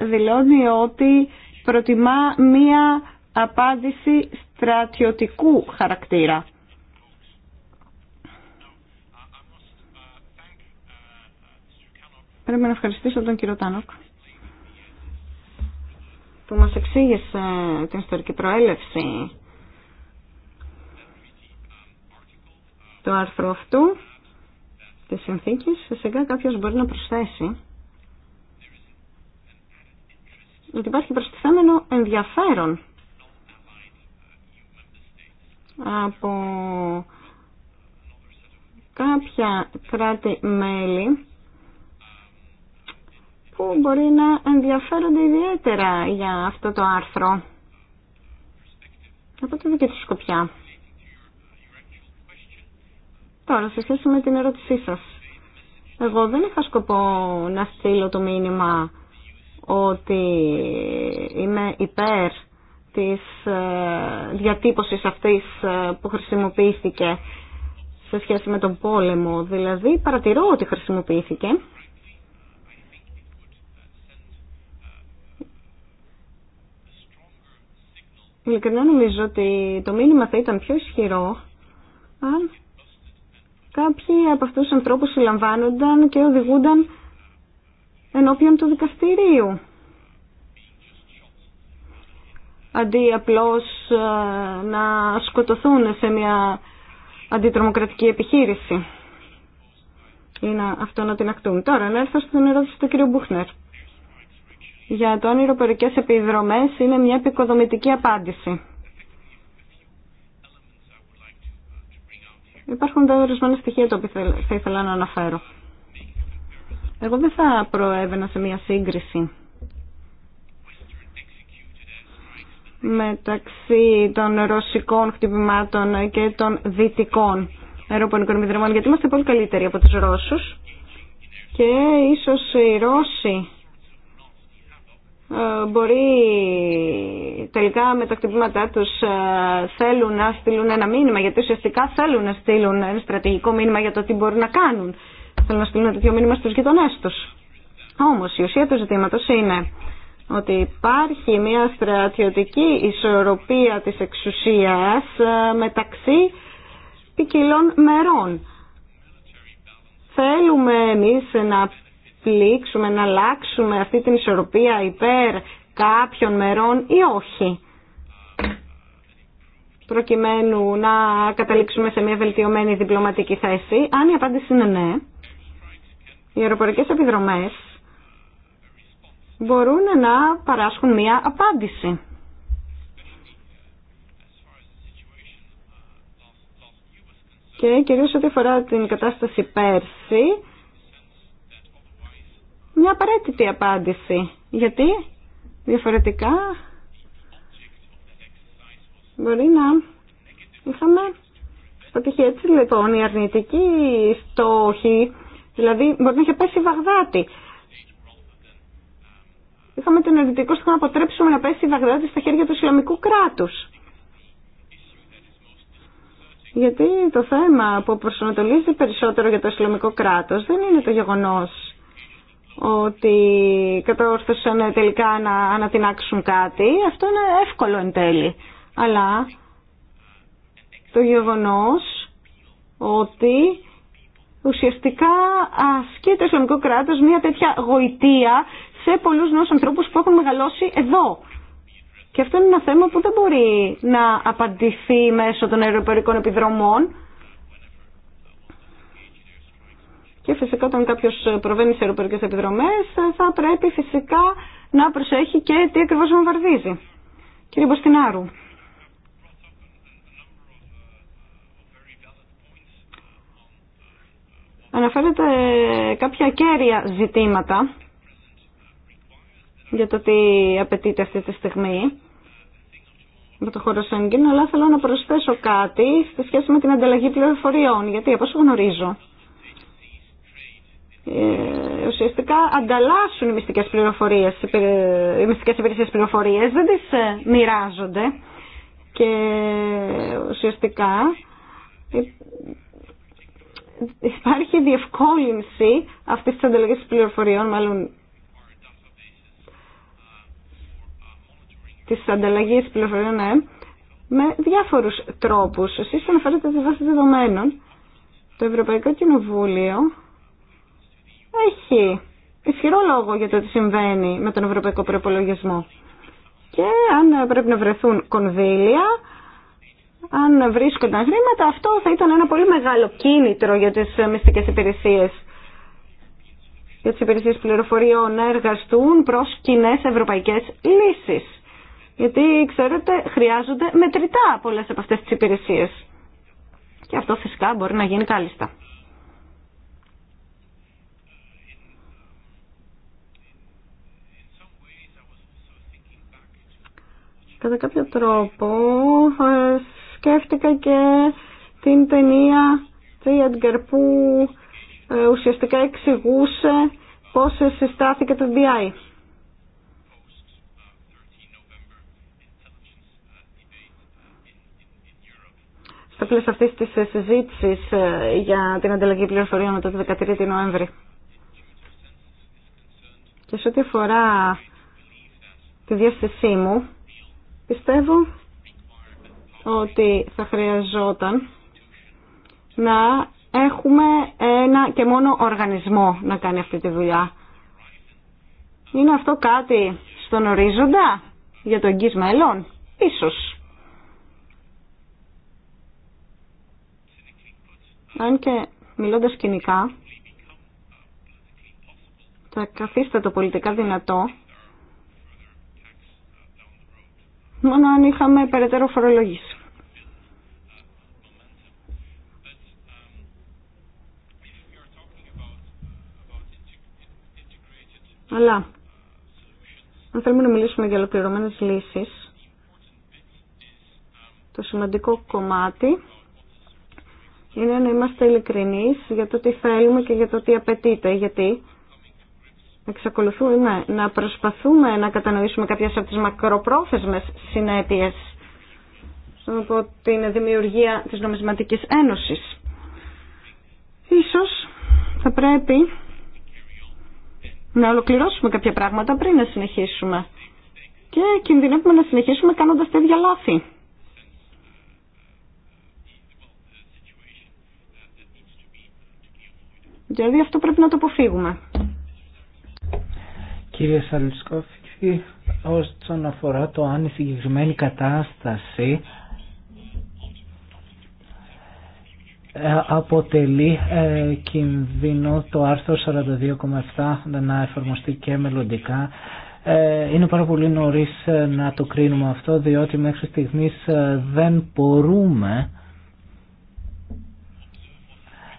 δηλώνει ότι προτιμά μία απάντηση στρατιωτικού χαρακτήρα. Πρέπει να ευχαριστήσω τον κύριο Τάνοκ που μας εξήγησε την ιστορική προέλευση του άρθρου αυτού της συνθήκης. Φυσικά κάποιος μπορεί να προσθέσει ότι υπάρχει προστιθέμενο ενδιαφέρον από κάποια κράτη-μέλη που μπορεί να ενδιαφέρονται ιδιαίτερα για αυτό το άρθρο. Από τη δική του σκοπιά. Τώρα, σε σχέση με την ερώτησή σας. Εγώ δεν είχα σκοπό να στείλω το μήνυμα ότι είμαι υπέρ της ε, διατύπωσης αυτής ε, που χρησιμοποιήθηκε σε σχέση με τον πόλεμο. Δηλαδή παρατηρώ ότι χρησιμοποιήθηκε. Ειλικρινά νομίζω ότι το μήνυμα θα ήταν πιο ισχυρό αν κάποιοι από αυτούς τους ανθρώπους συλλαμβάνονταν και οδηγούνταν ενώπιον του δικαστηρίου αντί απλώς ε, να σκοτωθούν σε μια αντιτρομοκρατική επιχείρηση ή να, αυτό να την ακτούν. Τώρα να έρθω στην ερώτηση του κ. Μπούχνερ. Για το αν οι επιδρομές είναι μια επικοδομητική απάντηση. Υπάρχουν τα ορισμένα στοιχεία τα οποία θα ήθελα να αναφέρω. Εγώ δεν θα προέβαινα σε μια σύγκριση μεταξύ των ρωσικών χτυπημάτων και των δυτικών αεροπονικών επιδρομών, γιατί είμαστε πολύ καλύτεροι από τους Ρώσους και ίσως οι Ρώσοι ε, μπορεί τελικά με τα χτυπήματά τους ε, θέλουν να στείλουν ένα μήνυμα γιατί ουσιαστικά θέλουν να στείλουν ένα στρατηγικό μήνυμα για το τι μπορούν να κάνουν θέλουν να στείλουν ένα τέτοιο μήνυμα στους γειτονές τους όμως η ουσία του ζητήματος είναι ότι υπάρχει μια στρατιωτική ισορροπία της εξουσίας ε, μεταξύ ποικιλών μερών. Θέλουμε εμείς να πλήξουμε, να αλλάξουμε αυτή την ισορροπία υπέρ κάποιων μερών ή όχι προκειμένου να καταλήξουμε σε μια βελτιωμένη διπλωματική θέση. Αν η απάντηση είναι ναι, οι αεροπορικές επιδρομές μπορούν να παράσχουν μία απάντηση. Και κυρίως ό,τι αφορά την κατάσταση πέρσι, μια απαραίτητη απάντηση. Γιατί διαφορετικά μπορεί να είχαμε πετύχει Έτσι λοιπόν η αρνητική στόχη, δηλαδή μπορεί να είχε πέσει η Βαγδάτη είχαμε τον ενεργητικό στόχο να αποτρέψουμε να πέσει η Βαγδάτη στα χέρια του Ισλαμικού κράτους. Γιατί το θέμα που προσανατολίζει περισσότερο για το Ισλαμικό κράτος δεν είναι το γεγονός ότι κατόρθωσαν τελικά να ανατινάξουν κάτι. Αυτό είναι εύκολο εν τέλει. Αλλά το γεγονός ότι ουσιαστικά ασκεί το Ισλαμικό κράτος μια τέτοια γοητεία σε πολλούς νέους ανθρώπους που έχουν μεγαλώσει εδώ. Και αυτό είναι ένα θέμα που δεν μπορεί να απαντηθεί μέσω των αεροπορικών επιδρομών. Και φυσικά όταν κάποιο προβαίνει σε αεροπορικέ επιδρομέ, θα πρέπει φυσικά να προσέχει και τι ακριβώ βαρδίζει. Κύριε Μποστινάρου. αναφέρεται ε, κάποια κέρια ζητήματα για το τι απαιτείται αυτή τη στιγμή με το χώρο Σέγγιν, αλλά θέλω να προσθέσω κάτι στη σχέση με την ανταλλαγή πληροφοριών, γιατί από όσο γνωρίζω, ε, ουσιαστικά ανταλλάσσουν οι μυστικές, πληροφορίες, οι μυστικές υπηρεσίες πληροφορίες, δεν τις ε, μοιράζονται και ουσιαστικά ε, υπάρχει διευκόλυνση αυτής της ανταλλαγής πληροφοριών, μάλλον της ανταλλαγή πληροφοριών, ε, με διάφορους τρόπους. Εσείς αναφέρετε τη βάση δεδομένων. Το Ευρωπαϊκό Κοινοβούλιο έχει ισχυρό λόγο για το τι συμβαίνει με τον Ευρωπαϊκό Προπολογισμό. Και αν πρέπει να βρεθούν κονδύλια, αν βρίσκονταν χρήματα, αυτό θα ήταν ένα πολύ μεγάλο κίνητρο για τις ε, μυστικές υπηρεσίες. Για τις υπηρεσίες πληροφοριών να εργαστούν προς κοινέ ευρωπαϊκές λύσεις. Γιατί, ξέρετε, χρειάζονται μετρητά πολλές από αυτές τις υπηρεσίες. Και αυτό φυσικά μπορεί να γίνει κάλλιστα. Κατά κάποιο τρόπο ε, σκέφτηκα και την ταινία Edgar που ε, ουσιαστικά εξηγούσε πώς συστάθηκε το FBI. Στα πλαίσια αυτής της συζήτησης ε, για την ανταλλαγή πληροφοριών μετά το 13 Νοέμβρη. Και σε ό,τι αφορά τη διάστησή μου, πιστεύω ότι θα χρειαζόταν να έχουμε ένα και μόνο οργανισμό να κάνει αυτή τη δουλειά. Είναι αυτό κάτι στον ορίζοντα για το εγγύς μέλλον, ίσως. Αν και μιλώντας κοινικά, θα το πολιτικά δυνατό μόνο αν είχαμε περαιτέρω φορολογήσει. Αλλά αν θέλουμε να μιλήσουμε για ολοκληρωμένε λύσει, το σημαντικό κομμάτι είναι να είμαστε ειλικρινεί για το τι θέλουμε και για το τι απαιτείται. Γιατί εξακολουθούμε ναι, να προσπαθούμε να κατανοήσουμε κάποιε από τις μακροπρόθεσμες συνέπειες από την δημιουργία της Νομισματικής Ένωσης. Ίσως θα πρέπει να ολοκληρώσουμε κάποια πράγματα πριν να συνεχίσουμε. Και κινδυνεύουμε να συνεχίσουμε κάνοντας τέτοια λάθη. Δηλαδή αυτό πρέπει να το αποφύγουμε. Κύριε Σαλουσκόφη, όσον αφορά το αν η συγκεκριμένη κατάσταση ε, αποτελεί ε, κινδυνό το άρθρο 42,7 να εφαρμοστεί και μελλοντικά. Ε, είναι πάρα πολύ νωρίς ε, να το κρίνουμε αυτό διότι μέχρι στιγμής δεν μπορούμε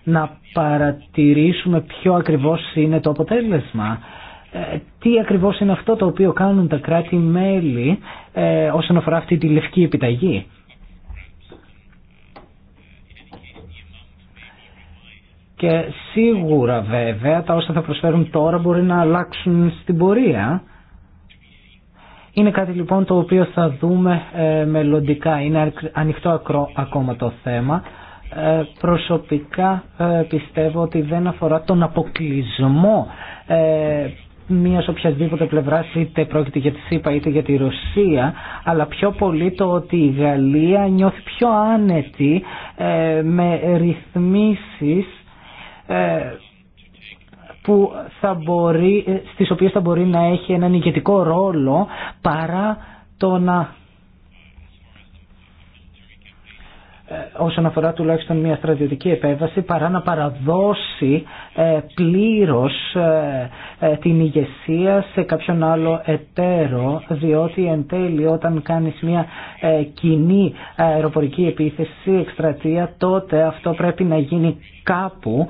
να παρατηρήσουμε ποιο ακριβώς είναι το αποτέλεσμα. Ε, τι ακριβώς είναι αυτό το οποίο κάνουν τα κράτη-μέλη ε, όσον αφορά αυτή τη λευκή επιταγή. Και σίγουρα βέβαια τα όσα θα προσφέρουν τώρα μπορεί να αλλάξουν στην πορεία. Είναι κάτι λοιπόν το οποίο θα δούμε ε, μελλοντικά. Είναι ανοιχτό ακρό, ακόμα το θέμα. Ε, προσωπικά πιστεύω ότι δεν αφορά τον αποκλεισμό μια οποιασδήποτε πλευρά, είτε πρόκειται για τη ΣΥΠΑ είτε για τη Ρωσία, αλλά πιο πολύ το ότι η Γαλλία νιώθει πιο άνετη ε, με ρυθμίσεις ε, που θα μπορεί, ε, στις οποίες θα μπορεί να έχει έναν ηγετικό ρόλο παρά το να Ε, όσον αφορά τουλάχιστον μια στρατιωτική επέμβαση παρά να παραδώσει ε, πλήρως ε, την ηγεσία σε κάποιον άλλο εταίρο διότι εν τέλει όταν κάνεις μια κοινή αεροπορική επίθεση εκστρατεία τότε αυτό πρέπει να γίνει κάπου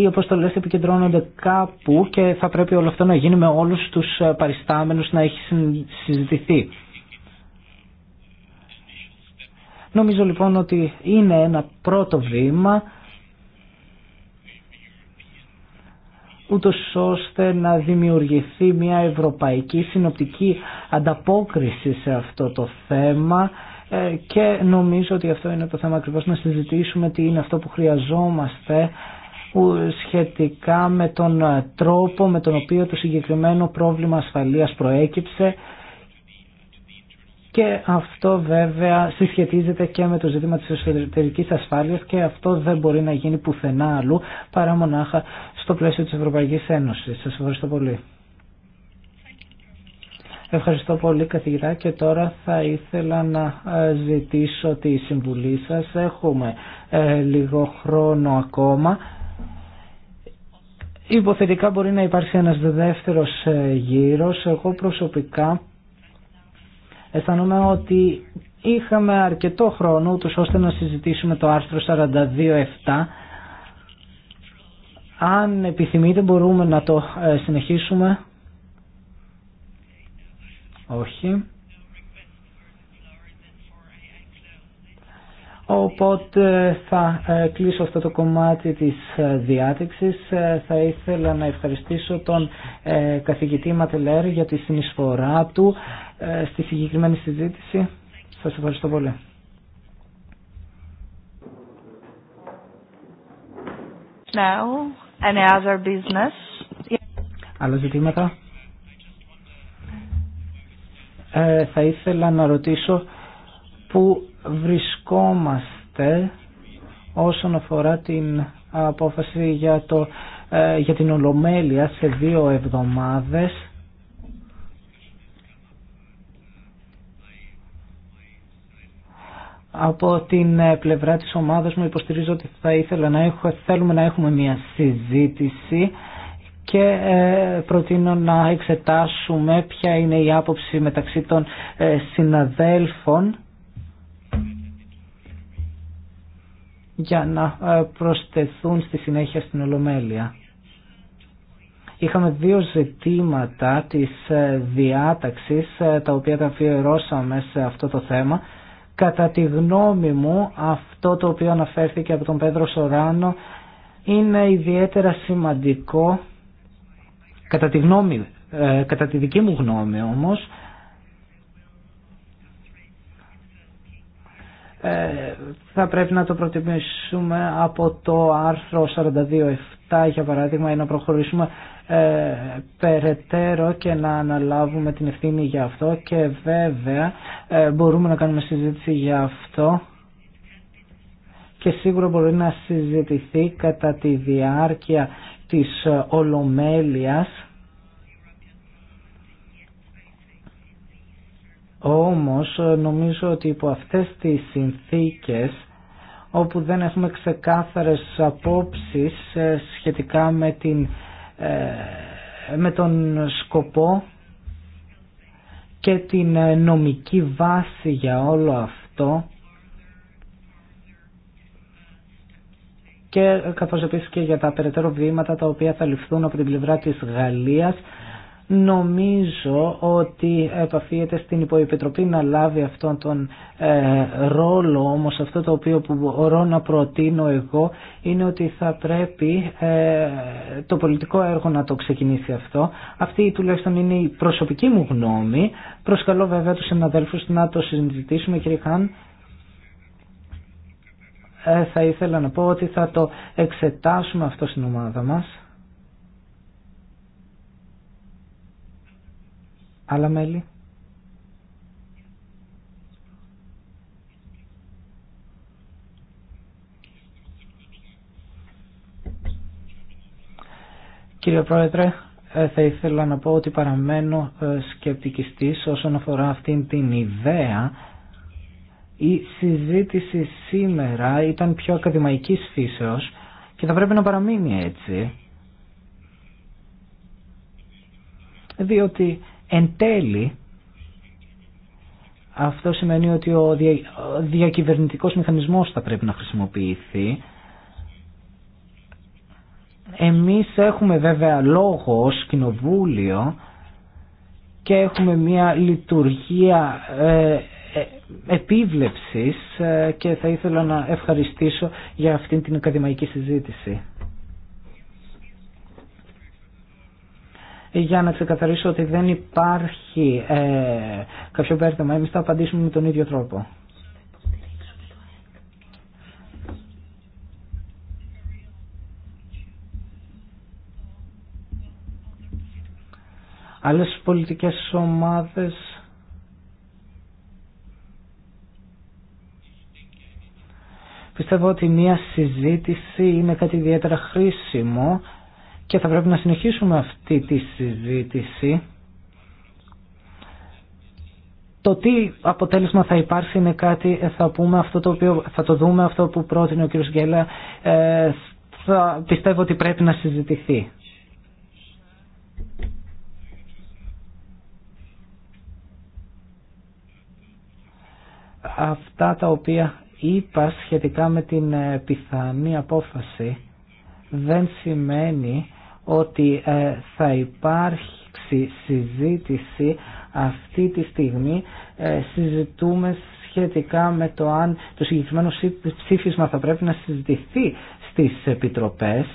οι αποστολές επικεντρώνονται κάπου και θα πρέπει όλο αυτό να γίνει με όλους τους παριστάμενους να έχει συζητηθεί. Νομίζω λοιπόν ότι είναι ένα πρώτο βήμα ούτω ώστε να δημιουργηθεί μια ευρωπαϊκή συνοπτική ανταπόκριση σε αυτό το θέμα ε, και νομίζω ότι αυτό είναι το θέμα ακριβώς να συζητήσουμε τι είναι αυτό που χρειαζόμαστε σχετικά με τον τρόπο με τον οποίο το συγκεκριμένο πρόβλημα ασφαλείας προέκυψε και αυτό βέβαια συσχετίζεται και με το ζήτημα της εσωτερικής ασφάλειας και αυτό δεν μπορεί να γίνει πουθενά αλλού παρά μονάχα στο πλαίσιο της Ευρωπαϊκής Ένωσης. Σας ευχαριστώ πολύ. Ευχαριστώ πολύ καθηγητά και τώρα θα ήθελα να ε, ζητήσω τη συμβουλή σας. Έχουμε ε, λίγο χρόνο ακόμα. Υποθετικά μπορεί να υπάρξει ένας δεύτερος ε, γύρος. Εγώ προσωπικά Αισθανόμαι ότι είχαμε αρκετό χρόνο ούτως ώστε να συζητήσουμε το άρθρο 42.7 αν επιθυμείτε μπορούμε να το ε, συνεχίσουμε όχι Οπότε θα ε, κλείσω αυτό το κομμάτι της ε, διάτεξης. Θα ήθελα να ευχαριστήσω τον καθηγητή Ματελέρ για τη συνεισφορά του ε, στη συγκεκριμένη συζήτηση. Σας ευχαριστώ πολύ. Now, any other business. Άλλα ζητήματα. Ε, θα ήθελα να ρωτήσω πού βρισκόμαστε όσον αφορά την απόφαση για, το, ε, για την Ολομέλεια σε δύο εβδομάδες Από την ε, πλευρά της ομάδας μου υποστηρίζω ότι θα ήθελα να έχω, θέλουμε να έχουμε μια συζήτηση και ε, προτείνω να εξετάσουμε ποια είναι η άποψη μεταξύ των ε, συναδέλφων για να προσθεθούν στη συνέχεια στην Ολομέλεια. Είχαμε δύο ζητήματα της διάταξης τα οποία τα αφιερώσαμε σε αυτό το θέμα Κατά τη γνώμη μου αυτό το οποίο αναφέρθηκε από τον Πέτρο Σοράνο είναι ιδιαίτερα σημαντικό κατά τη, ε, κατά τη δική μου γνώμη όμως ε, θα πρέπει να το προτιμήσουμε από το άρθρο 42.7 για παράδειγμα ή να προχωρήσουμε ε, περαιτέρω και να αναλάβουμε την ευθύνη για αυτό και βέβαια ε, μπορούμε να κάνουμε συζήτηση για αυτό και σίγουρα μπορεί να συζητηθεί κατά τη διάρκεια της Ολομέλειας Όμως νομίζω ότι υπό αυτές τις συνθήκες όπου δεν έχουμε ξεκάθαρες απόψεις ε, σχετικά με την ε, με τον σκοπό και την ε, νομική βάση για όλο αυτό και ε, καθώς επίσης και για τα περαιτέρω βήματα τα οποία θα ληφθούν από την πλευρά της Γαλλίας Νομίζω ότι επαφίεται στην Υποεπιτροπή να λάβει αυτόν τον ε, ρόλο, όμως αυτό το οποίο που μπορώ να προτείνω εγώ είναι ότι θα πρέπει ε, το πολιτικό έργο να το ξεκινήσει αυτό. Αυτή τουλάχιστον είναι η προσωπική μου γνώμη. Προσκαλώ βέβαια τους συναδέλφους να το συζητήσουμε κύριε Χάν ε, θα ήθελα να πω ότι θα το εξετάσουμε αυτό στην ομάδα μας Άλλα μέλη. Κύριε Πρόεδρε, ε, θα ήθελα να πω ότι παραμένω ε, σκεπτικιστής όσον αφορά αυτήν την ιδέα. Η συζήτηση σήμερα ήταν πιο ακαδημαϊκής φύσεως και θα πρέπει να παραμείνει έτσι. Διότι Εν τέλει, αυτό σημαίνει ότι ο διακυβερνητικός μηχανισμός θα πρέπει να χρησιμοποιηθεί. Εμείς έχουμε βέβαια λόγο ως κοινοβούλιο και έχουμε μια λειτουργία ε, ε, επίβλεψης ε, και θα ήθελα να ευχαριστήσω για αυτή την ακαδημαϊκή συζήτηση. για να ξεκαθαρίσω ότι δεν υπάρχει ε, κάποιο πέρδεμα. Εμείς θα απαντήσουμε με τον ίδιο τρόπο. Άλλες πολιτικές ομάδες Πιστεύω ότι μία συζήτηση είναι κάτι ιδιαίτερα χρήσιμο και θα πρέπει να συνεχίσουμε αυτή τη συζήτηση. Το τι αποτέλεσμα θα υπάρξει είναι κάτι ε, θα πούμε αυτό το οποίο θα το δούμε αυτό που πρότεινε ο κ. Γκέλα ε, θα πιστεύω ότι πρέπει να συζητηθεί. Αυτά τα οποία είπα σχετικά με την ε, πιθανή απόφαση δεν σημαίνει ότι ε, θα υπάρξει συζήτηση αυτή τη στιγμή. Ε, συζητούμε σχετικά με το αν το συγκεκριμένο ψήφισμα θα πρέπει να συζητηθεί στις επιτροπές.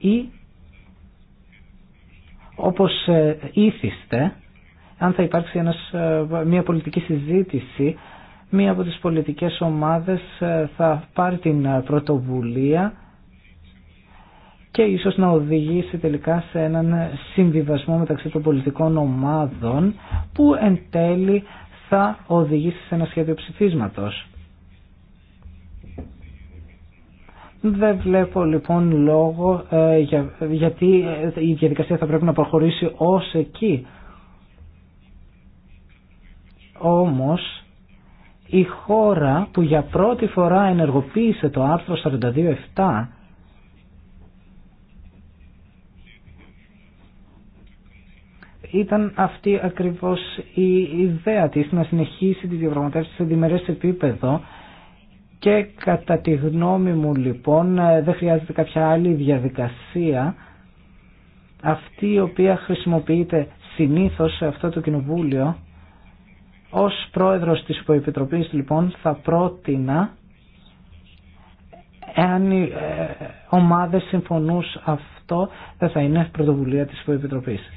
Ή όπως ε, ήθιστε, αν θα υπάρξει ένας, μια πολιτική συζήτηση μία από τις πολιτικές ομάδες ε, θα πάρει την ε, πρωτοβουλία και ίσως να οδηγήσει τελικά σε έναν ε, συμβιβασμό μεταξύ των πολιτικών ομάδων που εν τέλει θα οδηγήσει σε ένα σχέδιο ψηφίσματος. Δεν βλέπω λοιπόν λόγο για, γιατί η διαδικασία θα πρέπει να προχωρήσει ως εκεί. Όμως η χώρα που για πρώτη φορά ενεργοποίησε το άρθρο 42.7 ήταν αυτή ακριβώς η ιδέα της να συνεχίσει τη διαπραγματεύσεις σε διμερές επίπεδο και κατά τη γνώμη μου λοιπόν ε, δεν χρειάζεται κάποια άλλη διαδικασία αυτή η οποία χρησιμοποιείται συνήθως σε αυτό το κοινοβούλιο ως πρόεδρος της υποεπιτροπής λοιπόν θα πρότεινα εάν οι ε, ομάδες συμφωνούς αυτό δεν θα είναι πρωτοβουλία της υποεπιτροπής.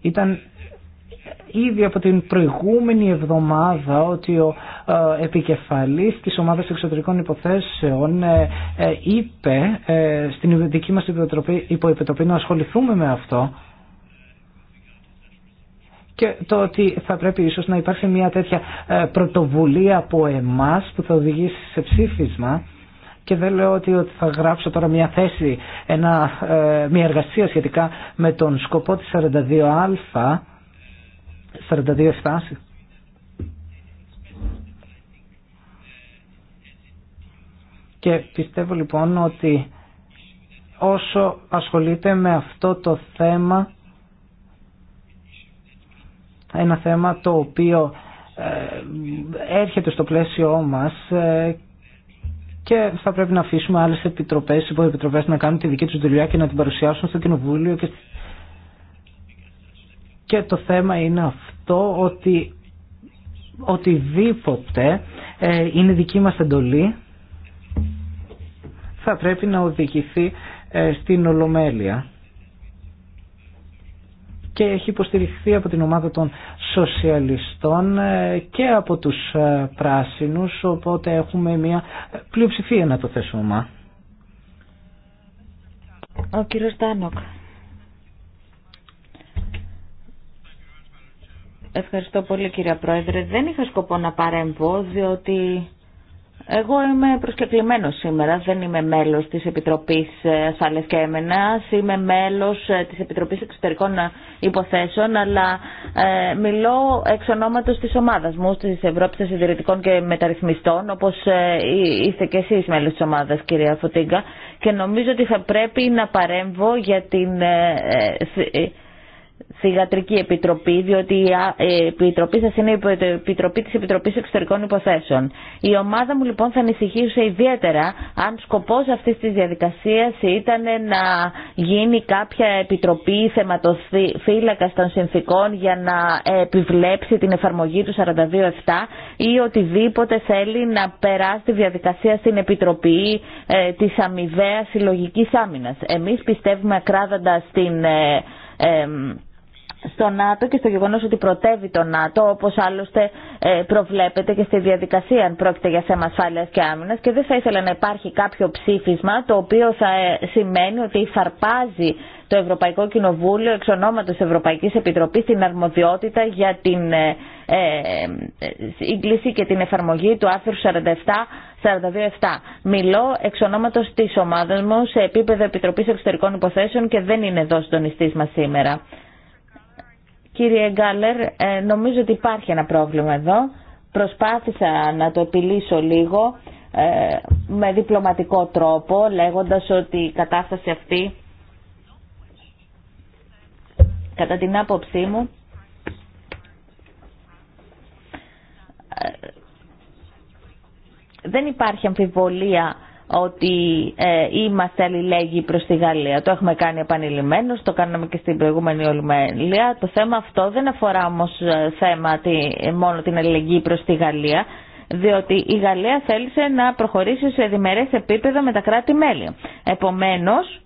Ήταν ήδη από την προηγούμενη εβδομάδα ότι ο ε, επικεφαλής της ομάδας εξωτερικών υποθέσεων ε, είπε στην δική μας υποεπιτροπή να ασχοληθούμε με αυτό και το ότι θα πρέπει ίσως να υπάρχει μια τέτοια ε, πρωτοβουλία από εμάς που θα οδηγήσει σε ψήφισμα και δεν λέω ότι, θα γράψω τώρα μια θέση, ένα, ε, μια εργασία σχετικά με τον σκοπό της 42α, 42 α 42 εφτάσει. Και πιστεύω λοιπόν ότι όσο ασχολείται με αυτό το θέμα ένα θέμα το οποίο ε, έρχεται στο πλαίσιό μας ε, και θα πρέπει να αφήσουμε άλλες επιτροπές, υποεπιτροπές να κάνουν τη δική τους δουλειά και να την παρουσιάσουν στο Κοινοβούλιο και, και το θέμα είναι αυτό ότι οτιδήποτε ε, είναι δική μας εντολή θα πρέπει να οδηγηθεί στην Ολομέλεια και έχει υποστηριχθεί από την ομάδα των σοσιαλιστών ε, και από τους ε, πράσινους, οπότε έχουμε μια πλειοψηφία να το θέσουμε. Ο κύριος Τάνοκ. Ευχαριστώ πολύ κύριε Πρόεδρε. Δεν είχα σκοπό να παρέμβω διότι εγώ είμαι προσκεκλημένος σήμερα, δεν είμαι μέλος της Επιτροπής ε, Ασφάλεια και Έμενα. είμαι μέλος ε, της Επιτροπής Εξωτερικών Υποθέσεων, αλλά ε, μιλώ εξ ονόματος της ομάδας μου, της Ευρώπης των Συντηρητικών και Μεταρρυθμιστών, όπως είστε και εσεί μέλο τη ομάδας, κυρία Φωτίγκα, και νομίζω ότι θα πρέπει να παρέμβω για την θηγατρική επιτροπή, διότι η ε, επιτροπή σας είναι η επιτροπή της Επιτροπής Εξωτερικών Υποθέσεων. Η ομάδα μου λοιπόν θα ανησυχήσει ιδιαίτερα αν σκοπός αυτής της διαδικασίας ήταν να γίνει κάποια επιτροπή θεματοφύλακα των συνθήκων για να επιβλέψει την εφαρμογή του 42-7 ή οτιδήποτε θέλει να περάσει τη διαδικασία στην Επιτροπή ε, της Αμοιβαίας συλλογική άμυνας. Εμείς πιστεύουμε ακράδαντα στην ε, στο ΝΑΤΟ και στο γεγονός ότι προτεύει το ΝΑΤΟ, όπως άλλωστε ε, προβλέπεται και στη διαδικασία αν πρόκειται για θέμα ασφάλειας και άμυνας και δεν θα ήθελα να υπάρχει κάποιο ψήφισμα το οποίο θα ε, σημαίνει ότι υφαρπάζει το Ευρωπαϊκό Κοινοβούλιο εξ ονόματος Ευρωπαϊκής Επιτροπής την αρμοδιότητα για την ε, ε σύγκληση και την εφαρμογή του άρθρου 47 42-7. Μιλώ εξ ονόματο της ομάδας μου σε επίπεδο επιτροπή Εξωτερικών Υποθέσεων και δεν είναι εδώ νηστή μα σήμερα. Κύριε Γκάλερ, ε, νομίζω ότι υπάρχει ένα πρόβλημα εδώ. Προσπάθησα να το επιλύσω λίγο ε, με διπλωματικό τρόπο, λέγοντας ότι η κατάσταση αυτή, κατά την άποψή μου, ε, δεν υπάρχει αμφιβολία ότι ε, είμαστε αλληλέγγυοι προς τη Γαλλία. Το έχουμε κάνει επανειλημμένως, το κάναμε και στην προηγούμενη Ολομέλεια. Το θέμα αυτό δεν αφορά όμως ε, θέμα μόνο την αλληλεγγύη προς τη Γαλλία, διότι η Γαλλία θέλησε να προχωρήσει σε διμερές επίπεδα με τα κράτη-μέλη. Επομένως,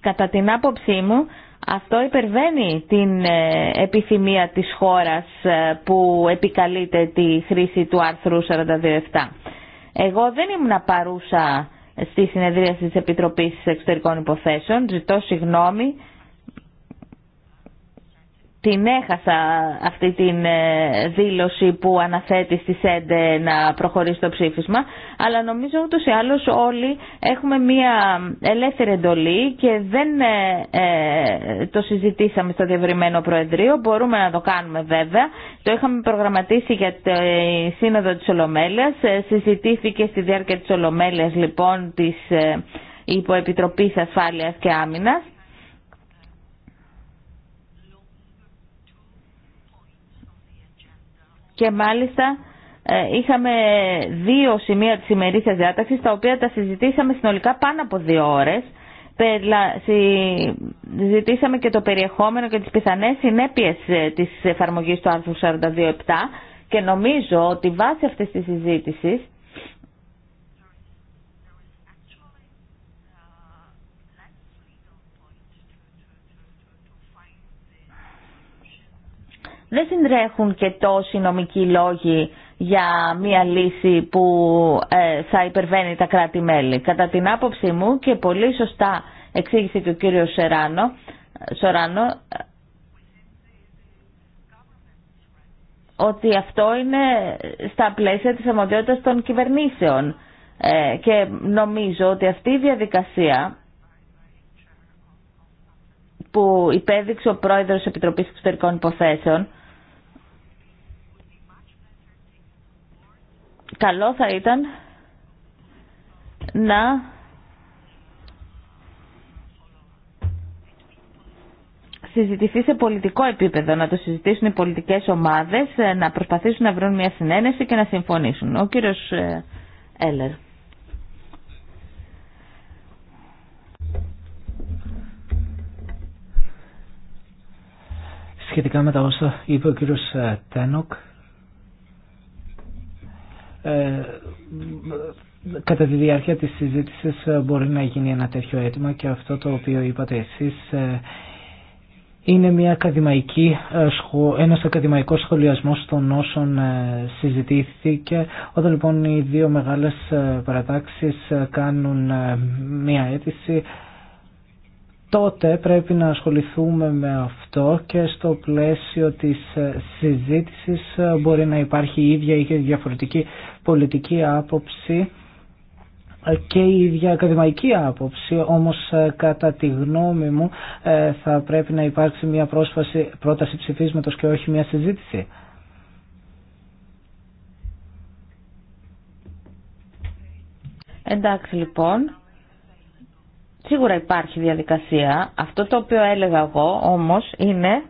κατά την άποψή μου, αυτό υπερβαίνει την ε, επιθυμία της χώρας ε, που επικαλείται τη χρήση του άρθρου 42.7. Εγώ δεν ήμουν παρούσα στη συνεδρίαση της Επιτροπής Εξωτερικών Υποθέσεων, ζητώ συγγνώμη την έχασα αυτή την ε, δήλωση που αναθέτει στη ΣΕΝΤΕ να προχωρήσει το ψήφισμα, αλλά νομίζω ούτως ή άλλως όλοι έχουμε μία ελεύθερη εντολή και δεν ε, ε, το συζητήσαμε στο διευρυμένο Προεδρείο, μπορούμε να το κάνουμε βέβαια. Το είχαμε προγραμματίσει για τη Σύνοδο της Ολομέλειας, συζητήθηκε στη διάρκεια της Ολομέλειας λοιπόν της Υποεπιτροπής Ασφάλειας και Άμυνας. και μάλιστα ε, είχαμε δύο σημεία της ημερήσιας διάταξης τα οποία τα συζητήσαμε συνολικά πάνω από δύο ώρες συζητήσαμε και το περιεχόμενο και τις πιθανές συνέπειες ε, της εφαρμογής του άρθρου 42.7 και νομίζω ότι βάσει αυτής της συζήτησης δεν συντρέχουν και τόσοι νομικοί λόγοι για μία λύση που ε, θα υπερβαίνει τα κράτη-μέλη. Κατά την άποψή μου και πολύ σωστά εξήγησε και ο κύριος Σεράνο, Σοράνο ότι αυτό είναι στα πλαίσια της αμοδιότητας των κυβερνήσεων ε, και νομίζω ότι αυτή η διαδικασία που υπέδειξε ο πρόεδρος της Επιτροπής Εξωτερικών Υποθέσεων καλό θα ήταν να συζητηθεί σε πολιτικό επίπεδο, να το συζητήσουν οι πολιτικές ομάδες, ε, να προσπαθήσουν να βρουν μια συνένεση και να συμφωνήσουν. Ο κύριος ε, Έλερ. Σχετικά με τα όσα είπε ο κύριος ε, Τένοκ, ε, κατά τη διάρκεια της συζήτησης ε, μπορεί να γίνει ένα τέτοιο αίτημα και αυτό το οποίο είπατε εσείς ε, είναι μια ακαδημαϊκή, ένας ακαδημαϊκός σχολιασμός των όσων συζητήθηκε. Όταν λοιπόν οι δύο μεγάλες παρατάξεις κάνουν μια αίτηση τότε πρέπει να ασχοληθούμε με αυτό και στο πλαίσιο της ε, συζήτησης ε, μπορεί να υπάρχει η ίδια ή διαφορετική πολιτική άποψη ε, και η ίδια ακαδημαϊκή άποψη, όμως κατά τη γνώμη μου θα πρέπει να υπάρξει μια πρόσφαση, πρόταση ψηφίσματος και όχι μια συζήτηση. Εντάξει λοιπόν, Σίγουρα υπάρχει διαδικασία. Αυτό το οποίο έλεγα εγώ όμως είναι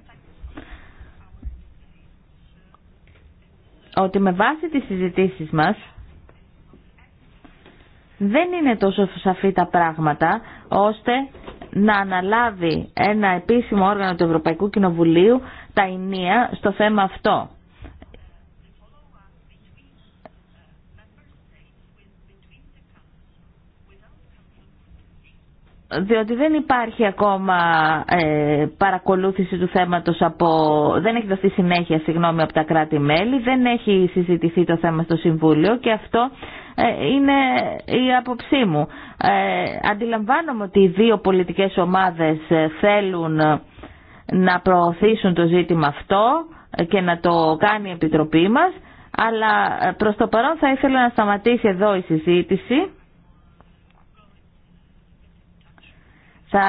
ότι με βάση τις συζητήσεις μας δεν είναι τόσο σαφή τα πράγματα ώστε να αναλάβει ένα επίσημο όργανο του Ευρωπαϊκού Κοινοβουλίου τα ενία στο θέμα αυτό. διότι δεν υπάρχει ακόμα ε, παρακολούθηση του θέματος από... δεν έχει δοθεί συνέχεια συγγνώμη, από τα κράτη-μέλη, δεν έχει συζητηθεί το θέμα στο Συμβούλιο και αυτό ε, είναι η άποψή μου. Ε, αντιλαμβάνομαι ότι οι δύο πολιτικές ομάδες ε, θέλουν ε, να προωθήσουν το ζήτημα αυτό και να το κάνει η Επιτροπή μας, αλλά ε, προς το παρόν θα ήθελα να σταματήσει εδώ η συζήτηση Θα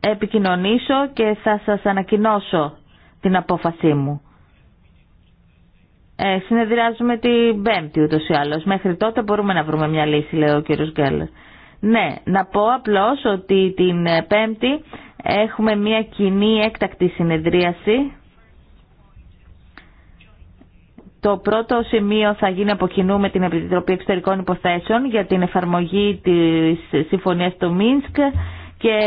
επικοινωνήσω και θα σας ανακοινώσω την απόφασή μου. Ε, συνεδριάζουμε την Πέμπτη ούτως ή άλλως. Μέχρι τότε μπορούμε να βρούμε μια λύση, λέει ο κύριος Γκέλλερ. Ναι, να πω απλώς ότι την Πέμπτη έχουμε μια κοινή έκτακτη συνεδρίαση. Το πρώτο σημείο θα γίνει από κοινού με την Επιτροπή Εξωτερικών Υποθέσεων για την εφαρμογή της Συμφωνίας του Μίνσκ και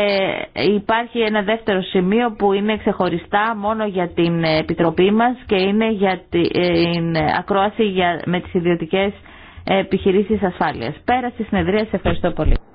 υπάρχει ένα δεύτερο σημείο που είναι ξεχωριστά μόνο για την Επιτροπή μας και είναι για την ακρόαση για, με τις ιδιωτικές επιχειρήσεις ασφάλειας. Πέρα στη συνεδρία, σε ευχαριστώ πολύ.